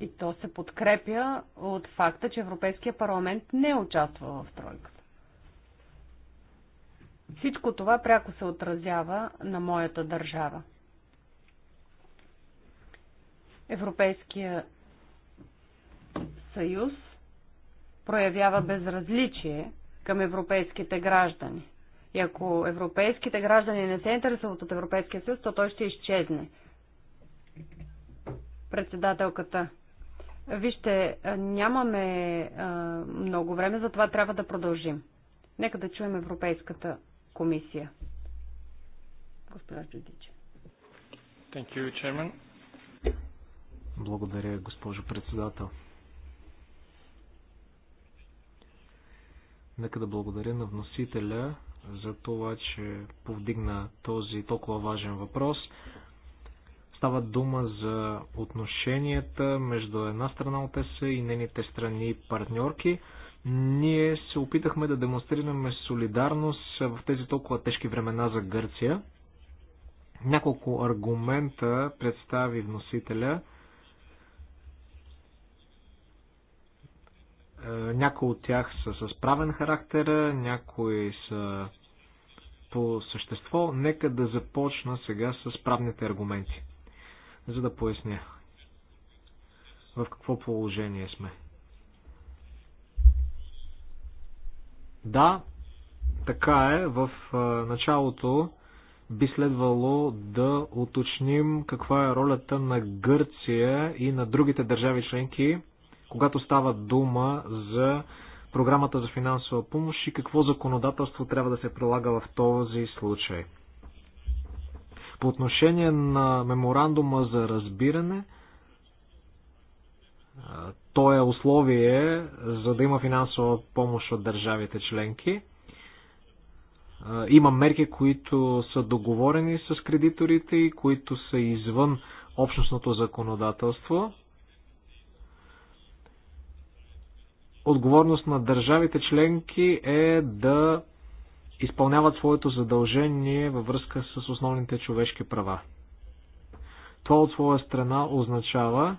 И то се подкрепя от факта, че Европейския парламент не участва в тройка. Всичко това пряко се отразява на моята държава. Европейския съюз проявява безразличие към европейските граждани. И ако европейските граждани не се интересуват от Европейския съюз, то той ще изчезне. Председателката. Вижте, нямаме а, много време, затова трябва да продължим. Нека да чуем Европейската комисия. Госпожа Джудич. Thank you, chairman. Благодаря, госпожо председател. Нека да благодаря на вносителя за това, че повдигна този толкова важен въпрос. Става дума за отношенията между една страна от ЕС и нейните страни партньорки. Ние се опитахме да демонстрираме солидарност в тези толкова тежки времена за Гърция. Няколко аргумента представи вносителя. Е, някои от тях са с правен характер, някои са по същество. Нека да започна сега с правните аргументи, за да поясня в какво положение сме. Да, така е. В началото би следвало да уточним каква е ролята на Гърция и на другите държави членки, когато става дума за програмата за финансова помощ и какво законодателство трябва да се прилага в този случай. По отношение на меморандума за разбиране, то е условие за да има финансова помощ от държавите членки. Има мерки, които са договорени с кредиторите и които са извън общностното законодателство. Отговорност на държавите членки е да изпълняват своето задължение във връзка с основните човешки права. Това от своя страна означава,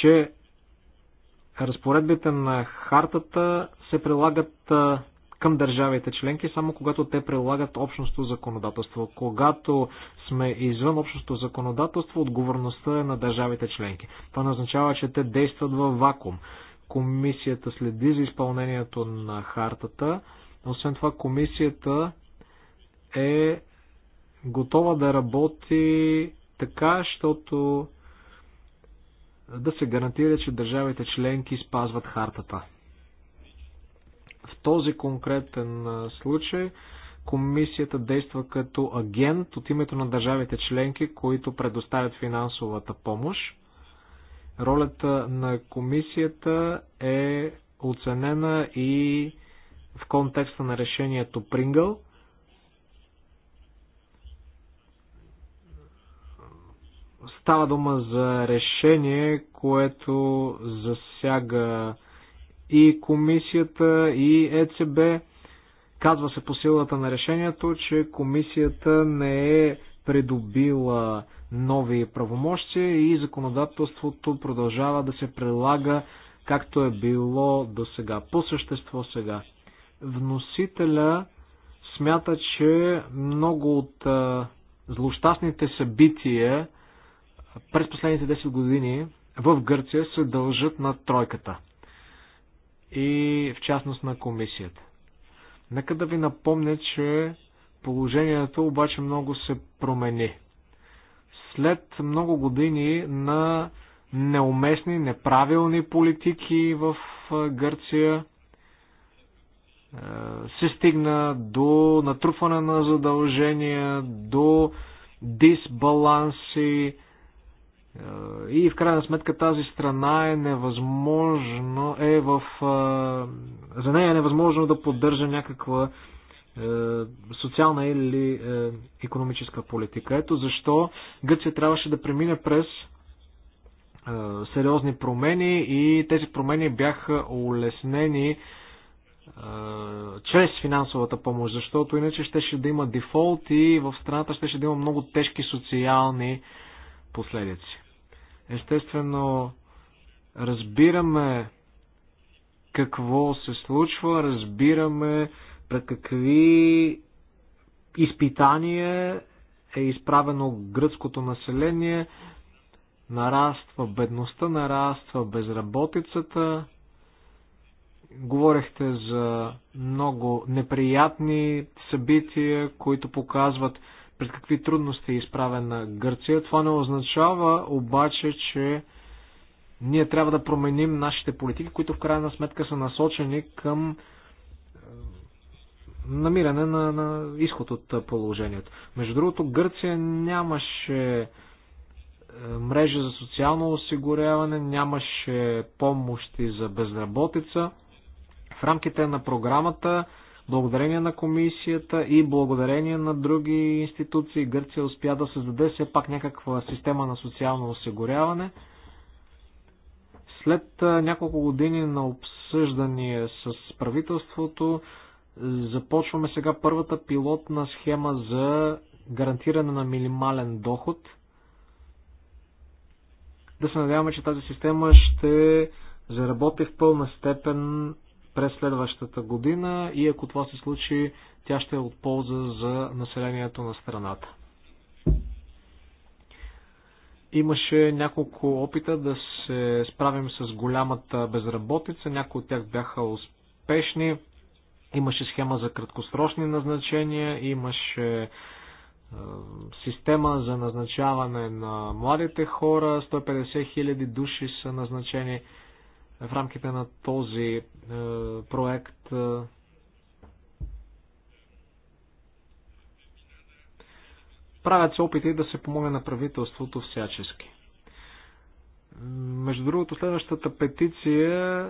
че разпоредбите на хартата се прилагат към държавите членки, само когато те прилагат общностно законодателство. Когато сме извън общностното законодателство, отговорността е на държавите членки. Това означава, че те действат във вакуум. Комисията следи за изпълнението на хартата. Освен това, комисията е готова да работи така, защото да се гарантира, че държавите членки спазват хартата. В този конкретен случай комисията действа като агент от името на държавите членки, които предоставят финансовата помощ. Ролята на комисията е оценена и в контекста на решението Прингъл – Става дума за решение, което засяга и комисията, и ЕЦБ. Казва се по силата на решението, че комисията не е придобила нови правомощия и законодателството продължава да се прилага както е било до сега, по същество сега. Вносителя смята, че много от злощастните събития, през последните 10 години в Гърция се дължат на тройката и в частност на комисията. Нека да ви напомня, че положението обаче много се промени. След много години на неуместни, неправилни политики в Гърция се стигна до натрупване на задължения, до дисбаланси, е, и в крайна сметка тази страна е невъзможно, е в, е, за нея е невъзможно да поддържа някаква е, социална или економическа политика. Ето защо Гърция трябваше да премине през сериозни промени и тези промени бяха улеснени чрез финансовата помощ, защото иначе щеше да има дефолт и в страната щеше да има много тежки социални последици. Естествено, разбираме какво се случва, разбираме пред какви изпитания е изправено гръцкото население, нараства бедността, нараства безработицата. Говорехте за много неприятни събития, които показват пред какви трудности е изправена Гърция. Това не означава обаче, че ние трябва да променим нашите политики, които в крайна сметка са насочени към е, намиране на, на изход от положението. Между другото, Гърция нямаше е, мрежа за социално осигуряване, нямаше помощи за безработица. В рамките на програмата благодарение на комисията и благодарение на други институции Гърция успя да създаде все пак някаква система на социално осигуряване. След няколко години на обсъждане с правителството, започваме сега първата пилотна схема за гарантиране на минимален доход. Да се надяваме, че тази система ще заработи в пълна степен през следващата година и ако това се случи, тя ще е от полза за населението на страната. Имаше няколко опита да се справим с голямата безработица, някои от тях бяха успешни. Имаше схема за краткосрочни назначения, имаше е, система за назначаване на младите хора, 150 000 души са назначени в рамките на този е, проект. Е, правят се опити да се помогне на правителството всячески. Между другото, следващата петиция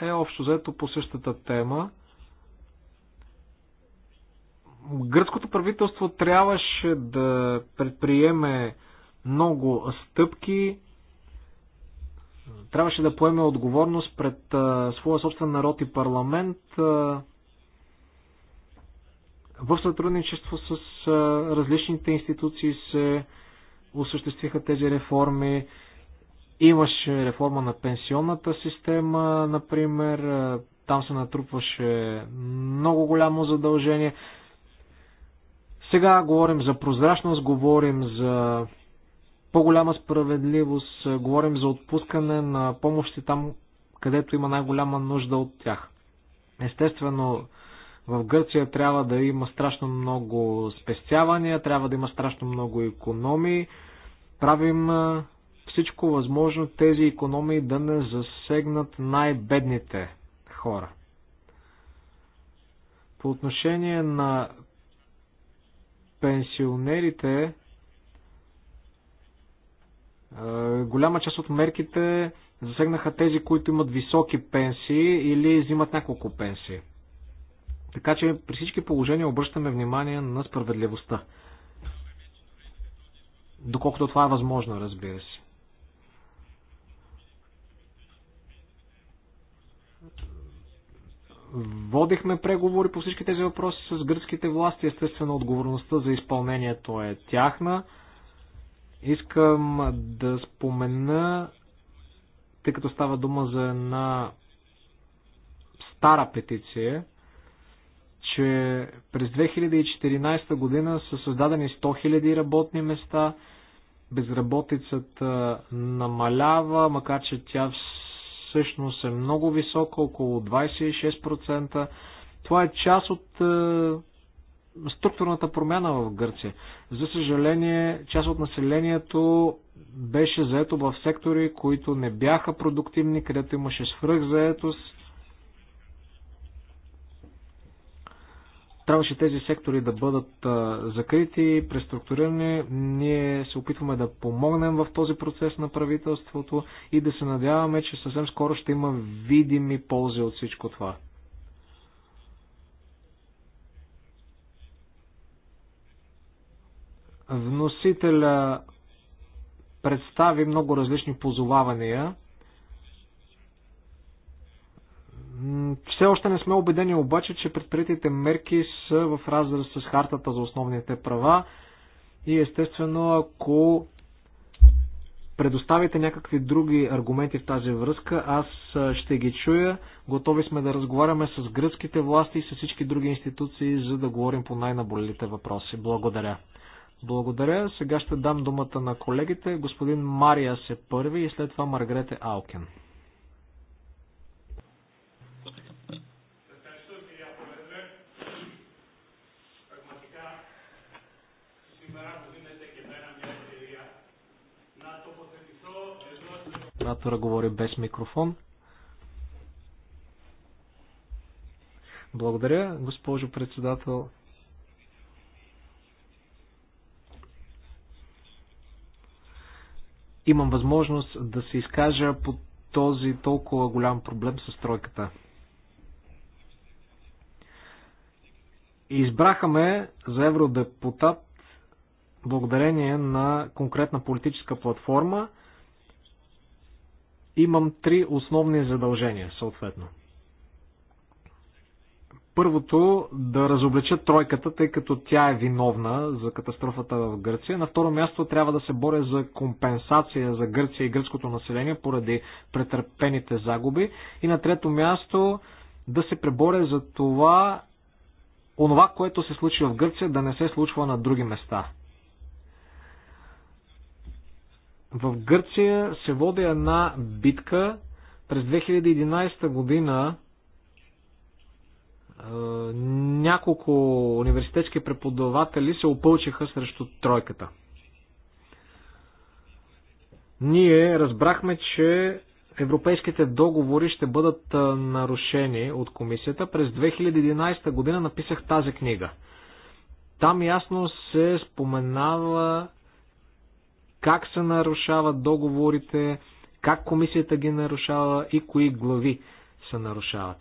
е общо взето по същата тема. Гръцкото правителство трябваше да предприеме много стъпки, трябваше да поеме отговорност пред а, своя собствен народ и парламент а, в сътрудничество с а, различните институции се осъществиха тези реформи. Имаше реформа на пенсионната система, например, там се натрупваше много голямо задължение. Сега говорим за прозрачност, говорим за по-голяма справедливост, говорим за отпускане на помощи там, където има най-голяма нужда от тях. Естествено, в Гърция трябва да има страшно много спестявания, трябва да има страшно много економии. Правим всичко възможно тези економии да не засегнат най-бедните хора. По отношение на пенсионерите, е, голяма част от мерките засегнаха тези, които имат високи пенсии или взимат няколко пенсии. Така че при всички положения обръщаме внимание на справедливостта. Доколкото това е възможно, разбира се. Водихме преговори по всички тези въпроси с гръцките власти. Естествено, отговорността за изпълнението е тяхна. Искам да спомена, тъй като става дума за една стара петиция, че през 2014 година са създадени 100 000 работни места, безработицата намалява, макар че тя всъщност е много висока, около 26%. Това е част от е, структурната промяна в Гърция. За съжаление, част от населението беше заето в сектори, които не бяха продуктивни, където имаше свръхзаетост. Трябваше тези сектори да бъдат закрити, преструктурирани. Ние се опитваме да помогнем в този процес на правителството и да се надяваме, че съвсем скоро ще има видими ползи от всичко това. Вносителя представи много различни позовавания. Все още не сме убедени обаче, че предприятите мерки са в разрез с хартата за основните права и естествено ако предоставите някакви други аргументи в тази връзка, аз ще ги чуя. Готови сме да разговаряме с гръцките власти и с всички други институции, за да говорим по най-наболелите въпроси. Благодаря. Благодаря. Сега ще дам думата на колегите. Господин Мария се първи и след това Маргрете Алкен. Оператора говори без микрофон. Благодаря, госпожо председател. имам възможност да се изкажа по този толкова голям проблем с тройката. Избрахаме за евродепутат благодарение на конкретна политическа платформа. Имам три основни задължения, съответно първото да разобличат тройката, тъй като тя е виновна за катастрофата в Гърция. На второ място трябва да се боря за компенсация за Гърция и гръцкото население поради претърпените загуби. И на трето място да се преборя за това, онова, което се случи в Гърция, да не се случва на други места. В Гърция се води една битка през 2011 година е, няколко университетски преподаватели се опълчиха срещу тройката. Ние разбрахме, че европейските договори ще бъдат е, нарушени от комисията. През 2011 година написах тази книга. Там ясно се споменава как се нарушават договорите, как комисията ги нарушава и кои глави се нарушават.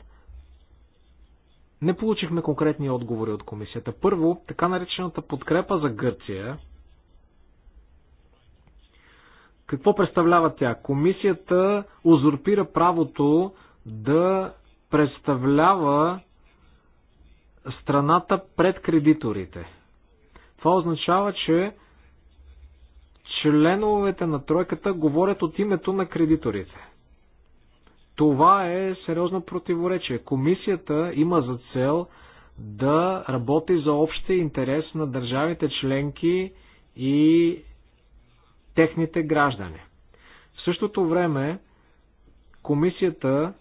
Не получихме конкретни отговори от комисията. Първо, така наречената подкрепа за Гърция. Какво представлява тя? Комисията узурпира правото да представлява страната пред кредиторите. Това означава, че членовете на тройката говорят от името на кредиторите. Това е сериозно противоречие. Комисията има за цел да работи за общия интерес на държавите членки и техните граждани. В същото време комисията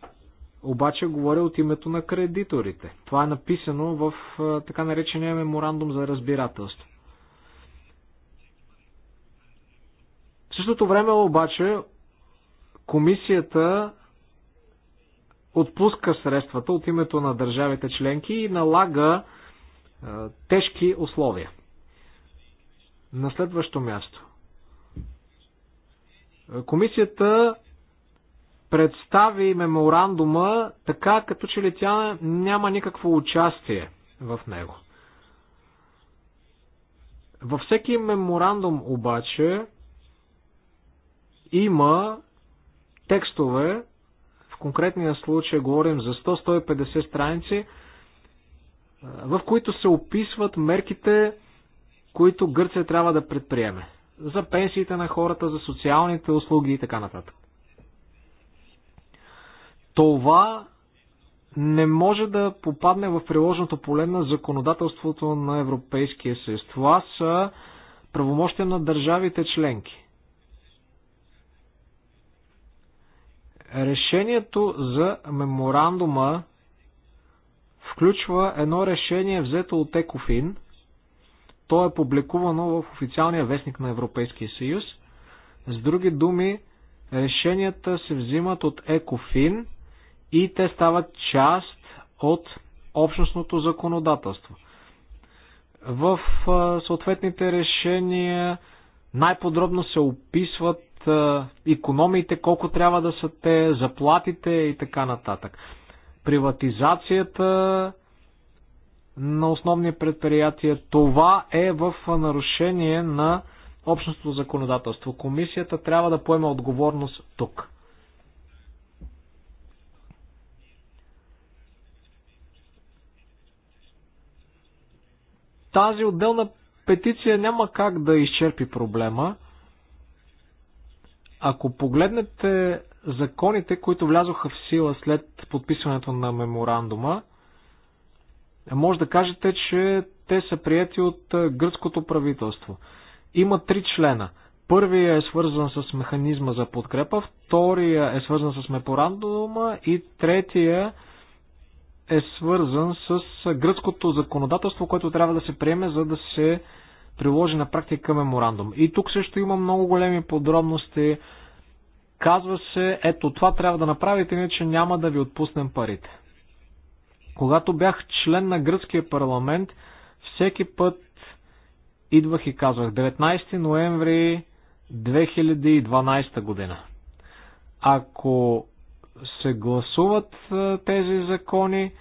обаче говори от името на кредиторите. Това е написано в така наречения меморандум за разбирателство. В същото време обаче комисията отпуска средствата от името на държавите членки и налага е, тежки условия. На следващо място. Комисията представи меморандума така, като че ли тя няма никакво участие в него. Във всеки меморандум обаче има текстове, конкретния случай говорим за 100-150 страници, в които се описват мерките, които Гърция трябва да предприеме. За пенсиите на хората, за социалните услуги и така нататък. Това не може да попадне в приложното поле на законодателството на Европейския съюз. Това са правомощия на държавите членки. Решението за меморандума включва едно решение взето от Екофин. То е публикувано в официалния вестник на Европейския съюз. С други думи, решенията се взимат от Екофин и те стават част от общностното законодателство. В съответните решения най-подробно се описват економиите, колко трябва да са те, заплатите и така нататък. Приватизацията на основни предприятия, това е в нарушение на общностното законодателство. Комисията трябва да поема отговорност тук. Тази отделна петиция няма как да изчерпи проблема. Ако погледнете законите, които влязоха в сила след подписването на меморандума, може да кажете, че те са прияти от гръцкото правителство. Има три члена. Първия е свързан с механизма за подкрепа, втория е свързан с меморандума и третия е свързан с гръцкото законодателство, което трябва да се приеме, за да се приложи на практика меморандум. И тук също има много големи подробности. Казва се, ето това трябва да направите, иначе няма да ви отпуснем парите. Когато бях член на гръцкия парламент, всеки път идвах и казвах 19 ноември 2012 година. Ако се гласуват е, тези закони,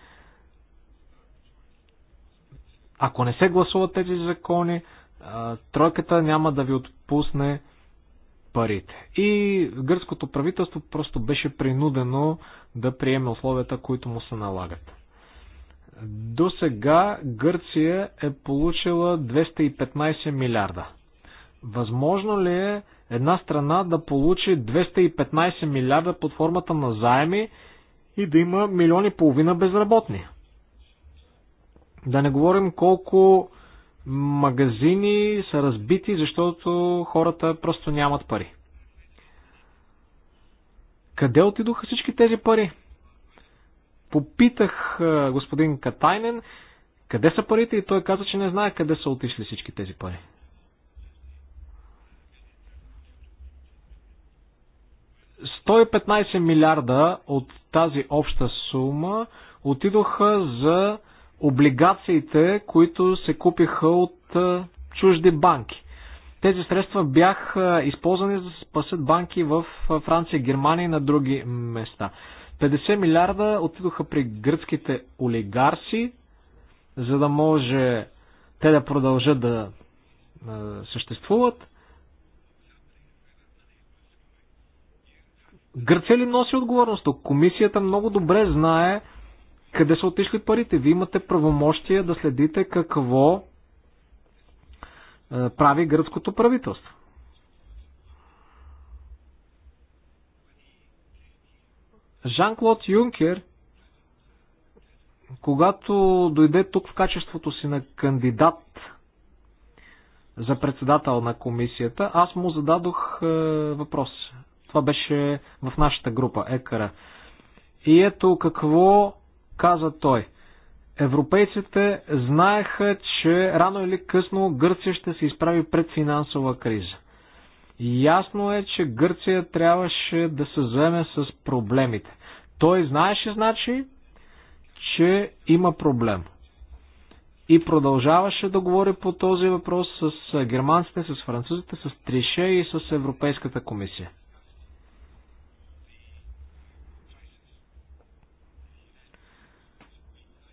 ако не се гласуват тези закони, тройката няма да ви отпусне парите. И гръцкото правителство просто беше принудено да приеме условията, които му се налагат. До сега Гърция е получила 215 милиарда. Възможно ли е една страна да получи 215 милиарда под формата на заеми и да има милиони и половина безработни? Да не говорим колко магазини са разбити, защото хората просто нямат пари. Къде отидоха всички тези пари? Попитах господин Катайнен, къде са парите и той каза, че не знае къде са отишли всички тези пари. ...115 милиарда от тази обща сума отидоха за облигациите, които се купиха от чужди банки. Тези средства бяха използвани за да спасят банки в Франция, Германия и на други места. 50 милиарда отидоха при гръцките олигарси, за да може те да продължат да съществуват. Гърция ли носи отговорност? Комисията много добре знае къде са отишли парите. Вие имате правомощия да следите какво е, прави гръцкото правителство. Жан-Клод Юнкер, когато дойде тук в качеството си на кандидат за председател на комисията, аз му зададох е, въпрос. Това беше в нашата група, Екара. И ето какво каза той. Европейците знаеха, че рано или късно Гърция ще се изправи пред финансова криза. Ясно е, че Гърция трябваше да се заеме с проблемите. Той знаеше, значи, че има проблем. И продължаваше да говори по този въпрос с германците, с французите, с Трише и с Европейската комисия.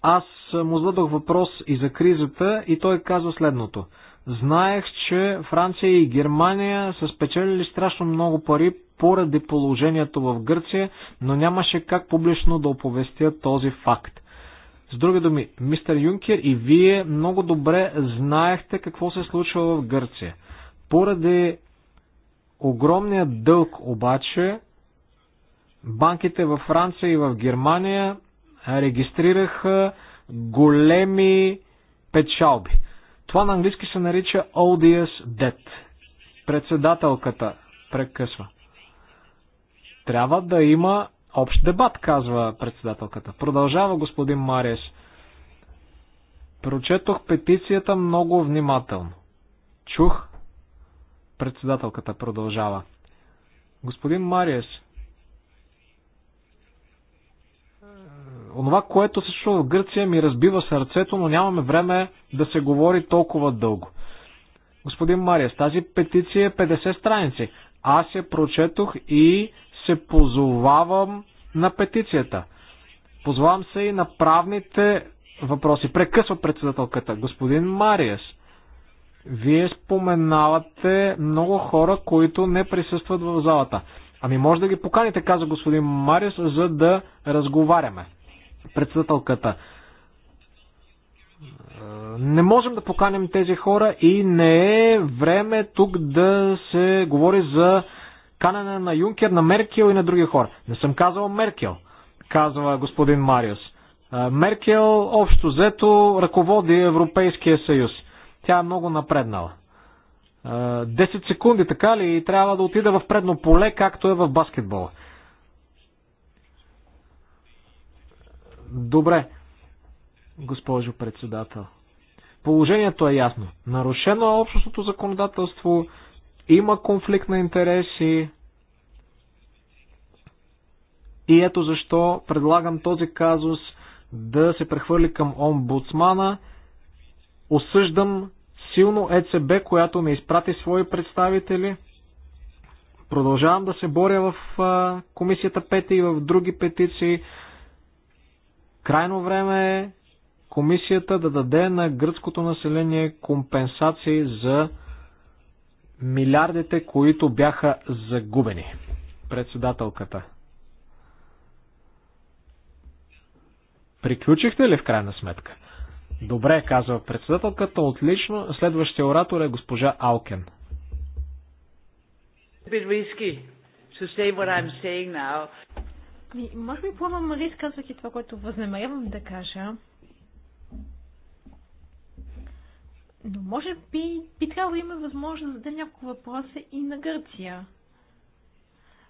Аз му зададох въпрос и за кризата и той казва следното. Знаех, че Франция и Германия са спечелили страшно много пари поради положението в Гърция, но нямаше как публично да оповестя този факт. С други думи, мистер Юнкер и вие много добре знаехте какво се случва в Гърция. Поради огромния дълг обаче, банките във Франция и в Германия регистрираха големи печалби. Това на английски се нарича odious debt. Председателката прекъсва. Трябва да има общ дебат, казва председателката. Продължава господин Мариес. Прочетох петицията много внимателно. Чух. Председателката продължава. Господин Мариес, Онова, което се случва в Гърция, ми разбива сърцето, но нямаме време да се говори толкова дълго. Господин Мария, с тази петиция е 50 страници. Аз я прочетох и се позовавам на петицията. Позвавам се и на правните въпроси. Прекъсва председателката. Господин Мариес, вие споменавате много хора, които не присъстват в залата. Ами може да ги поканите, каза господин Мариес, за да разговаряме. Председателката. Не можем да поканим тези хора и не е време тук да се говори за канене на Юнкер, на Меркел и на други хора. Не съм казал Меркел, казва господин Мариус. Меркел общо взето ръководи Европейския съюз. Тя е много напреднала. 10 секунди, така ли? И трябва да отида в предно поле, както е в баскетбола. Добре, госпожо председател. Положението е ясно. Нарушено е общото законодателство, има конфликт на интереси. И ето защо предлагам този казус да се прехвърли към омбудсмана. Осъждам силно ЕЦБ, която не изпрати свои представители. Продължавам да се боря в комисията 5 и в други петиции. Крайно време е комисията да даде на гръцкото население компенсации за милиардите, които бяха загубени. Председателката. Приключихте ли в крайна сметка? Добре, казва председателката. Отлично. Следващия оратор е госпожа Алкен. Ми, може би поемам мари казвайки това, което възнамерявам да кажа. Но може би би трябвало да има възможност да зададе няколко въпроса и на Гърция.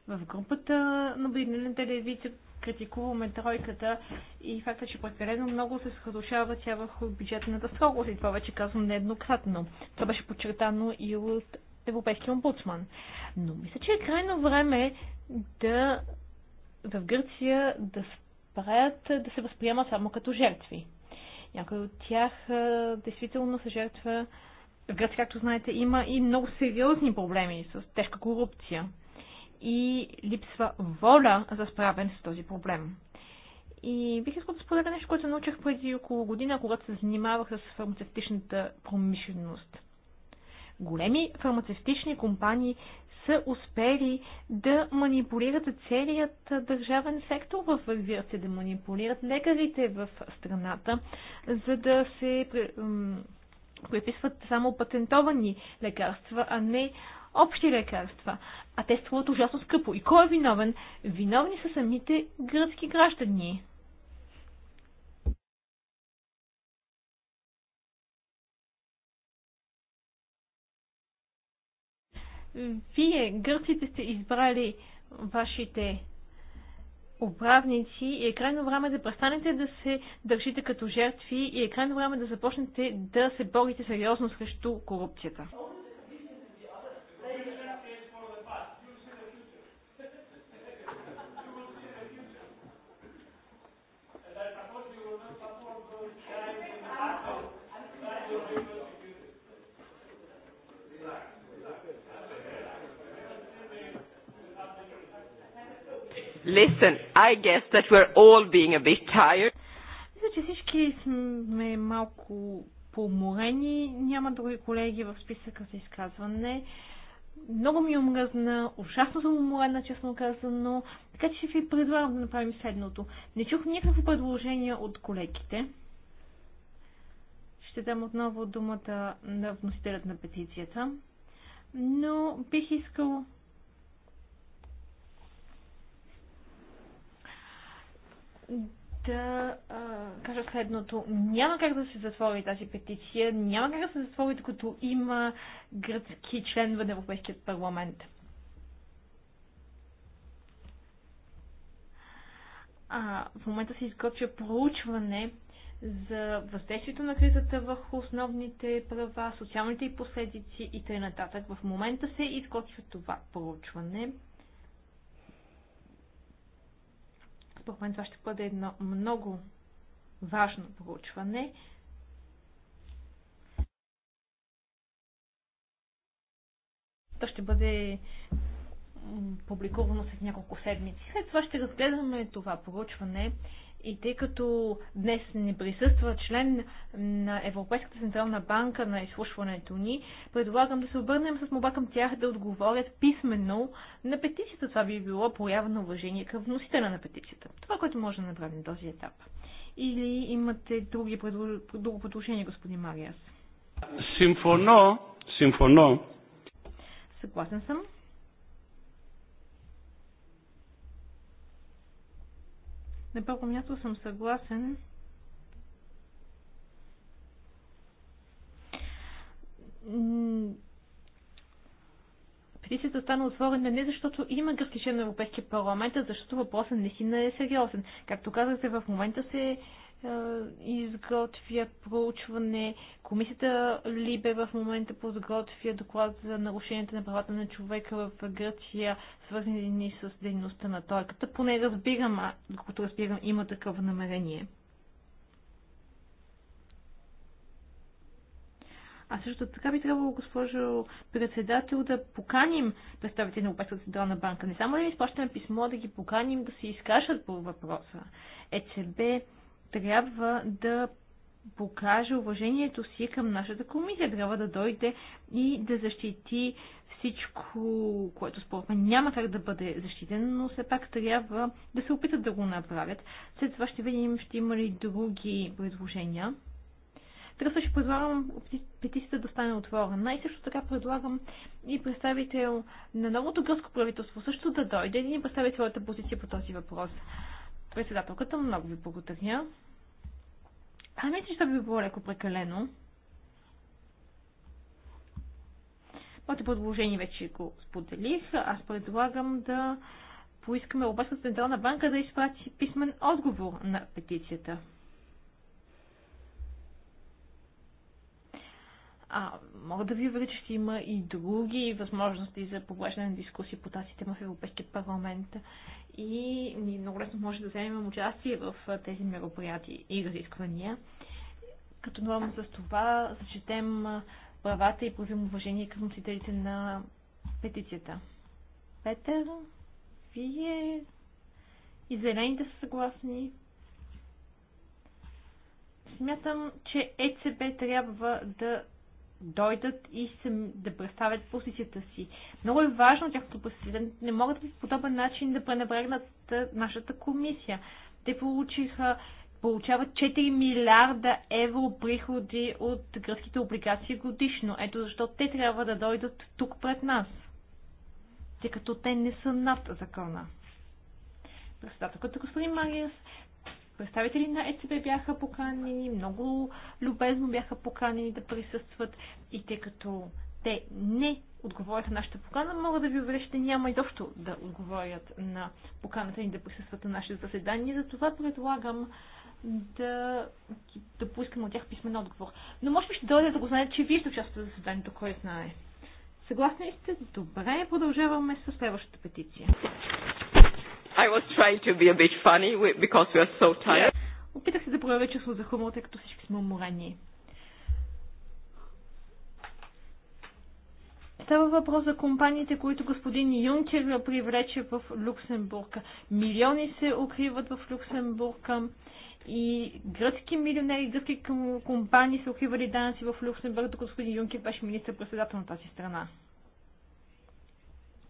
В групата на Обединената телевизия критикуваме тройката и факта, че прекалено много се съсредоточава тя върху бюджетната строгост и това вече казвам нееднократно. Това беше подчертано и от Европейския омбудсман. Но мисля, че е крайно време да в Гърция да спрят да се възприемат само като жертви. Някои от тях действително са жертва. В Гърция, както знаете, има и много сериозни проблеми с тежка корупция и липсва воля за справяне с този проблем. И бих искал да споделя нещо, което научих преди около година, когато се занимавах с фармацевтичната промишленост. Големи фармацевтични компании са успели да манипулират целият държавен сектор в разбирате, да манипулират лекарите в страната, за да се преписват само патентовани лекарства, а не общи лекарства, а те струват ужасно скъпо. И кой е виновен? Виновни са самите гръцки граждани. Вие, гърците, сте избрали вашите управници и е крайно време да престанете да се държите като жертви и е крайно време да започнете да се борите сериозно срещу корупцията. Listen, I guess that we're all being a bit tired. Мисля, че всички сме малко поморени. Няма други колеги в списъка за изказване. Много ми е омръзна, ужасно съм уморена, честно казано. Така че ви предлагам да направим следното. Не чух никакви предложения от колегите. Ще дам отново думата на вносителят на петицията. Но бих искал да а, кажа следното. Няма как да се затвори тази петиция, няма как да се затвори, докато има гръцки членове на Европейския парламент. А, в момента се изготвя проучване за въздействието на кризата върху основните права, социалните и последици и т.н. В момента се изготвя това проучване. Според мен това ще бъде едно много важно проучване. То ще бъде публикувано след няколко седмици. След това ще разгледаме това проучване и тъй като днес не присъства член на Европейската централна банка на изслушването ни, предлагам да се обърнем с моба към тях да отговорят писменно на петицията. Това би било проява на уважение към вносителя на петицията. Това, което може да направим на този етап. Или имате други друго предложение, господин Мариас? Симфоно, симфоно. Съгласен съм. На първо място съм съгласен петицията стана отворена не защото има гръцки член на Европейския парламент, а защото въпросът наистина е сериозен. Както казахте, в момента се е, изготвя проучване. Комисията Либе в момента подготвя доклад за нарушенията на правата на човека в Гърция, свързани с дейността на тройката. Поне разбирам, а докато разбирам, има такова намерение. А също така би трябвало, госпожо председател, да поканим представители на Европейската централна банка. Не само да им изплащаме писмо, да ги поканим да се изкажат по въпроса. ЕЦБ трябва да покаже уважението си към нашата комисия. Трябва да дойде и да защити всичко, което според мен няма как да бъде защитено, но все пак трябва да се опитат да го направят. След това ще видим, ще има ли други предложения. Така ще предлагам петицията да стане отворена и също така предлагам и представител на новото гръцко правителство също да дойде и да ни представи своята позиция по този въпрос. Председателката, много ви благодаря. А не, че би било леко прекалено. Моето предложение вече го споделих. Аз предлагам да поискаме Европейската централна банка да изпрати писмен отговор на петицията. А, мога да ви уверя, че ще има и други възможности за поглеждане на дискусии по тази тема в Европейския парламент. И ни много лесно може да вземем участие в тези мероприятия и разисквания. Като норма с това зачетем правата и проявим уважение към носителите на петицията. Петър, вие и зелените са съгласни. Смятам, че ЕЦБ трябва да дойдат и се, да представят позицията си. Много е важно тяхното посетителите не могат по подобен начин да пренебрегнат нашата комисия. Те получиха получават 4 милиарда евро приходи от гръцките облигации годишно. Ето защо те трябва да дойдат тук пред нас. Тъй като те не са над закона. Председателката господин Мариас, Представители на ЕЦБ бяха поканени, много любезно бяха поканени да присъстват и тъй като те не отговорят на нашата покана, мога да ви уверя, че няма и дощо да отговорят на поканата ни да присъстват на нашите заседание. Затова предлагам да, да поискам от тях писмен отговор. Но може би ще дойде да го знаете, че вие част от заседанието, кой знае. Съгласни ли сте? Добре, продължаваме с следващата петиция. I was trying to be a bit funny because we are so tired. Опитах се да проявя чувство за хумор, тъй като всички сме уморени. Става въпрос за компаниите, които господин Юнкер привлече в Люксембург. Милиони се укриват в Люксембург и гръцки милионери, гръцки компании са укривали данъци в Люксембург, докато господин Юнкер беше министър-председател на тази страна.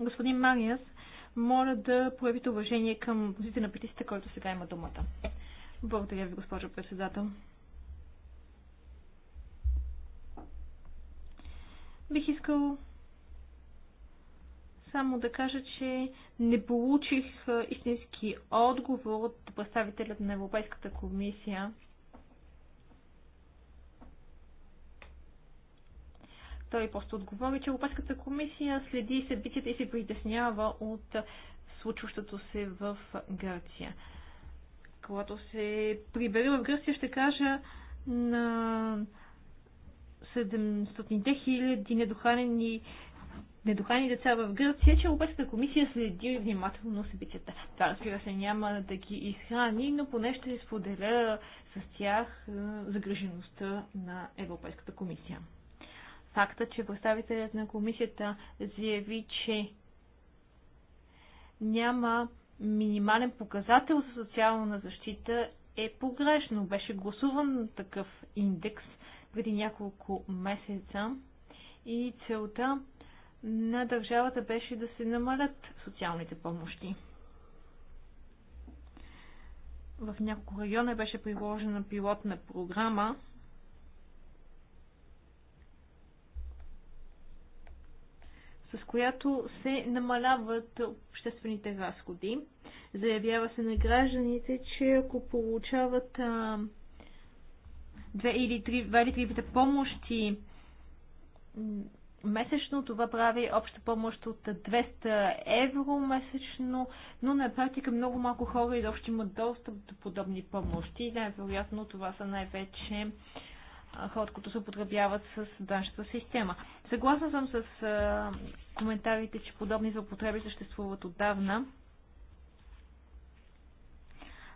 Господин Мариас моля да проявите уважение към вносителя на петицията, който сега има думата. Благодаря ви, госпожо председател. Бих искал само да кажа, че не получих истински отговор от представителят на Европейската комисия Той просто отговори, че Европейската комисия следи събитията и се притеснява от случващото се в Гърция. Когато се прибери в Гърция, ще кажа на 700 хиляди недохранени недохани деца в Гърция, че Европейската комисия следи внимателно събитията. Това, разбира се, няма да ги изхрани, но поне ще споделя с тях е, загрежеността на Европейската комисия факта, че представителят на комисията заяви, че няма минимален показател за социална защита е погрешно. Беше гласуван такъв индекс преди няколко месеца и целта на държавата беше да се намалят социалните помощи. В няколко района беше приложена пилотна програма, с която се намаляват обществените разходи. Заявява се на гражданите, че ако получават а, две или три, два или три вида помощи месечно, това прави обща помощ от 200 евро месечно, но на практика много малко хора изобщо имат достъп до подобни помощи. Най-вероятно това са най-вече хората, които се употребяват с данъчната система. Съгласна съм с коментарите, че подобни злоупотреби съществуват отдавна.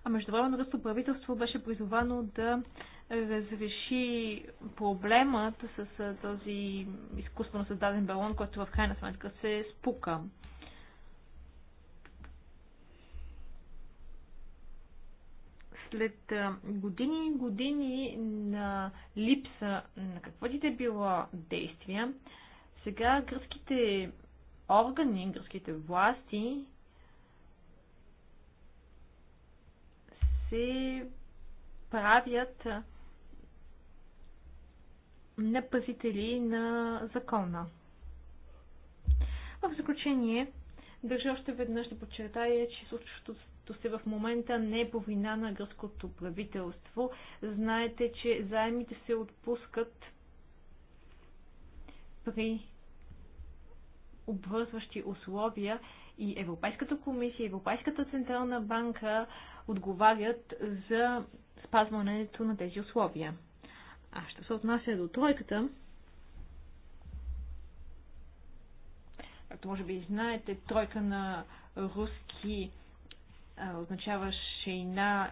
А международно ръсто правителство беше призовано да разреши проблемът с този изкуствено създаден балон, който в крайна сметка се спука. след години и години на липса на каквото да е било действия, сега гръцките органи, гръцките власти се правят непазители на закона. В заключение, държа още веднъж да подчертая, че случващото се в момента не е по вина на гръцкото правителство. Знаете, че заемите се отпускат при обвързващи условия и Европейската комисия, Европейската централна банка отговарят за спазването на тези условия. А ще се отнася до тройката, както може би знаете, тройка на руски означава шейна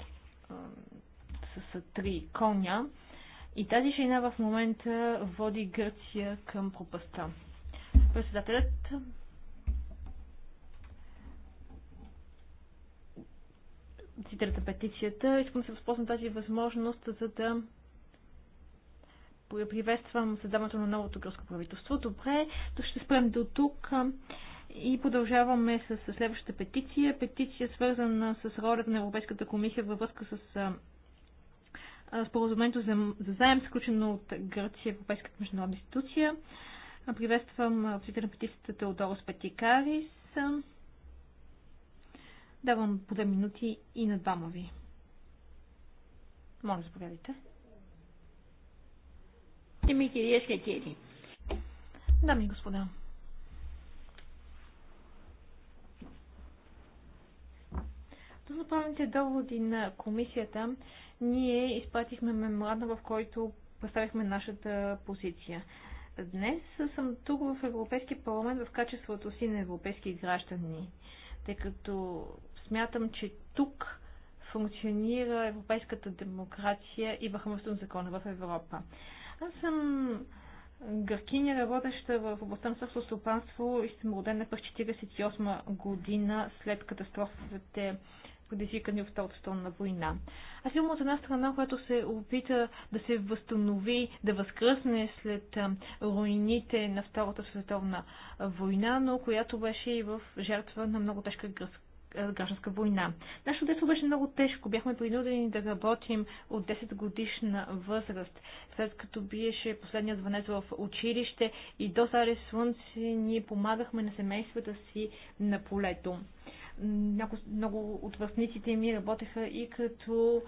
с три коня. И тази шейна в момента води Гърция към пропаста. Председателят цитирате петицията. Искам да се възползвам тази възможност, за да приветствам създаването на новото гръцко правителство. Добре, то ще спрем до тук. И продължаваме с следващата петиция. Петиция свързана с ролята на Европейската комисия във връзка с споразумението за, за заем, сключено от Гърция, Европейската международна институция. Приветствам вносителя на петицията Теодорос Петикарис. Давам по две минути и на двама ви. Моля, заповядайте. Дами и господа, С правните доводи на комисията ние изпратихме меморандум, в който представихме нашата позиция. Днес съм тук в Европейския парламент в качеството си на европейски граждани, тъй като смятам, че тук функционира европейската демокрация и върховенството на закона в Европа. Аз съм гъркиня, работеща в областта на селско стопанство и съм родена през 1948 година след катастрофите предизвикани от Втората световна война. Аз имам от една страна, която се опита да се възстанови, да възкръсне след руините на Втората световна война, но която беше и в жертва на много тежка гръцка гражданска война. Нашето детство беше много тежко. Бяхме принудени да работим от 10 годишна възраст, след като биеше последният звънец в училище и до заре слънце ние помагахме на семействата си на полето. Много, много от връзниците ми работеха и като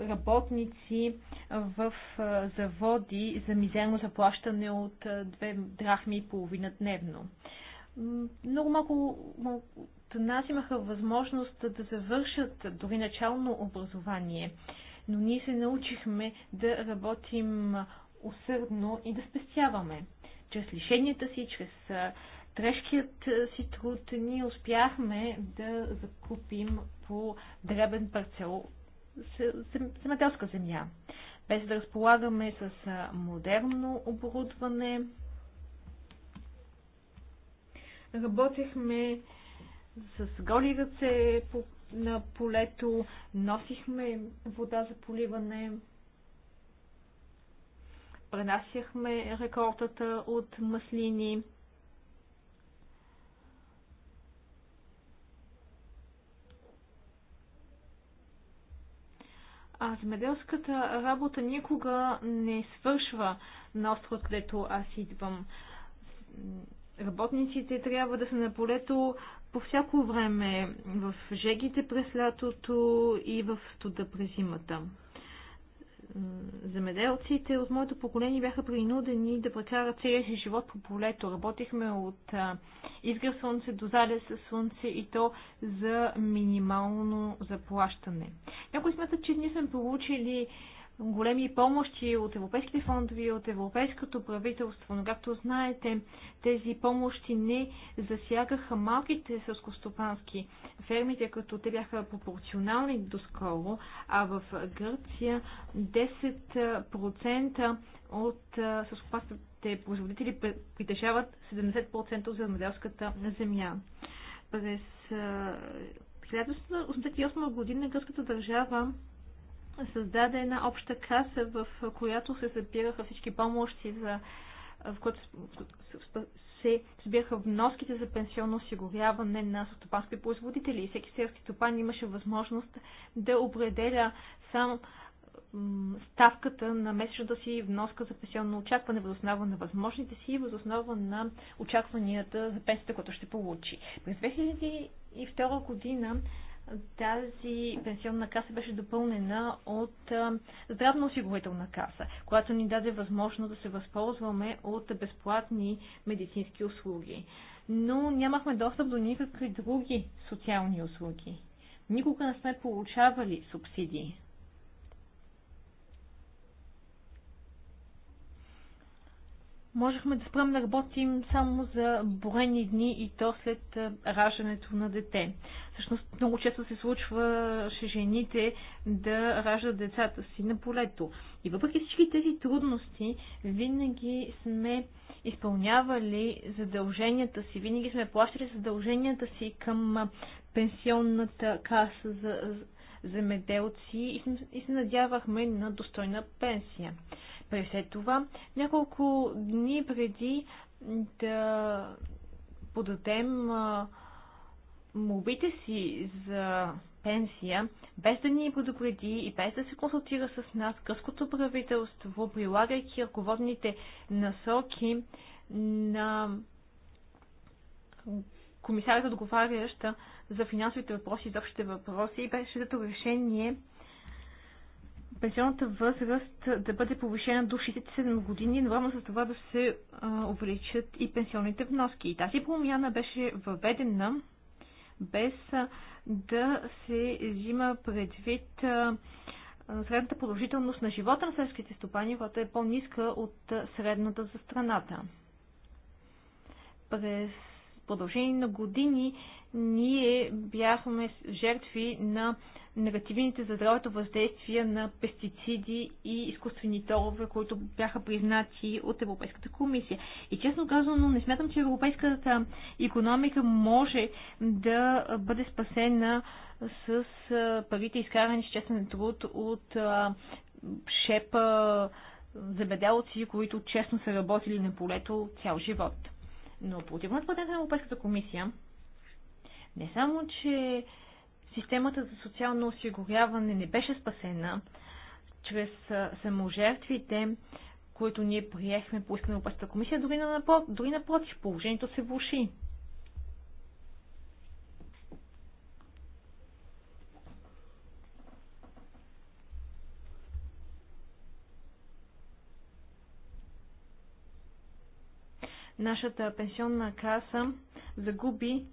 работници в е, заводи за мизерно заплащане от 2 е, драхми и половина дневно. Много малко от нас имаха възможност да завършат дори начално образование, но ние се научихме да работим усърдно и да спестяваме. Чрез лишенията си, чрез е, тежкият е, си труд ние успяхме да закупим по дребен парцел земеделска земя. Без да разполагаме с модерно оборудване, работехме с голи ръце на полето, носихме вода за поливане, пренасяхме рекордата от маслини. А земеделската работа никога не свършва на острова, където аз идвам. Работниците трябва да са на полето по всяко време, в жегите през лятото и в студа през зимата земеделците от моето поколение бяха принудени да прекарат целия си живот по полето. Работихме от изгръв слънце до залез слънце и то за минимално заплащане. Някои смятат, че ние сме получили големи помощи от европейските фондове и от европейското правителство, но както знаете, тези помощи не засягаха малките сълскостопански ферми, тъй като те бяха пропорционални доскоро, а в Гърция 10% от сълскопанските производители притежават 70% от земеделската земя. През 1988 година гръцката държава създаде една обща каса, в която се събираха всички помощи за в която се събираха вноските за пенсионно осигуряване на стопански производители и всеки селски стопан имаше възможност да определя сам ставката на месечната си вноска за пенсионно очакване, възоснова на възможните си и възоснова на очакванията за пенсията, която ще получи. През 2002 година тази пенсионна каса беше допълнена от здравноосигурителна каса, която ни даде възможност да се възползваме от безплатни медицински услуги. Но нямахме достъп до никакви други социални услуги. Никога не сме получавали субсидии. можехме да спрем да работим само за борени дни и то след раждането на дете. Всъщност много често се случваше жените да раждат децата си на полето. И въпреки всички тези трудности, винаги сме изпълнявали задълженията си, винаги сме плащали задълженията си към пенсионната каса за земеделци и, и се надявахме на достойна пенсия. През след това, няколко дни преди да подадем а, молбите си за пенсия, без да ни подобреди и без да се консултира с нас, гръцкото правителство, прилагайки ръководните насоки на комисарят отговаряща за финансовите въпроси и за общите въпроси, беше взето решение пенсионната възраст да бъде повишена до 67 години, но равно с това да се увеличат и пенсионните вноски. И тази промяна беше въведена без да се взима предвид средната продължителност на живота на селските стопани, която е по-ниска от средната за страната. През продължение на години ние бяхме жертви на негативните за здравето въздействия на пестициди и изкуствени торове, които бяха признати от Европейската комисия. И честно казано, не смятам, че европейската економика може да бъде спасена с парите изкарани с честен труд от шепа забеделци, които честно са работили на полето цял живот. Но противно твърдението на Европейската комисия, не само, че Системата за социално осигуряване не беше спасена чрез саможертвите, които ние приехме по искане на комисия, дори, на, дори напротив, положението се влуши. нашата пенсионна каса загуби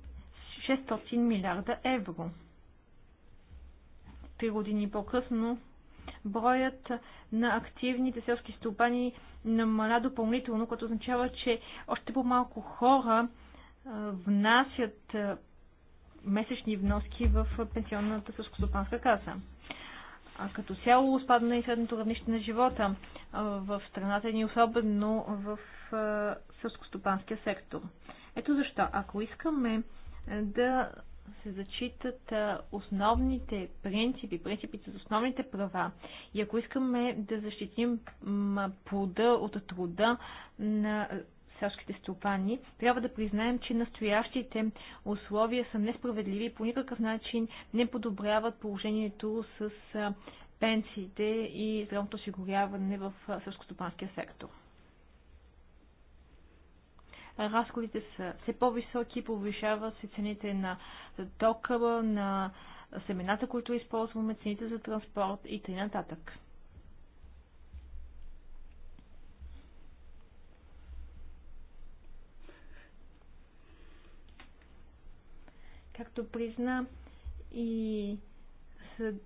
600 милиарда евро три години по-късно, броят на активните селски стопани намаля допълнително, което означава, че още по-малко хора внасят месечни вноски в пенсионната селскостопанска каса. А като цяло спадна и средното равнище на живота в страната ни, особено в селскостопанския сектор. Ето защо, ако искаме да се зачитат основните принципи, принципите за основните права и ако искаме да защитим плода от труда на сашките стопани, трябва да признаем, че настоящите условия са несправедливи и по никакъв начин не подобряват положението с пенсиите и здравното осигуряване в селскостопанския сектор разходите са все по-високи, повишават се цените на тока, на семената, които използваме, цените за транспорт и т.н. Както призна и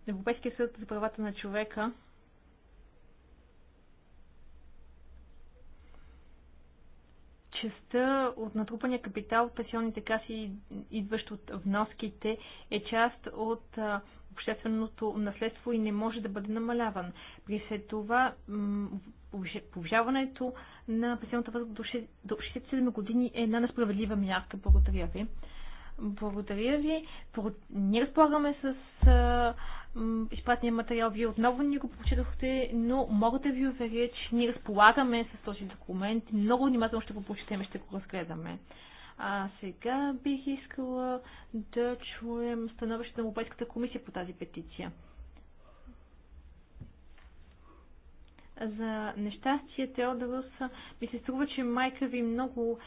Европейския съд за правата на човека, частта от натрупания капитал от пенсионните каси, идващ от вноските, е част от общественото наследство и не може да бъде намаляван. При след това повишаването на пенсионната възраст до 67 години е една несправедлива мярка. Благодаря ви. Благодаря ви. Ние разполагаме с изпратния материал. Вие отново ни го прочитахте, но мога да ви уверя, че ние разполагаме с този документ. Много внимателно ще го прочетем и ще го разгледаме. А сега бих искала да чуем становището на Европейската комисия по тази петиция. за нещастие Теодорус ми се струва, че майка ви много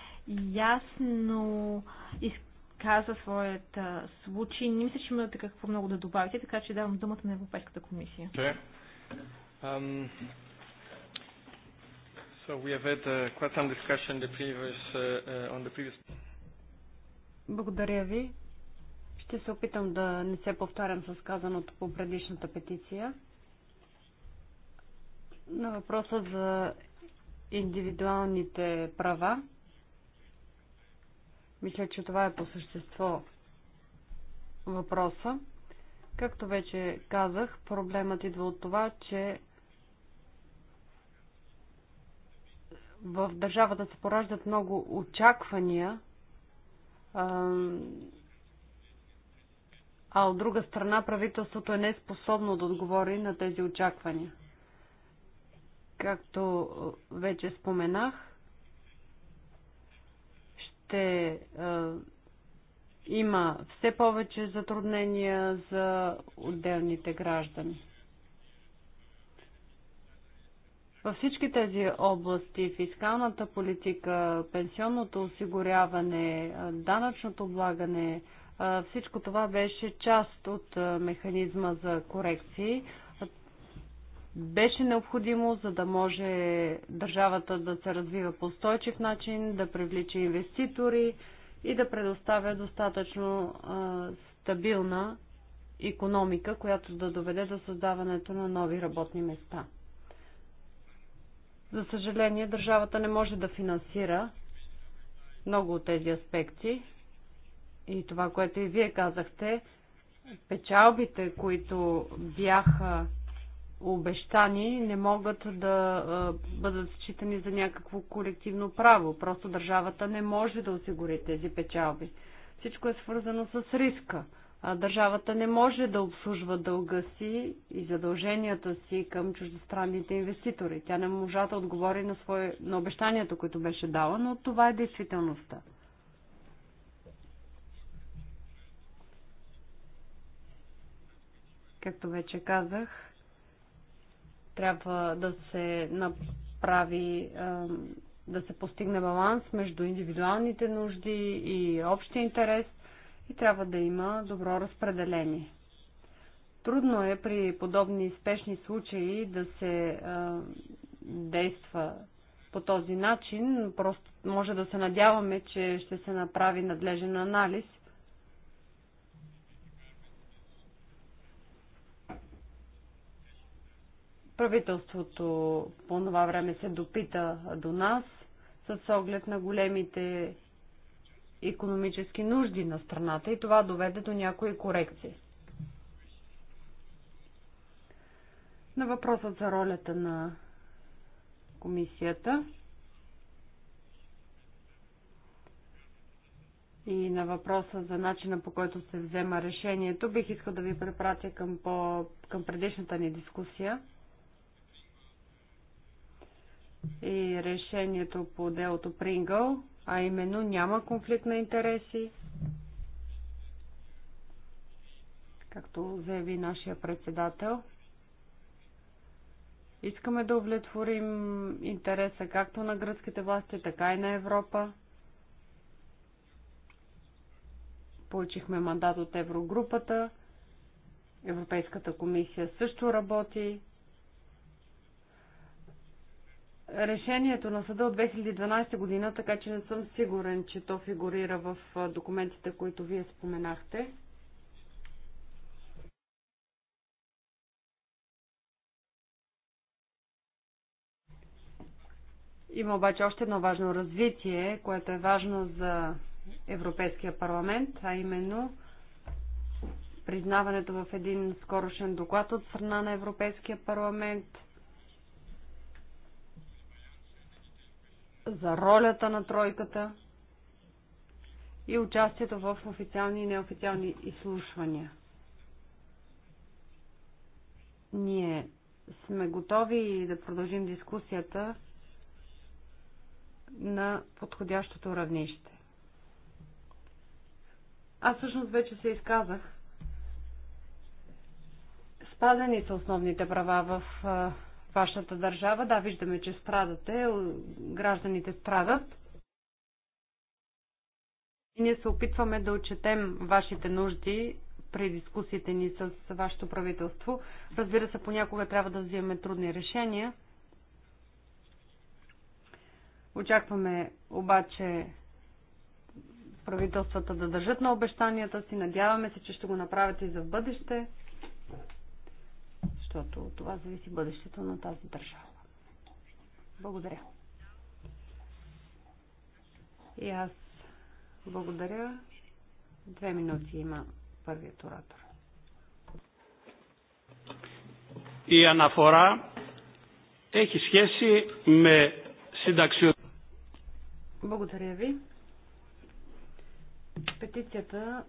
ясно изказва разказа своят а, случай. Не мисля, че имате какво много да добавите, така че давам думата на Европейската комисия. Okay. Um, so we have had uh, quite some discussion the previous, uh, uh, on the previous... Благодаря ви. Ще се опитам да не се повтарям с казаното по предишната петиция. На въпроса за индивидуалните права, мисля, че това е по същество въпроса. Както вече казах, проблемът идва от това, че в държавата се пораждат много очаквания, а от друга страна правителството е неспособно да отговори на тези очаквания. Както вече споменах, ще има все повече затруднения за отделните граждани. Във всички тези области, фискалната политика, пенсионното осигуряване, данъчното облагане, всичко това беше част от механизма за корекции беше необходимо, за да може държавата да се развива по устойчив начин, да привлича инвеститори и да предоставя достатъчно а, стабилна економика, която да доведе до създаването на нови работни места. За съжаление, държавата не може да финансира много от тези аспекти. И това, което и вие казахте, печалбите, които бяха обещани не могат да бъдат считани за някакво колективно право. Просто държавата не може да осигури тези печалби. Всичко е свързано с риска. Държавата не може да обслужва дълга си и задълженията си към чуждестранните инвеститори. Тя не можа да отговори на, свое, на обещанието, което беше дала, но това е действителността. Както вече казах, трябва да се направи, да се постигне баланс между индивидуалните нужди и общия интерес и трябва да има добро разпределение. Трудно е при подобни спешни случаи да се действа по този начин. Просто може да се надяваме, че ще се направи надлежен анализ Правителството по това време се допита до нас с оглед на големите економически нужди на страната и това доведе до някои корекции. На въпросът за ролята на комисията и на въпроса за начина по който се взема решението, бих искал да ви препратя към, по, към предишната ни дискусия и решението по делото Прингъл, а именно няма конфликт на интереси, както заяви нашия председател. Искаме да удовлетворим интереса както на гръцките власти, така и на Европа. Получихме мандат от Еврогрупата. Европейската комисия също работи решението на съда от 2012 година, така че не съм сигурен, че то фигурира в документите, които вие споменахте. Има обаче още едно важно развитие, което е важно за Европейския парламент, а именно признаването в един скорошен доклад от страна на Европейския парламент за ролята на тройката и участието в официални и неофициални изслушвания. Ние сме готови да продължим дискусията на подходящото равнище. Аз всъщност вече се изказах. Спазени са основните права в вашата държава. Да, виждаме, че страдате, гражданите страдат. И ние се опитваме да отчетем вашите нужди при дискусиите ни с вашето правителство. Разбира се, понякога трябва да взимаме трудни решения. Очакваме обаче правителствата да държат на обещанията си. Надяваме се, че ще го направят и за в бъдеще защото това зависи бъдещето на тази държава. Благодаря. И аз благодаря. Две минути има първият оратор. Η αναφορά έχει σχέση με συνταξιο... Благодаря ви. Петицията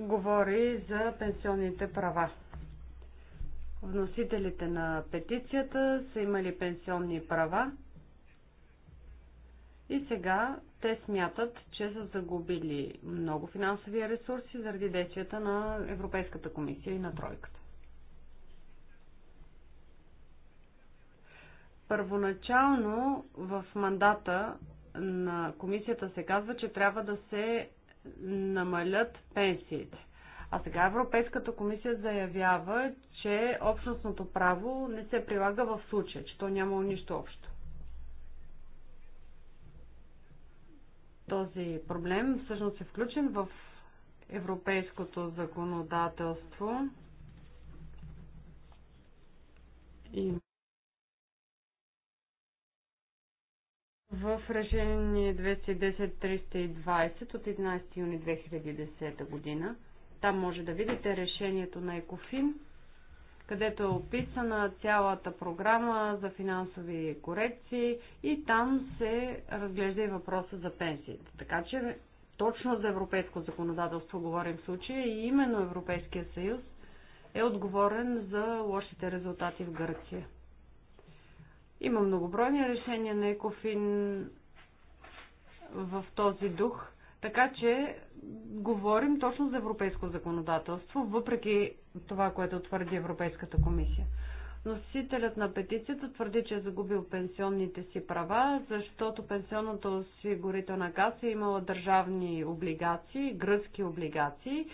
говори за пенсионните права. Вносителите на петицията са имали пенсионни права и сега те смятат, че са загубили много финансови ресурси заради действията на Европейската комисия и на Тройката. Първоначално в мандата на комисията се казва, че трябва да се намалят пенсиите. А сега Европейската комисия заявява, че общностното право не се прилага в случая, че то нямало нищо общо. Този проблем всъщност е включен в европейското законодателство. И в решение 210-320 от 11 юни 2010 година. Там може да видите решението на ЕКОФИН, където е описана цялата програма за финансови корекции и там се разглежда и въпроса за пенсиите. Така че точно за европейско законодателство говорим в случая и именно Европейския съюз е отговорен за лошите резултати в Гърция. Има многобройни решения на Екофин в този дух, така че говорим точно за европейско законодателство, въпреки това, което твърди Европейската комисия. Носителят на петицията твърди, че е загубил пенсионните си права, защото пенсионната осигурителна каса е имала държавни облигации, гръцки облигации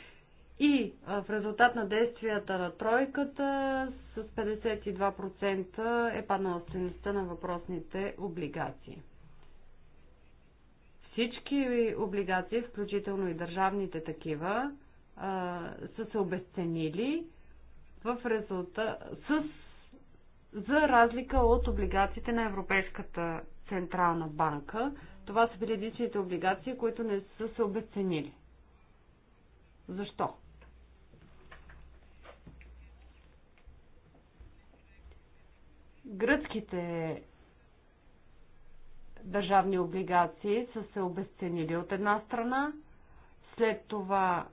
и в резултат на действията на тройката с 52% е паднала стоеността на въпросните облигации. Всички облигации, включително и държавните такива, са се обесценили в резултат с за разлика от облигациите на Европейската централна банка. Това са били единствените облигации, които не са се обесценили. Защо? Гръцките държавни облигации са се обесценили от една страна, след това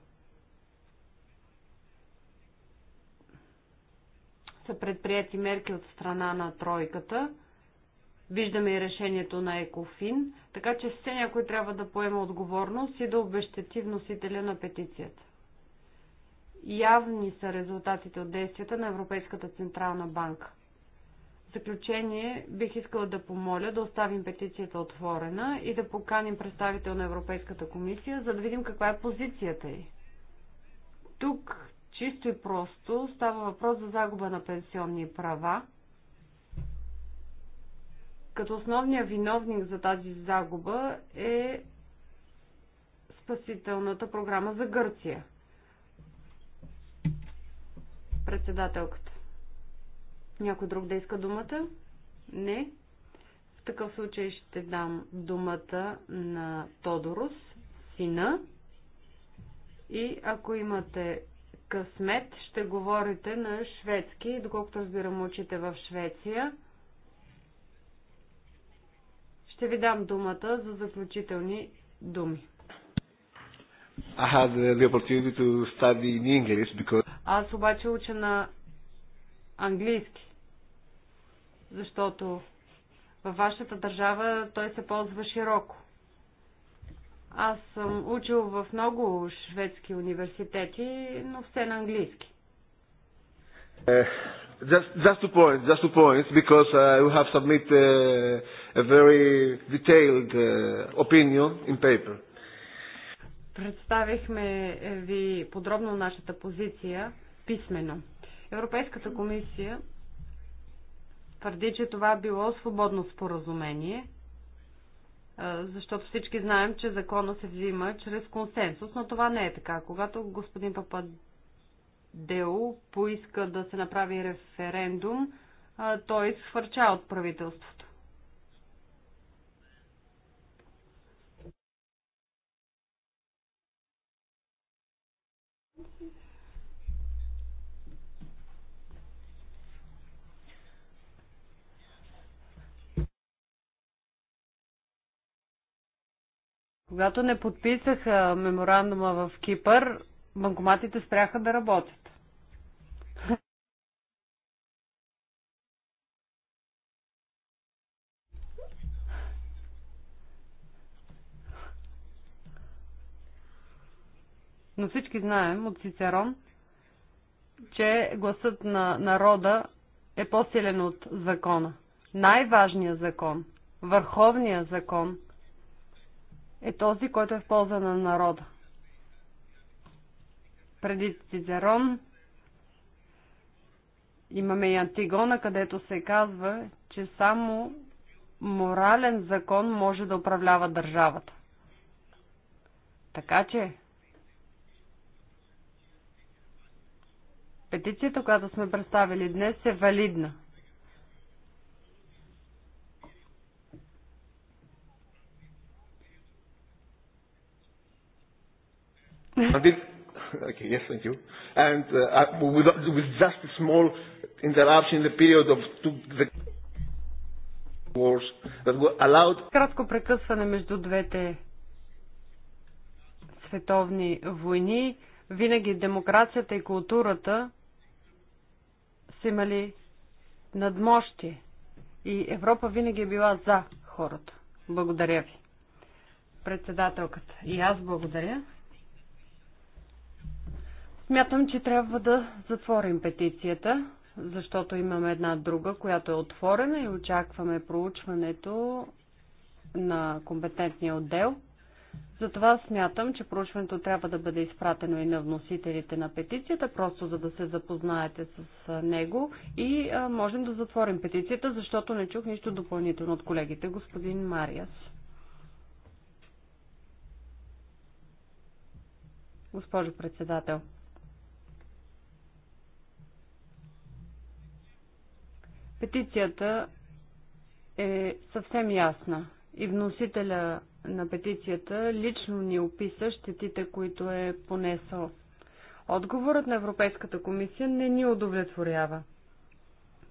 са предприяти мерки от страна на тройката. Виждаме и решението на Екофин, така че все някой трябва да поема отговорност и да обещети вносителя на петицията. Явни са резултатите от действията на Европейската Централна банка. В заключение бих искала да помоля да оставим петицията отворена и да поканим представител на Европейската комисия, за да видим каква е позицията й. Тук чисто и просто става въпрос за загуба на пенсионни права. Като основният виновник за тази загуба е спасителната програма за Гърция – председателката. Някой друг да иска думата? Не. В такъв случай ще дам думата на Тодорус, сина. И ако имате късмет, ще говорите на шведски, доколкото разбирам учите в Швеция. Ще ви дам думата за заключителни думи. I had the opportunity to study in English because аз обаче уча на английски, защото във вашата държава той се ползва широко. Аз съм учил в много шведски университети, но все на английски. Uh, just, just two points, just two points, because uh, you have submitted uh, a very detailed uh, opinion in paper. Представихме е, ви подробно нашата позиция писменно. Европейската комисия твърди, че това било свободно споразумение, е, защото всички знаем, че закона се взима чрез консенсус, но това не е така. Когато господин Пападео поиска да се направи референдум, е, той схвърча от правителството. Когато не подписаха меморандума в Кипър, банкоматите спряха да работят. Но всички знаем от Цицерон, че гласът на народа е по-силен от закона. Най-важният закон, върховният закон – е този, който е в полза на народа. Преди Цицерон имаме и Антигона, където се казва, че само морален закон може да управлява държавата. Така че, петицията, която сме представили днес, е валидна. And this, okay, yes, thank you. And uh, with, with just a small interruption in the period of two, the wars that were allowed. Кратко прекъсване между двете световни войни, винаги демокрацията и културата са имали надмощи и Европа винаги е била за хората. Благодаря ви. Председателката. И аз благодаря. Смятам, че трябва да затворим петицията, защото имаме една друга, която е отворена и очакваме проучването на компетентния отдел. Затова смятам, че проучването трябва да бъде изпратено и на вносителите на петицията, просто за да се запознаете с него и а, можем да затворим петицията, защото не чух нищо допълнително от колегите. Господин Мариас. Госпожо председател. Петицията е съвсем ясна и вносителя на петицията лично ни описа щетите, които е понесъл. Отговорът на Европейската комисия не ни удовлетворява.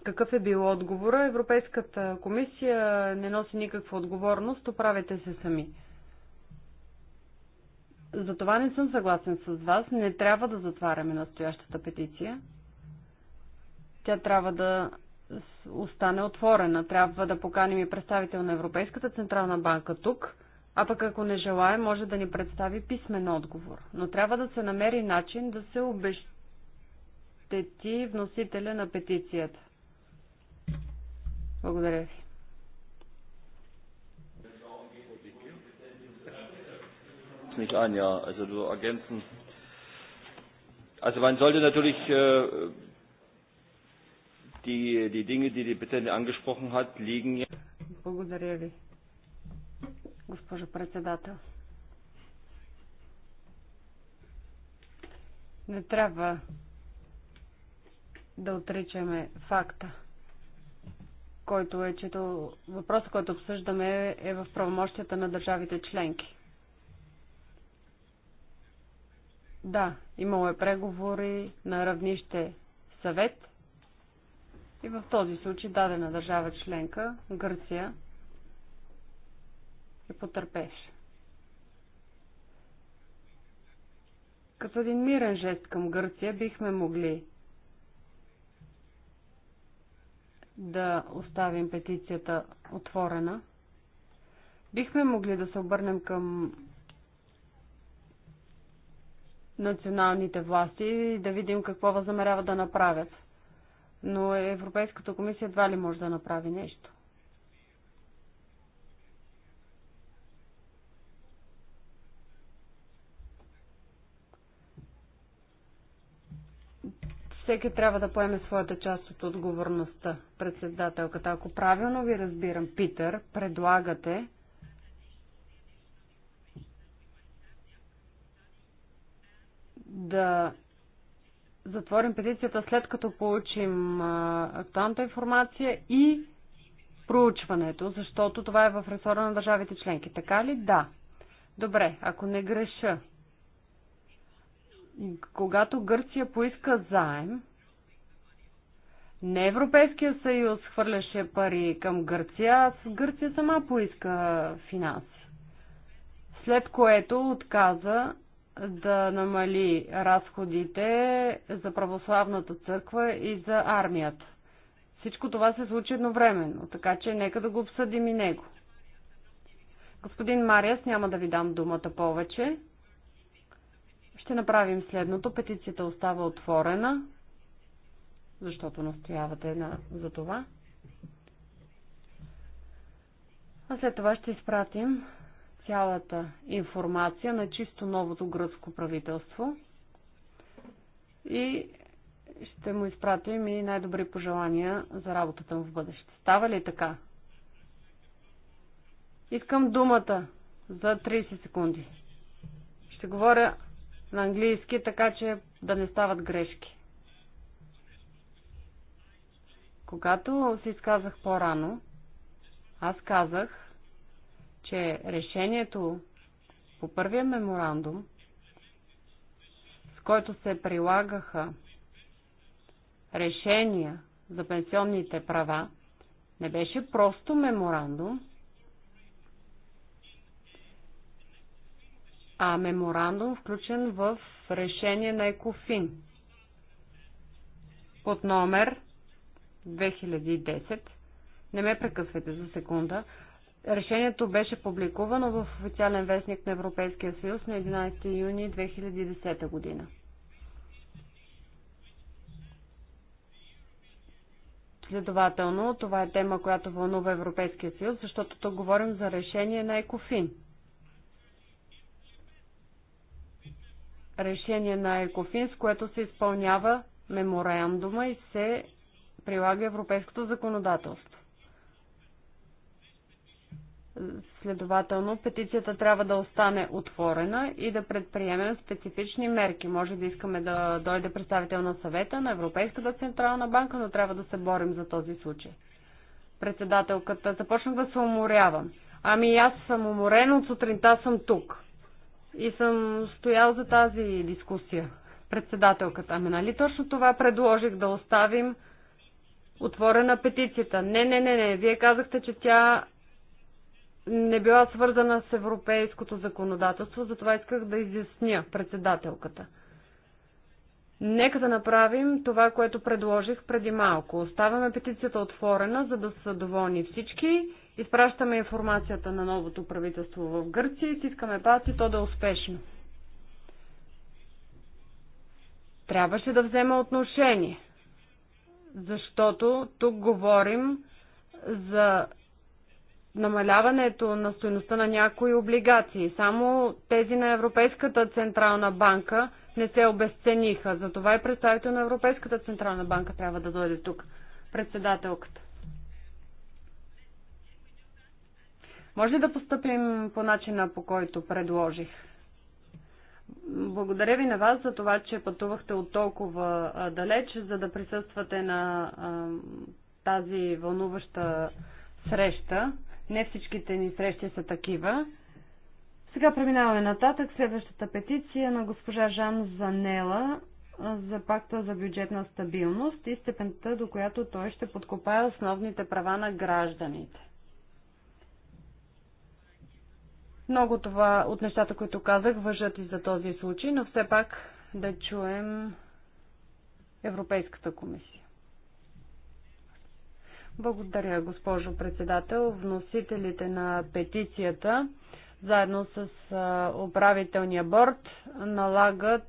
Какъв е бил отговора? Европейската комисия не носи никаква отговорност, оправете се сами. Затова не съм съгласен с вас. Не трябва да затваряме настоящата петиция. Тя трябва да остане отворена. Трябва да поканим и представител на Европейската Централна банка тук, а пък ако не желая, може да ни представи писмен отговор. Но трябва да се намери начин да се обещети вносителя на петицията. Благодаря ви. nicht ein, ja. Also nur ergänzen. Also man sollte natürlich äh, Die, die Dinge, die die Petente angesprochen hat, liegen ja. Благодаря ви, госпожо председател. Не трябва да отричаме факта, който е, че то, въпросът, който обсъждаме е в правомощията на държавите членки. Да, имало е преговори на равнище съвет и в този случай дадена държава членка, Гърция, е потърпеше. Като един мирен жест към Гърция бихме могли да оставим петицията отворена. Бихме могли да се обърнем към националните власти и да видим какво възнамеряват да направят но Европейската комисия едва ли може да направи нещо. всеки трябва да поеме своята част от отговорността. Председателката, ако правилно ви разбирам, Питър, предлагате да затворим петицията след като получим актуалната информация и проучването, защото това е в ресора на държавите членки. Така ли? Да. Добре, ако не греша, когато Гърция поиска заем, не Европейския съюз хвърляше пари към Гърция, а Гърция сама поиска финанси. След което отказа да намали разходите за православната църква и за армията. Всичко това се случи едновременно, така че нека да го обсъдим и него. Господин Мариас, няма да ви дам думата повече. Ще направим следното. Петицията остава отворена, защото настоявате на... за това. А след това ще изпратим цялата информация на чисто новото гръцко правителство и ще му изпратим и най-добри пожелания за работата му в бъдеще. Става ли така? Искам думата за 30 секунди. Ще говоря на английски, така че да не стават грешки. Когато се изказах по-рано, аз казах, че решението по първия меморандум, с който се прилагаха решения за пенсионните права, не беше просто меморандум, а меморандум включен в решение на ЕКОФИН под номер 2010. Не ме прекъсвайте за секунда. Решението беше публикувано в официален вестник на Европейския съюз на 11 юни 2010 година. Следователно, това е тема, която вълнува Европейския съюз, защото тук говорим за решение на ЕКОФИН. Решение на ЕКОФИН, с което се изпълнява меморандума и се прилага европейското законодателство. Следователно, петицията трябва да остане отворена и да предприемем специфични мерки. Може да искаме да дойде представител на съвета на Европейската централна банка, но трябва да се борим за този случай. Председателката, започнах да се уморявам. Ами аз съм уморен, от сутринта съм тук. И съм стоял за тази дискусия. Председателката, ами нали точно това предложих да оставим отворена петицията. Не, не, не, не. Вие казахте, че тя не била свързана с европейското законодателство, затова исках да изясня председателката. Нека да направим това, което предложих преди малко. Оставяме петицията отворена, за да са доволни всички. Изпращаме информацията на новото правителство в Гърция и стискаме паци то да е успешно. Трябваше да взема отношение, защото тук говорим за намаляването на стоеността на някои облигации. Само тези на Европейската Централна банка не се обесцениха. Затова и представител на Европейската Централна банка трябва да дойде тук. Председателката. Може ли да поступим по начина, по който предложих? Благодаря ви на вас за това, че пътувахте от толкова далеч, за да присъствате на тази вълнуваща среща. Не всичките ни срещи са такива. Сега преминаваме нататък. Следващата петиция на госпожа Жан Занела за пакта за бюджетна стабилност и степента, до която той ще подкопае основните права на гражданите. Много това от нещата, които казах, въжат и за този случай, но все пак да чуем Европейската комисия. Благодаря, госпожо председател. Вносителите на петицията заедно с управителния борт налагат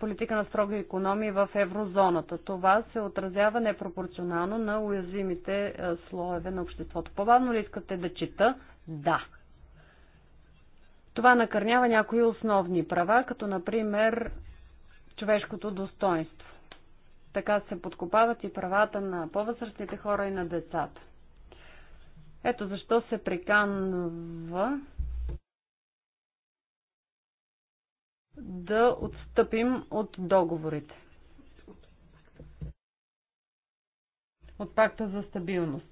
политика на строги економии в еврозоната. Това се отразява непропорционално на уязвимите слоеве на обществото. По-бавно ли искате да чета? Да. Това накърнява някои основни права, като например човешкото достоинство. Така се подкопават и правата на по-възрастните хора и на децата. Ето защо се приканва да отстъпим от договорите. От пакта за стабилност.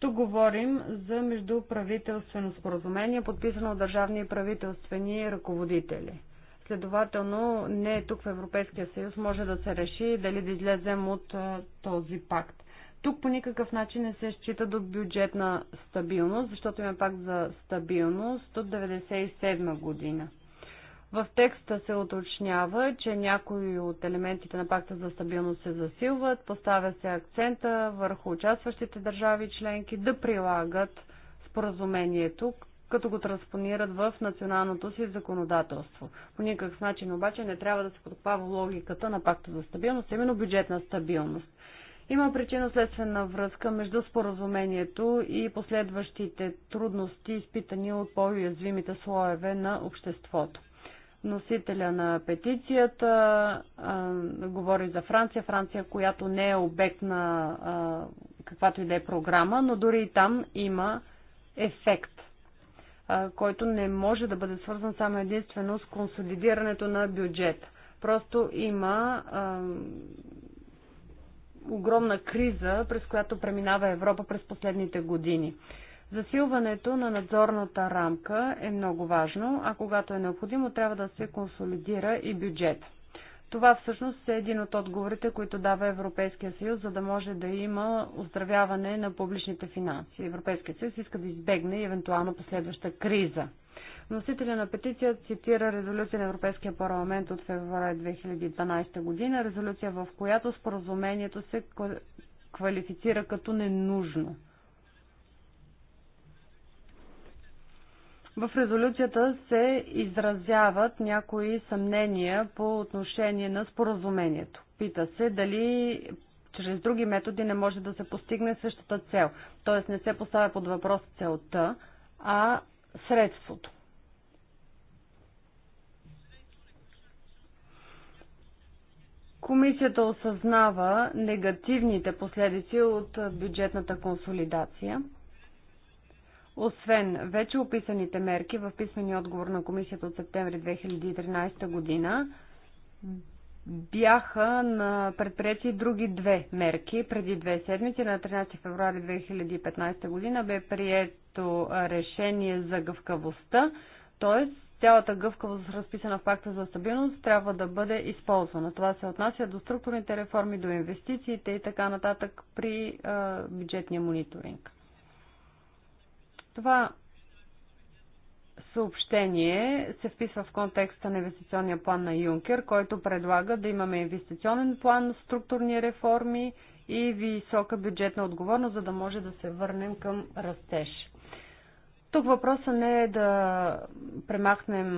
Тук говорим за междуправителствено споразумение, подписано от държавни и правителствени ръководители. Следователно, не е тук в Европейския съюз може да се реши дали да излезем от този пакт. Тук по никакъв начин не се счита до бюджетна стабилност, защото има пак за стабилност от 1997 година. В текста се уточнява, че някои от елементите на пакта за стабилност се засилват, поставя се акцента върху участващите държави членки да прилагат споразумението като го транспонират в националното си законодателство. По никакъв начин обаче не трябва да се подпава логиката на пакта за стабилност, именно бюджетна стабилност. Има причина следствена връзка между споразумението и последващите трудности, изпитани от по-уязвимите слоеве на обществото. Носителя на петицията а, говори за Франция, Франция, която не е обект на а, каквато и да е програма, но дори и там има ефект който не може да бъде свързан само единствено с консолидирането на бюджета. Просто има огромна криза, през която преминава Европа през последните години. Засилването на надзорната рамка е много важно, а когато е необходимо, трябва да се консолидира и бюджет. Това всъщност е един от отговорите, които дава Европейския съюз, за да може да има оздравяване на публичните финанси. Европейския съюз иска да избегне евентуално последваща криза. Носителя на петиция цитира резолюция на Европейския парламент от февруари 2012 година, резолюция в която споразумението се квалифицира като ненужно. В резолюцията се изразяват някои съмнения по отношение на споразумението. Пита се дали чрез други методи не може да се постигне същата цел. Тоест не се поставя под въпрос целта, а средството. Комисията осъзнава негативните последици от бюджетната консолидация. Освен вече описаните мерки в писмени отговор на комисията от септември 2013 година, бяха на предприяти други две мерки. Преди две седмици, на 13 февруари 2015 година, бе прието решение за гъвкавостта, т.е. цялата гъвкавост, разписана в пакта за стабилност, трябва да бъде използвана. Това се отнася до структурните реформи, до инвестициите и така нататък при бюджетния мониторинг. Това съобщение се вписва в контекста на инвестиционния план на Юнкер, който предлага да имаме инвестиционен план, структурни реформи и висока бюджетна отговорност, за да може да се върнем към растеж. Тук въпросът не е да премахнем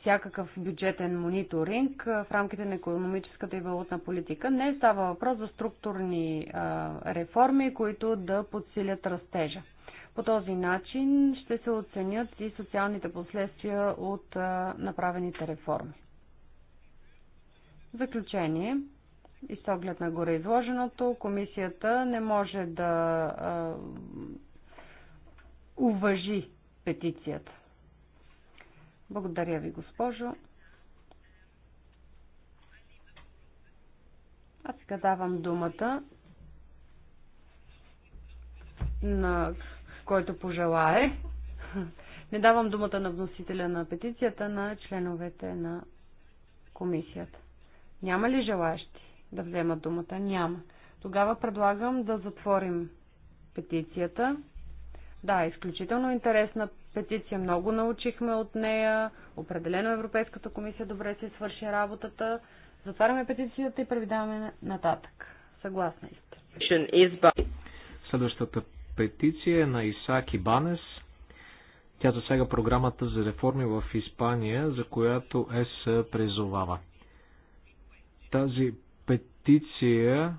всякакъв бюджетен мониторинг в рамките на економическата и валутна политика. Не става въпрос за структурни реформи, които да подсилят растежа. По този начин ще се оценят и социалните последствия от направените реформи. В заключение, и с оглед на гореизложеното, комисията не може да а, уважи петицията. Благодаря ви, госпожо. Аз сега давам думата на който пожелае. Не давам думата на вносителя на петицията, на членовете на комисията. Няма ли желащи да вземат думата? Няма. Тогава предлагам да затворим петицията. Да, изключително интересна петиция. Много научихме от нея. Определено Европейската комисия добре си свърши работата. Затваряме петицията и превидаваме нататък. Съгласна сте. Следващата петиция на Исаки Банес. Тя засяга програмата за реформи в Испания, за която ЕС призовава. Тази петиция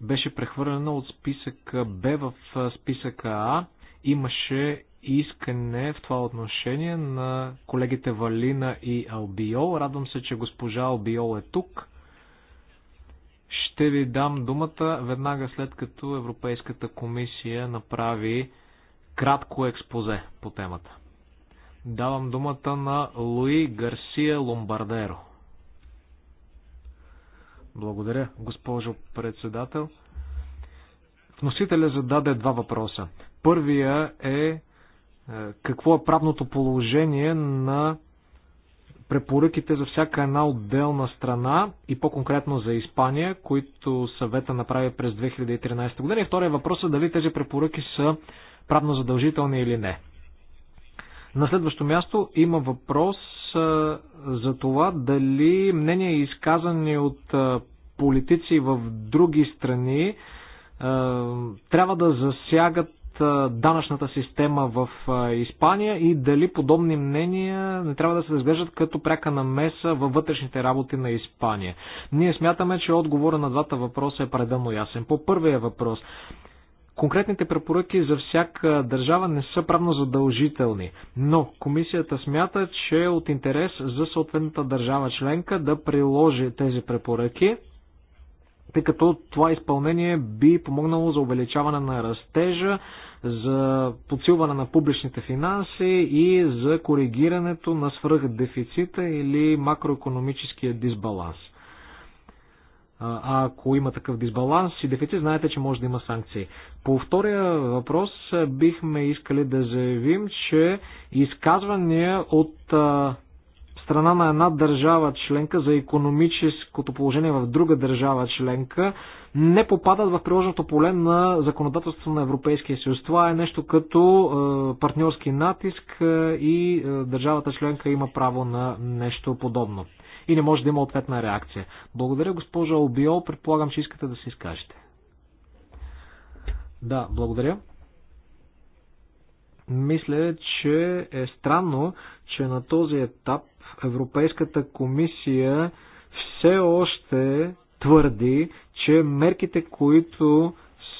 беше прехвърлена от списъка Б в списъка А. Имаше искане в това отношение на колегите Валина и Албиол. Радвам се, че госпожа Албиол е тук. Ще ви дам думата веднага след като Европейската комисия направи кратко експозе по темата. Давам думата на Луи Гарсия Ломбардеро. Благодаря, госпожо председател. Вносителя зададе два въпроса. Първия е, е какво е правното положение на препоръките за всяка една отделна страна и по-конкретно за Испания, които съвета направи през 2013 година. И втория въпрос е дали тези препоръки са правно задължителни или не. На следващо място има въпрос за това дали мнения изказани от политици в други страни трябва да засягат данъчната система в Испания и дали подобни мнения не трябва да се разглеждат като пряка намеса във вътрешните работи на Испания. Ние смятаме, че отговора на двата въпроса е пределно ясен. По първия въпрос, Конкретните препоръки за всяка държава не са правно задължителни, но комисията смята, че е от интерес за съответната държава членка да приложи тези препоръки, тъй като това изпълнение би помогнало за увеличаване на растежа, за подсилване на публичните финанси и за коригирането на свръхдефицита или макроекономическия дисбаланс. А ако има такъв дисбаланс и дефицит, знаете, че може да има санкции. По втория въпрос бихме искали да заявим, че изказвания от страна на една държава членка за економическото положение в друга държава членка не попадат в приложеното поле на законодателството на Европейския съюз. Това е нещо като е, партньорски натиск е, и е, държавата членка има право на нещо подобно. И не може да има ответна реакция. Благодаря, госпожа Обио. Предполагам, че искате да се изкажете. Да, благодаря мисля, че е странно, че на този етап Европейската комисия все още твърди, че мерките, които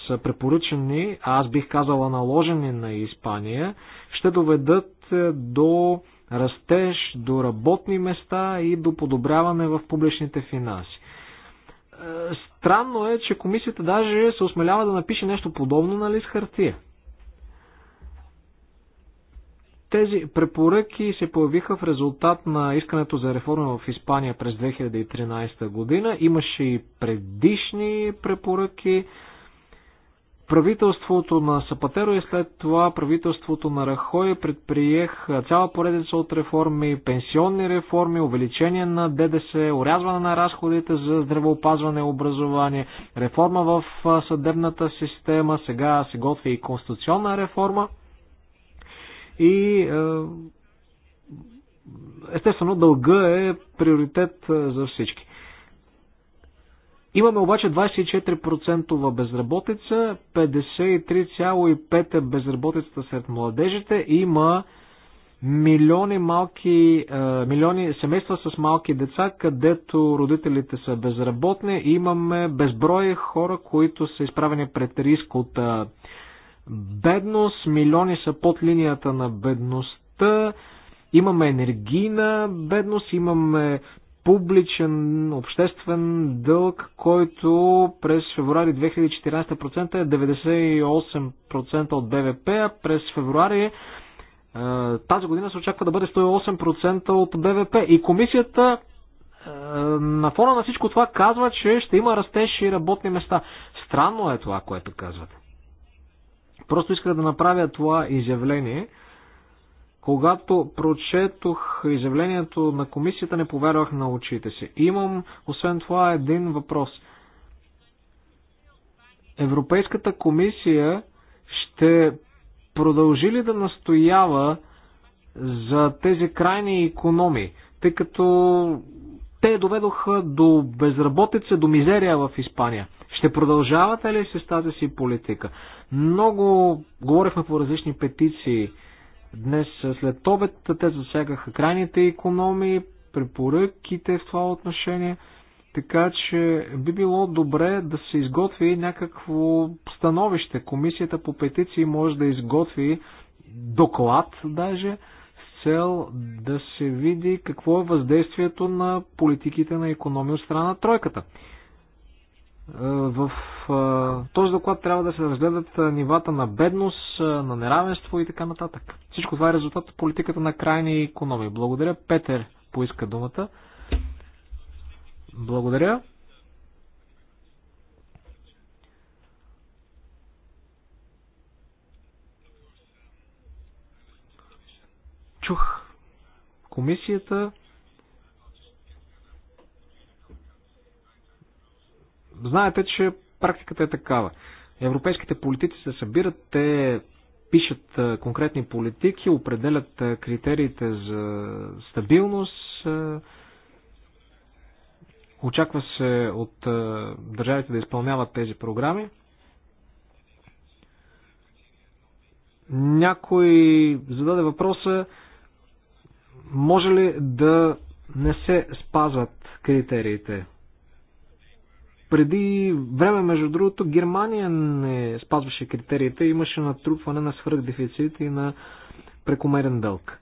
са препоръчени, а аз бих казала наложени на Испания, ще доведат е, до растеж, до работни места и до подобряване в публичните финанси. Е, странно е, че комисията даже се осмелява да напише нещо подобно на лист хартия. Тези препоръки се появиха в резултат на искането за реформа в Испания през 2013 година. Имаше и предишни препоръки. Правителството на Сапатеро и след това правителството на Рахой предприех цяла поредица от реформи, пенсионни реформи, увеличение на ДДС, урязване на разходите за здравеопазване и образование, реформа в съдебната система, сега се готви и конституционна реформа – и е, естествено дълга е приоритет е, за всички. Имаме обаче 24% безработица, 53,5% е безработицата сред младежите. Има милиони, малки, милиони семейства с малки деца, където родителите са безработни. Имаме безброй хора, които са изправени пред риск от бедност, милиони са под линията на бедността, имаме енергийна бедност, имаме публичен обществен дълг, който през февруари 2014% е 98% от БВП, а през февруари е, тази година се очаква да бъде 108% от БВП. И комисията е, на фона на всичко това казва, че ще има растеж и работни места. Странно е това, което казвате. Просто исках да направя това изявление. Когато прочетох изявлението на комисията, не повярвах на очите си. Имам, освен това, един въпрос. Европейската комисия ще продължи ли да настоява за тези крайни економии, тъй като те доведоха до безработица, до мизерия в Испания – ще продължавате ли с тази си политика? Много говорихме по различни петиции. Днес след обед те засягаха крайните економии, препоръките в това отношение. Така че би било добре да се изготви някакво становище. Комисията по петиции може да изготви доклад даже с цел да се види какво е въздействието на политиките на економия от страна на тройката. Е, в е, този доклад трябва да се разгледат е, нивата на бедност, на неравенство и така нататък. Всичко това е резултат от политиката на крайни економии. Благодаря. Петър поиска думата. Благодаря. Чух комисията. Знаете, че практиката е такава. Европейските политици се събират, те пишат конкретни политики, определят критериите за стабилност, очаква се от държавите да изпълняват тези програми. Някой зададе въпроса, може ли да не се спазват критериите? Преди време, между другото, Германия не спазваше критериите, имаше натрупване на свръхдефицит и на прекомерен дълг.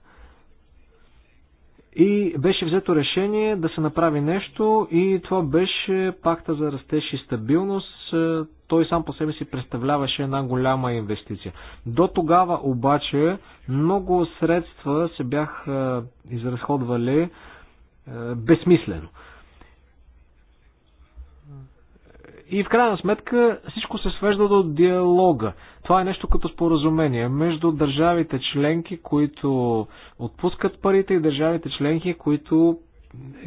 И беше взето решение да се направи нещо и това беше пакта за растеж и стабилност. Той сам по себе си представляваше една голяма инвестиция. До тогава обаче много средства се бяха изразходвали е, безсмислено. И в крайна сметка всичко се свежда до диалога. Това е нещо като споразумение между държавите членки, които отпускат парите и държавите членки, които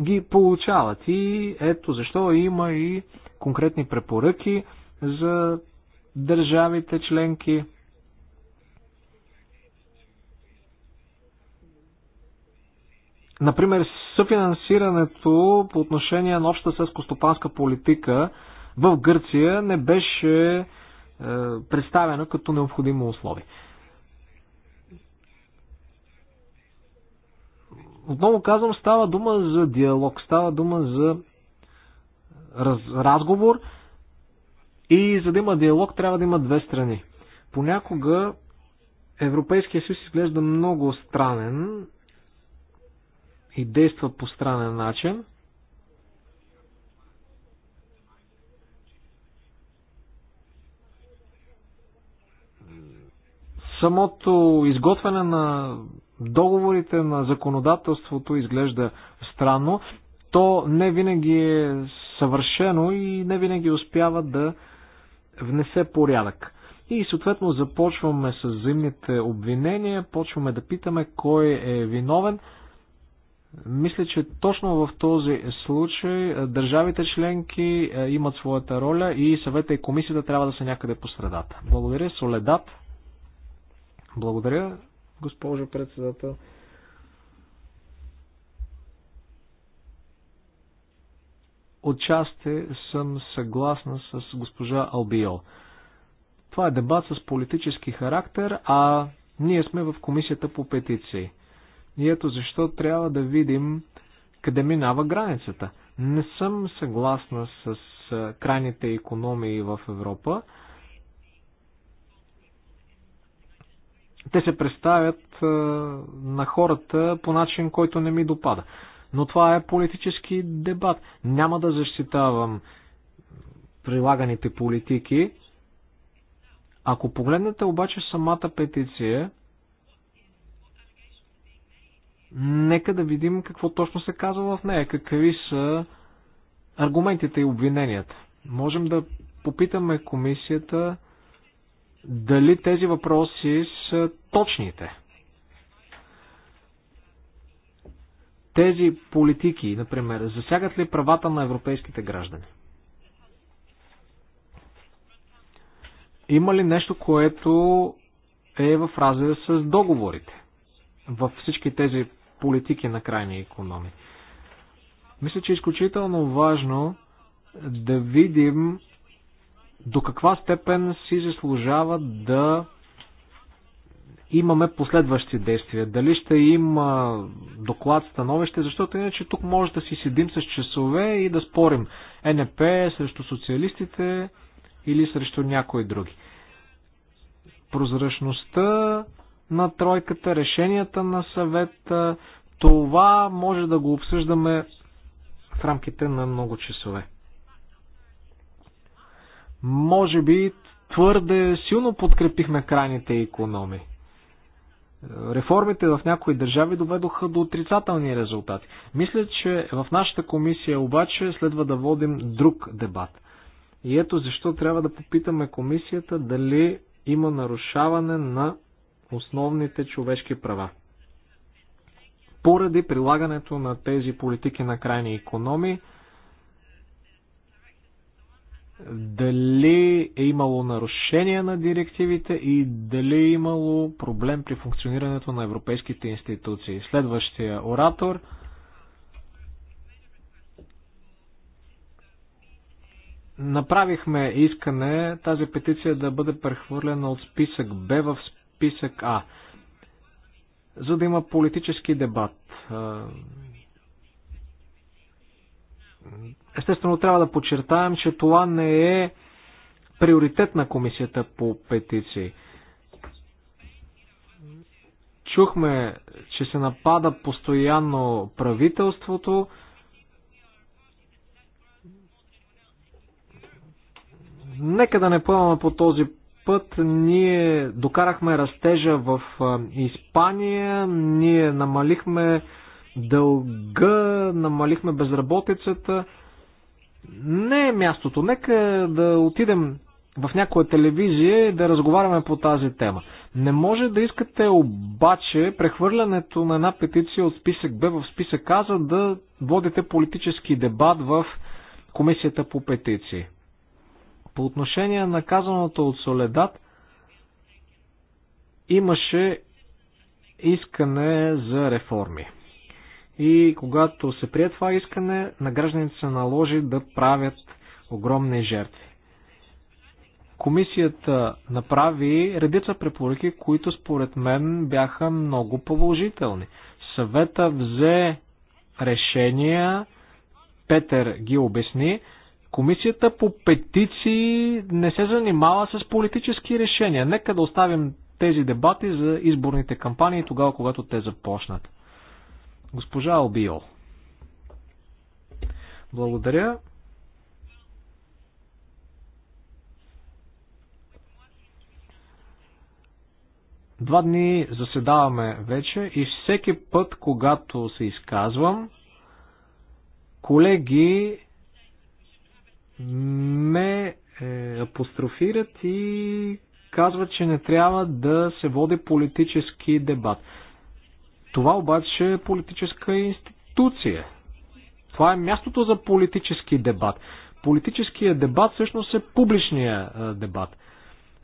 ги получават. И ето защо има и конкретни препоръки за държавите членки. Например, съфинансирането по отношение на обща селско-стопанска политика – в Гърция не беше е, представена като необходимо условие. Отново казвам, става дума за диалог, става дума за е, раз, разговор и за да има диалог трябва да има две страни. Понякога Европейския съюз изглежда много странен и действа по странен начин. Самото изготвяне на договорите, на законодателството изглежда странно. То не винаги е съвършено и не винаги успява да внесе порядък. И съответно започваме с взаимните обвинения, почваме да питаме кой е виновен. Мисля, че точно в този случай е, държавите членки е, имат своята роля и съвета и комисията трябва да са някъде по средата. Благодаря, Соледат. Благодаря, госпожо председател. Отчасти съм съгласна с госпожа Албио. Това е дебат с политически характер, а ние сме в комисията по петиции. И ето защо трябва да видим къде минава границата. Не съм съгласна с крайните економии в Европа. те се представят на хората по начин, който не ми допада. Но това е политически дебат. Няма да защитавам прилаганите политики. Ако погледнете обаче самата петиция, нека да видим какво точно се казва в нея, какви са аргументите и обвиненията. Можем да попитаме комисията дали тези въпроси са точните. Тези политики, например, засягат ли правата на европейските граждани? Има ли нещо, което е в разрез с договорите във всички тези политики на крайни економи? Мисля, че е изключително важно да видим до каква степен си заслужава да имаме последващи действия. Дали ще има доклад, становище, защото иначе тук може да си седим с часове и да спорим НП срещу социалистите или срещу някои други. Прозрачността на тройката, решенията на съвета, това може да го обсъждаме в рамките на много часове. Може би твърде силно подкрепихме крайните економи. Реформите в някои държави доведоха до отрицателни резултати. Мисля, че в нашата комисия обаче следва да водим друг дебат. И ето защо трябва да попитаме комисията дали има нарушаване на основните човешки права. Поради прилагането на тези политики на крайни економии, дали е имало нарушение на директивите и дали е имало проблем при функционирането на европейските институции. Следващия оратор. Направихме искане тази петиция да бъде прехвърлена от списък Б в списък А, за да има политически дебат Естествено, трябва да подчертаем, че това не е приоритет на комисията по петиции. Чухме, че се напада постоянно правителството. Нека да не поемаме по този път. Ние докарахме растежа в Испания, ние намалихме дълга, намалихме безработицата не е мястото. Нека да отидем в някоя телевизия и да разговаряме по тази тема. Не може да искате обаче прехвърлянето на една петиция от списък Б в списък А, за да водите политически дебат в Комисията по петиции. По отношение на казаното от Соледат, имаше искане за реформи и когато се прие това искане, на гражданите се наложи да правят огромни жертви. Комисията направи редица препоръки, които според мен бяха много положителни. Съвета взе решения, Петър ги обясни, Комисията по петиции не се занимава с политически решения. Нека да оставим тези дебати за изборните кампании тогава, когато те започнат. Госпожа Албио. Благодаря. Два дни заседаваме вече и всеки път, когато се изказвам, колеги ме е, апострофират и казват, че не трябва да се води политически дебат. Това обаче е политическа институция. Това е мястото за политически дебат. Политическият дебат всъщност е публичния дебат.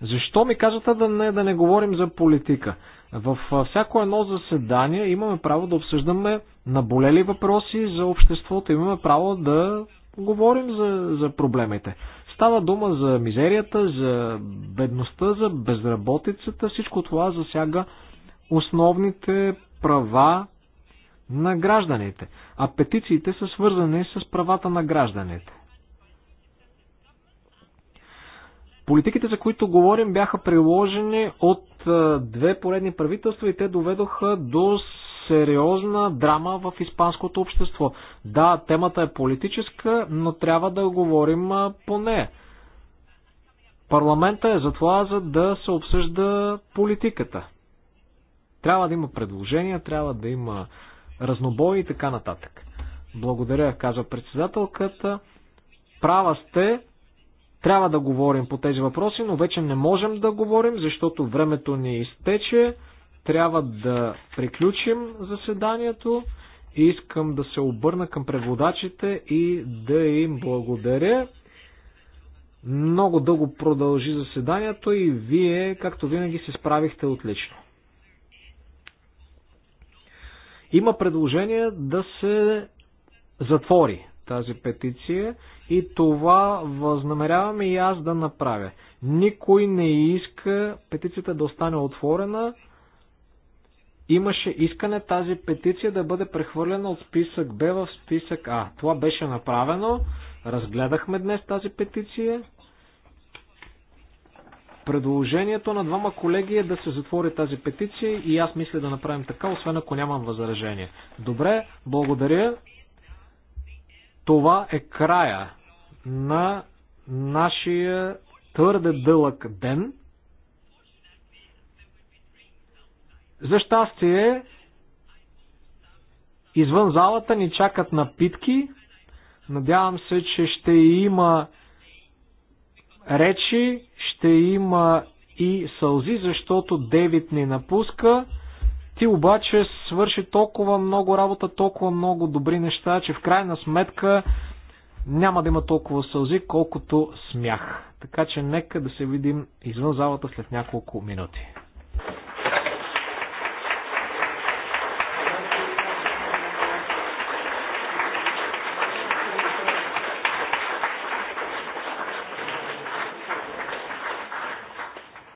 Защо ми казвате да не, да не говорим за политика? В всяко едно заседание имаме право да обсъждаме наболели въпроси за обществото, имаме право да говорим за, за проблемите. Става дума за мизерията, за бедността, за безработицата, всичко това засяга основните права на гражданите, а петициите са свързани с правата на гражданите. Политиките, за които говорим, бяха приложени от е, две поредни правителства и те доведоха до сериозна драма в испанското общество. Да, темата е политическа, но трябва да говорим е, по нея. Парламента е за това, за да се обсъжда политиката. Трябва да има предложения, трябва да има разнобой и така нататък. Благодаря, казва председателката. Права сте, трябва да говорим по тези въпроси, но вече не можем да говорим, защото времето ни изтече. Трябва да приключим заседанието и искам да се обърна към преводачите и да им благодаря. Много дълго продължи заседанието и вие, както винаги, се справихте отлично. Има предложение да се затвори тази петиция и това възнамеряваме и аз да направя. Никой не иска петицията да остане отворена. Имаше искане тази петиция да бъде прехвърлена от списък Б в списък А. Това беше направено. Разгледахме днес тази петиция. Предложението на двама колеги е да се затвори тази петиция и аз мисля да направим така, освен ако нямам възражение. Добре, благодаря. Това е края на нашия твърде дълъг ден. За щастие, извън залата ни чакат напитки. Надявам се, че ще има речи, ще има и сълзи, защото Девит ни напуска. Ти обаче свърши толкова много работа, толкова много добри неща, че в крайна сметка няма да има толкова сълзи, колкото смях. Така че нека да се видим извън залата след няколко минути.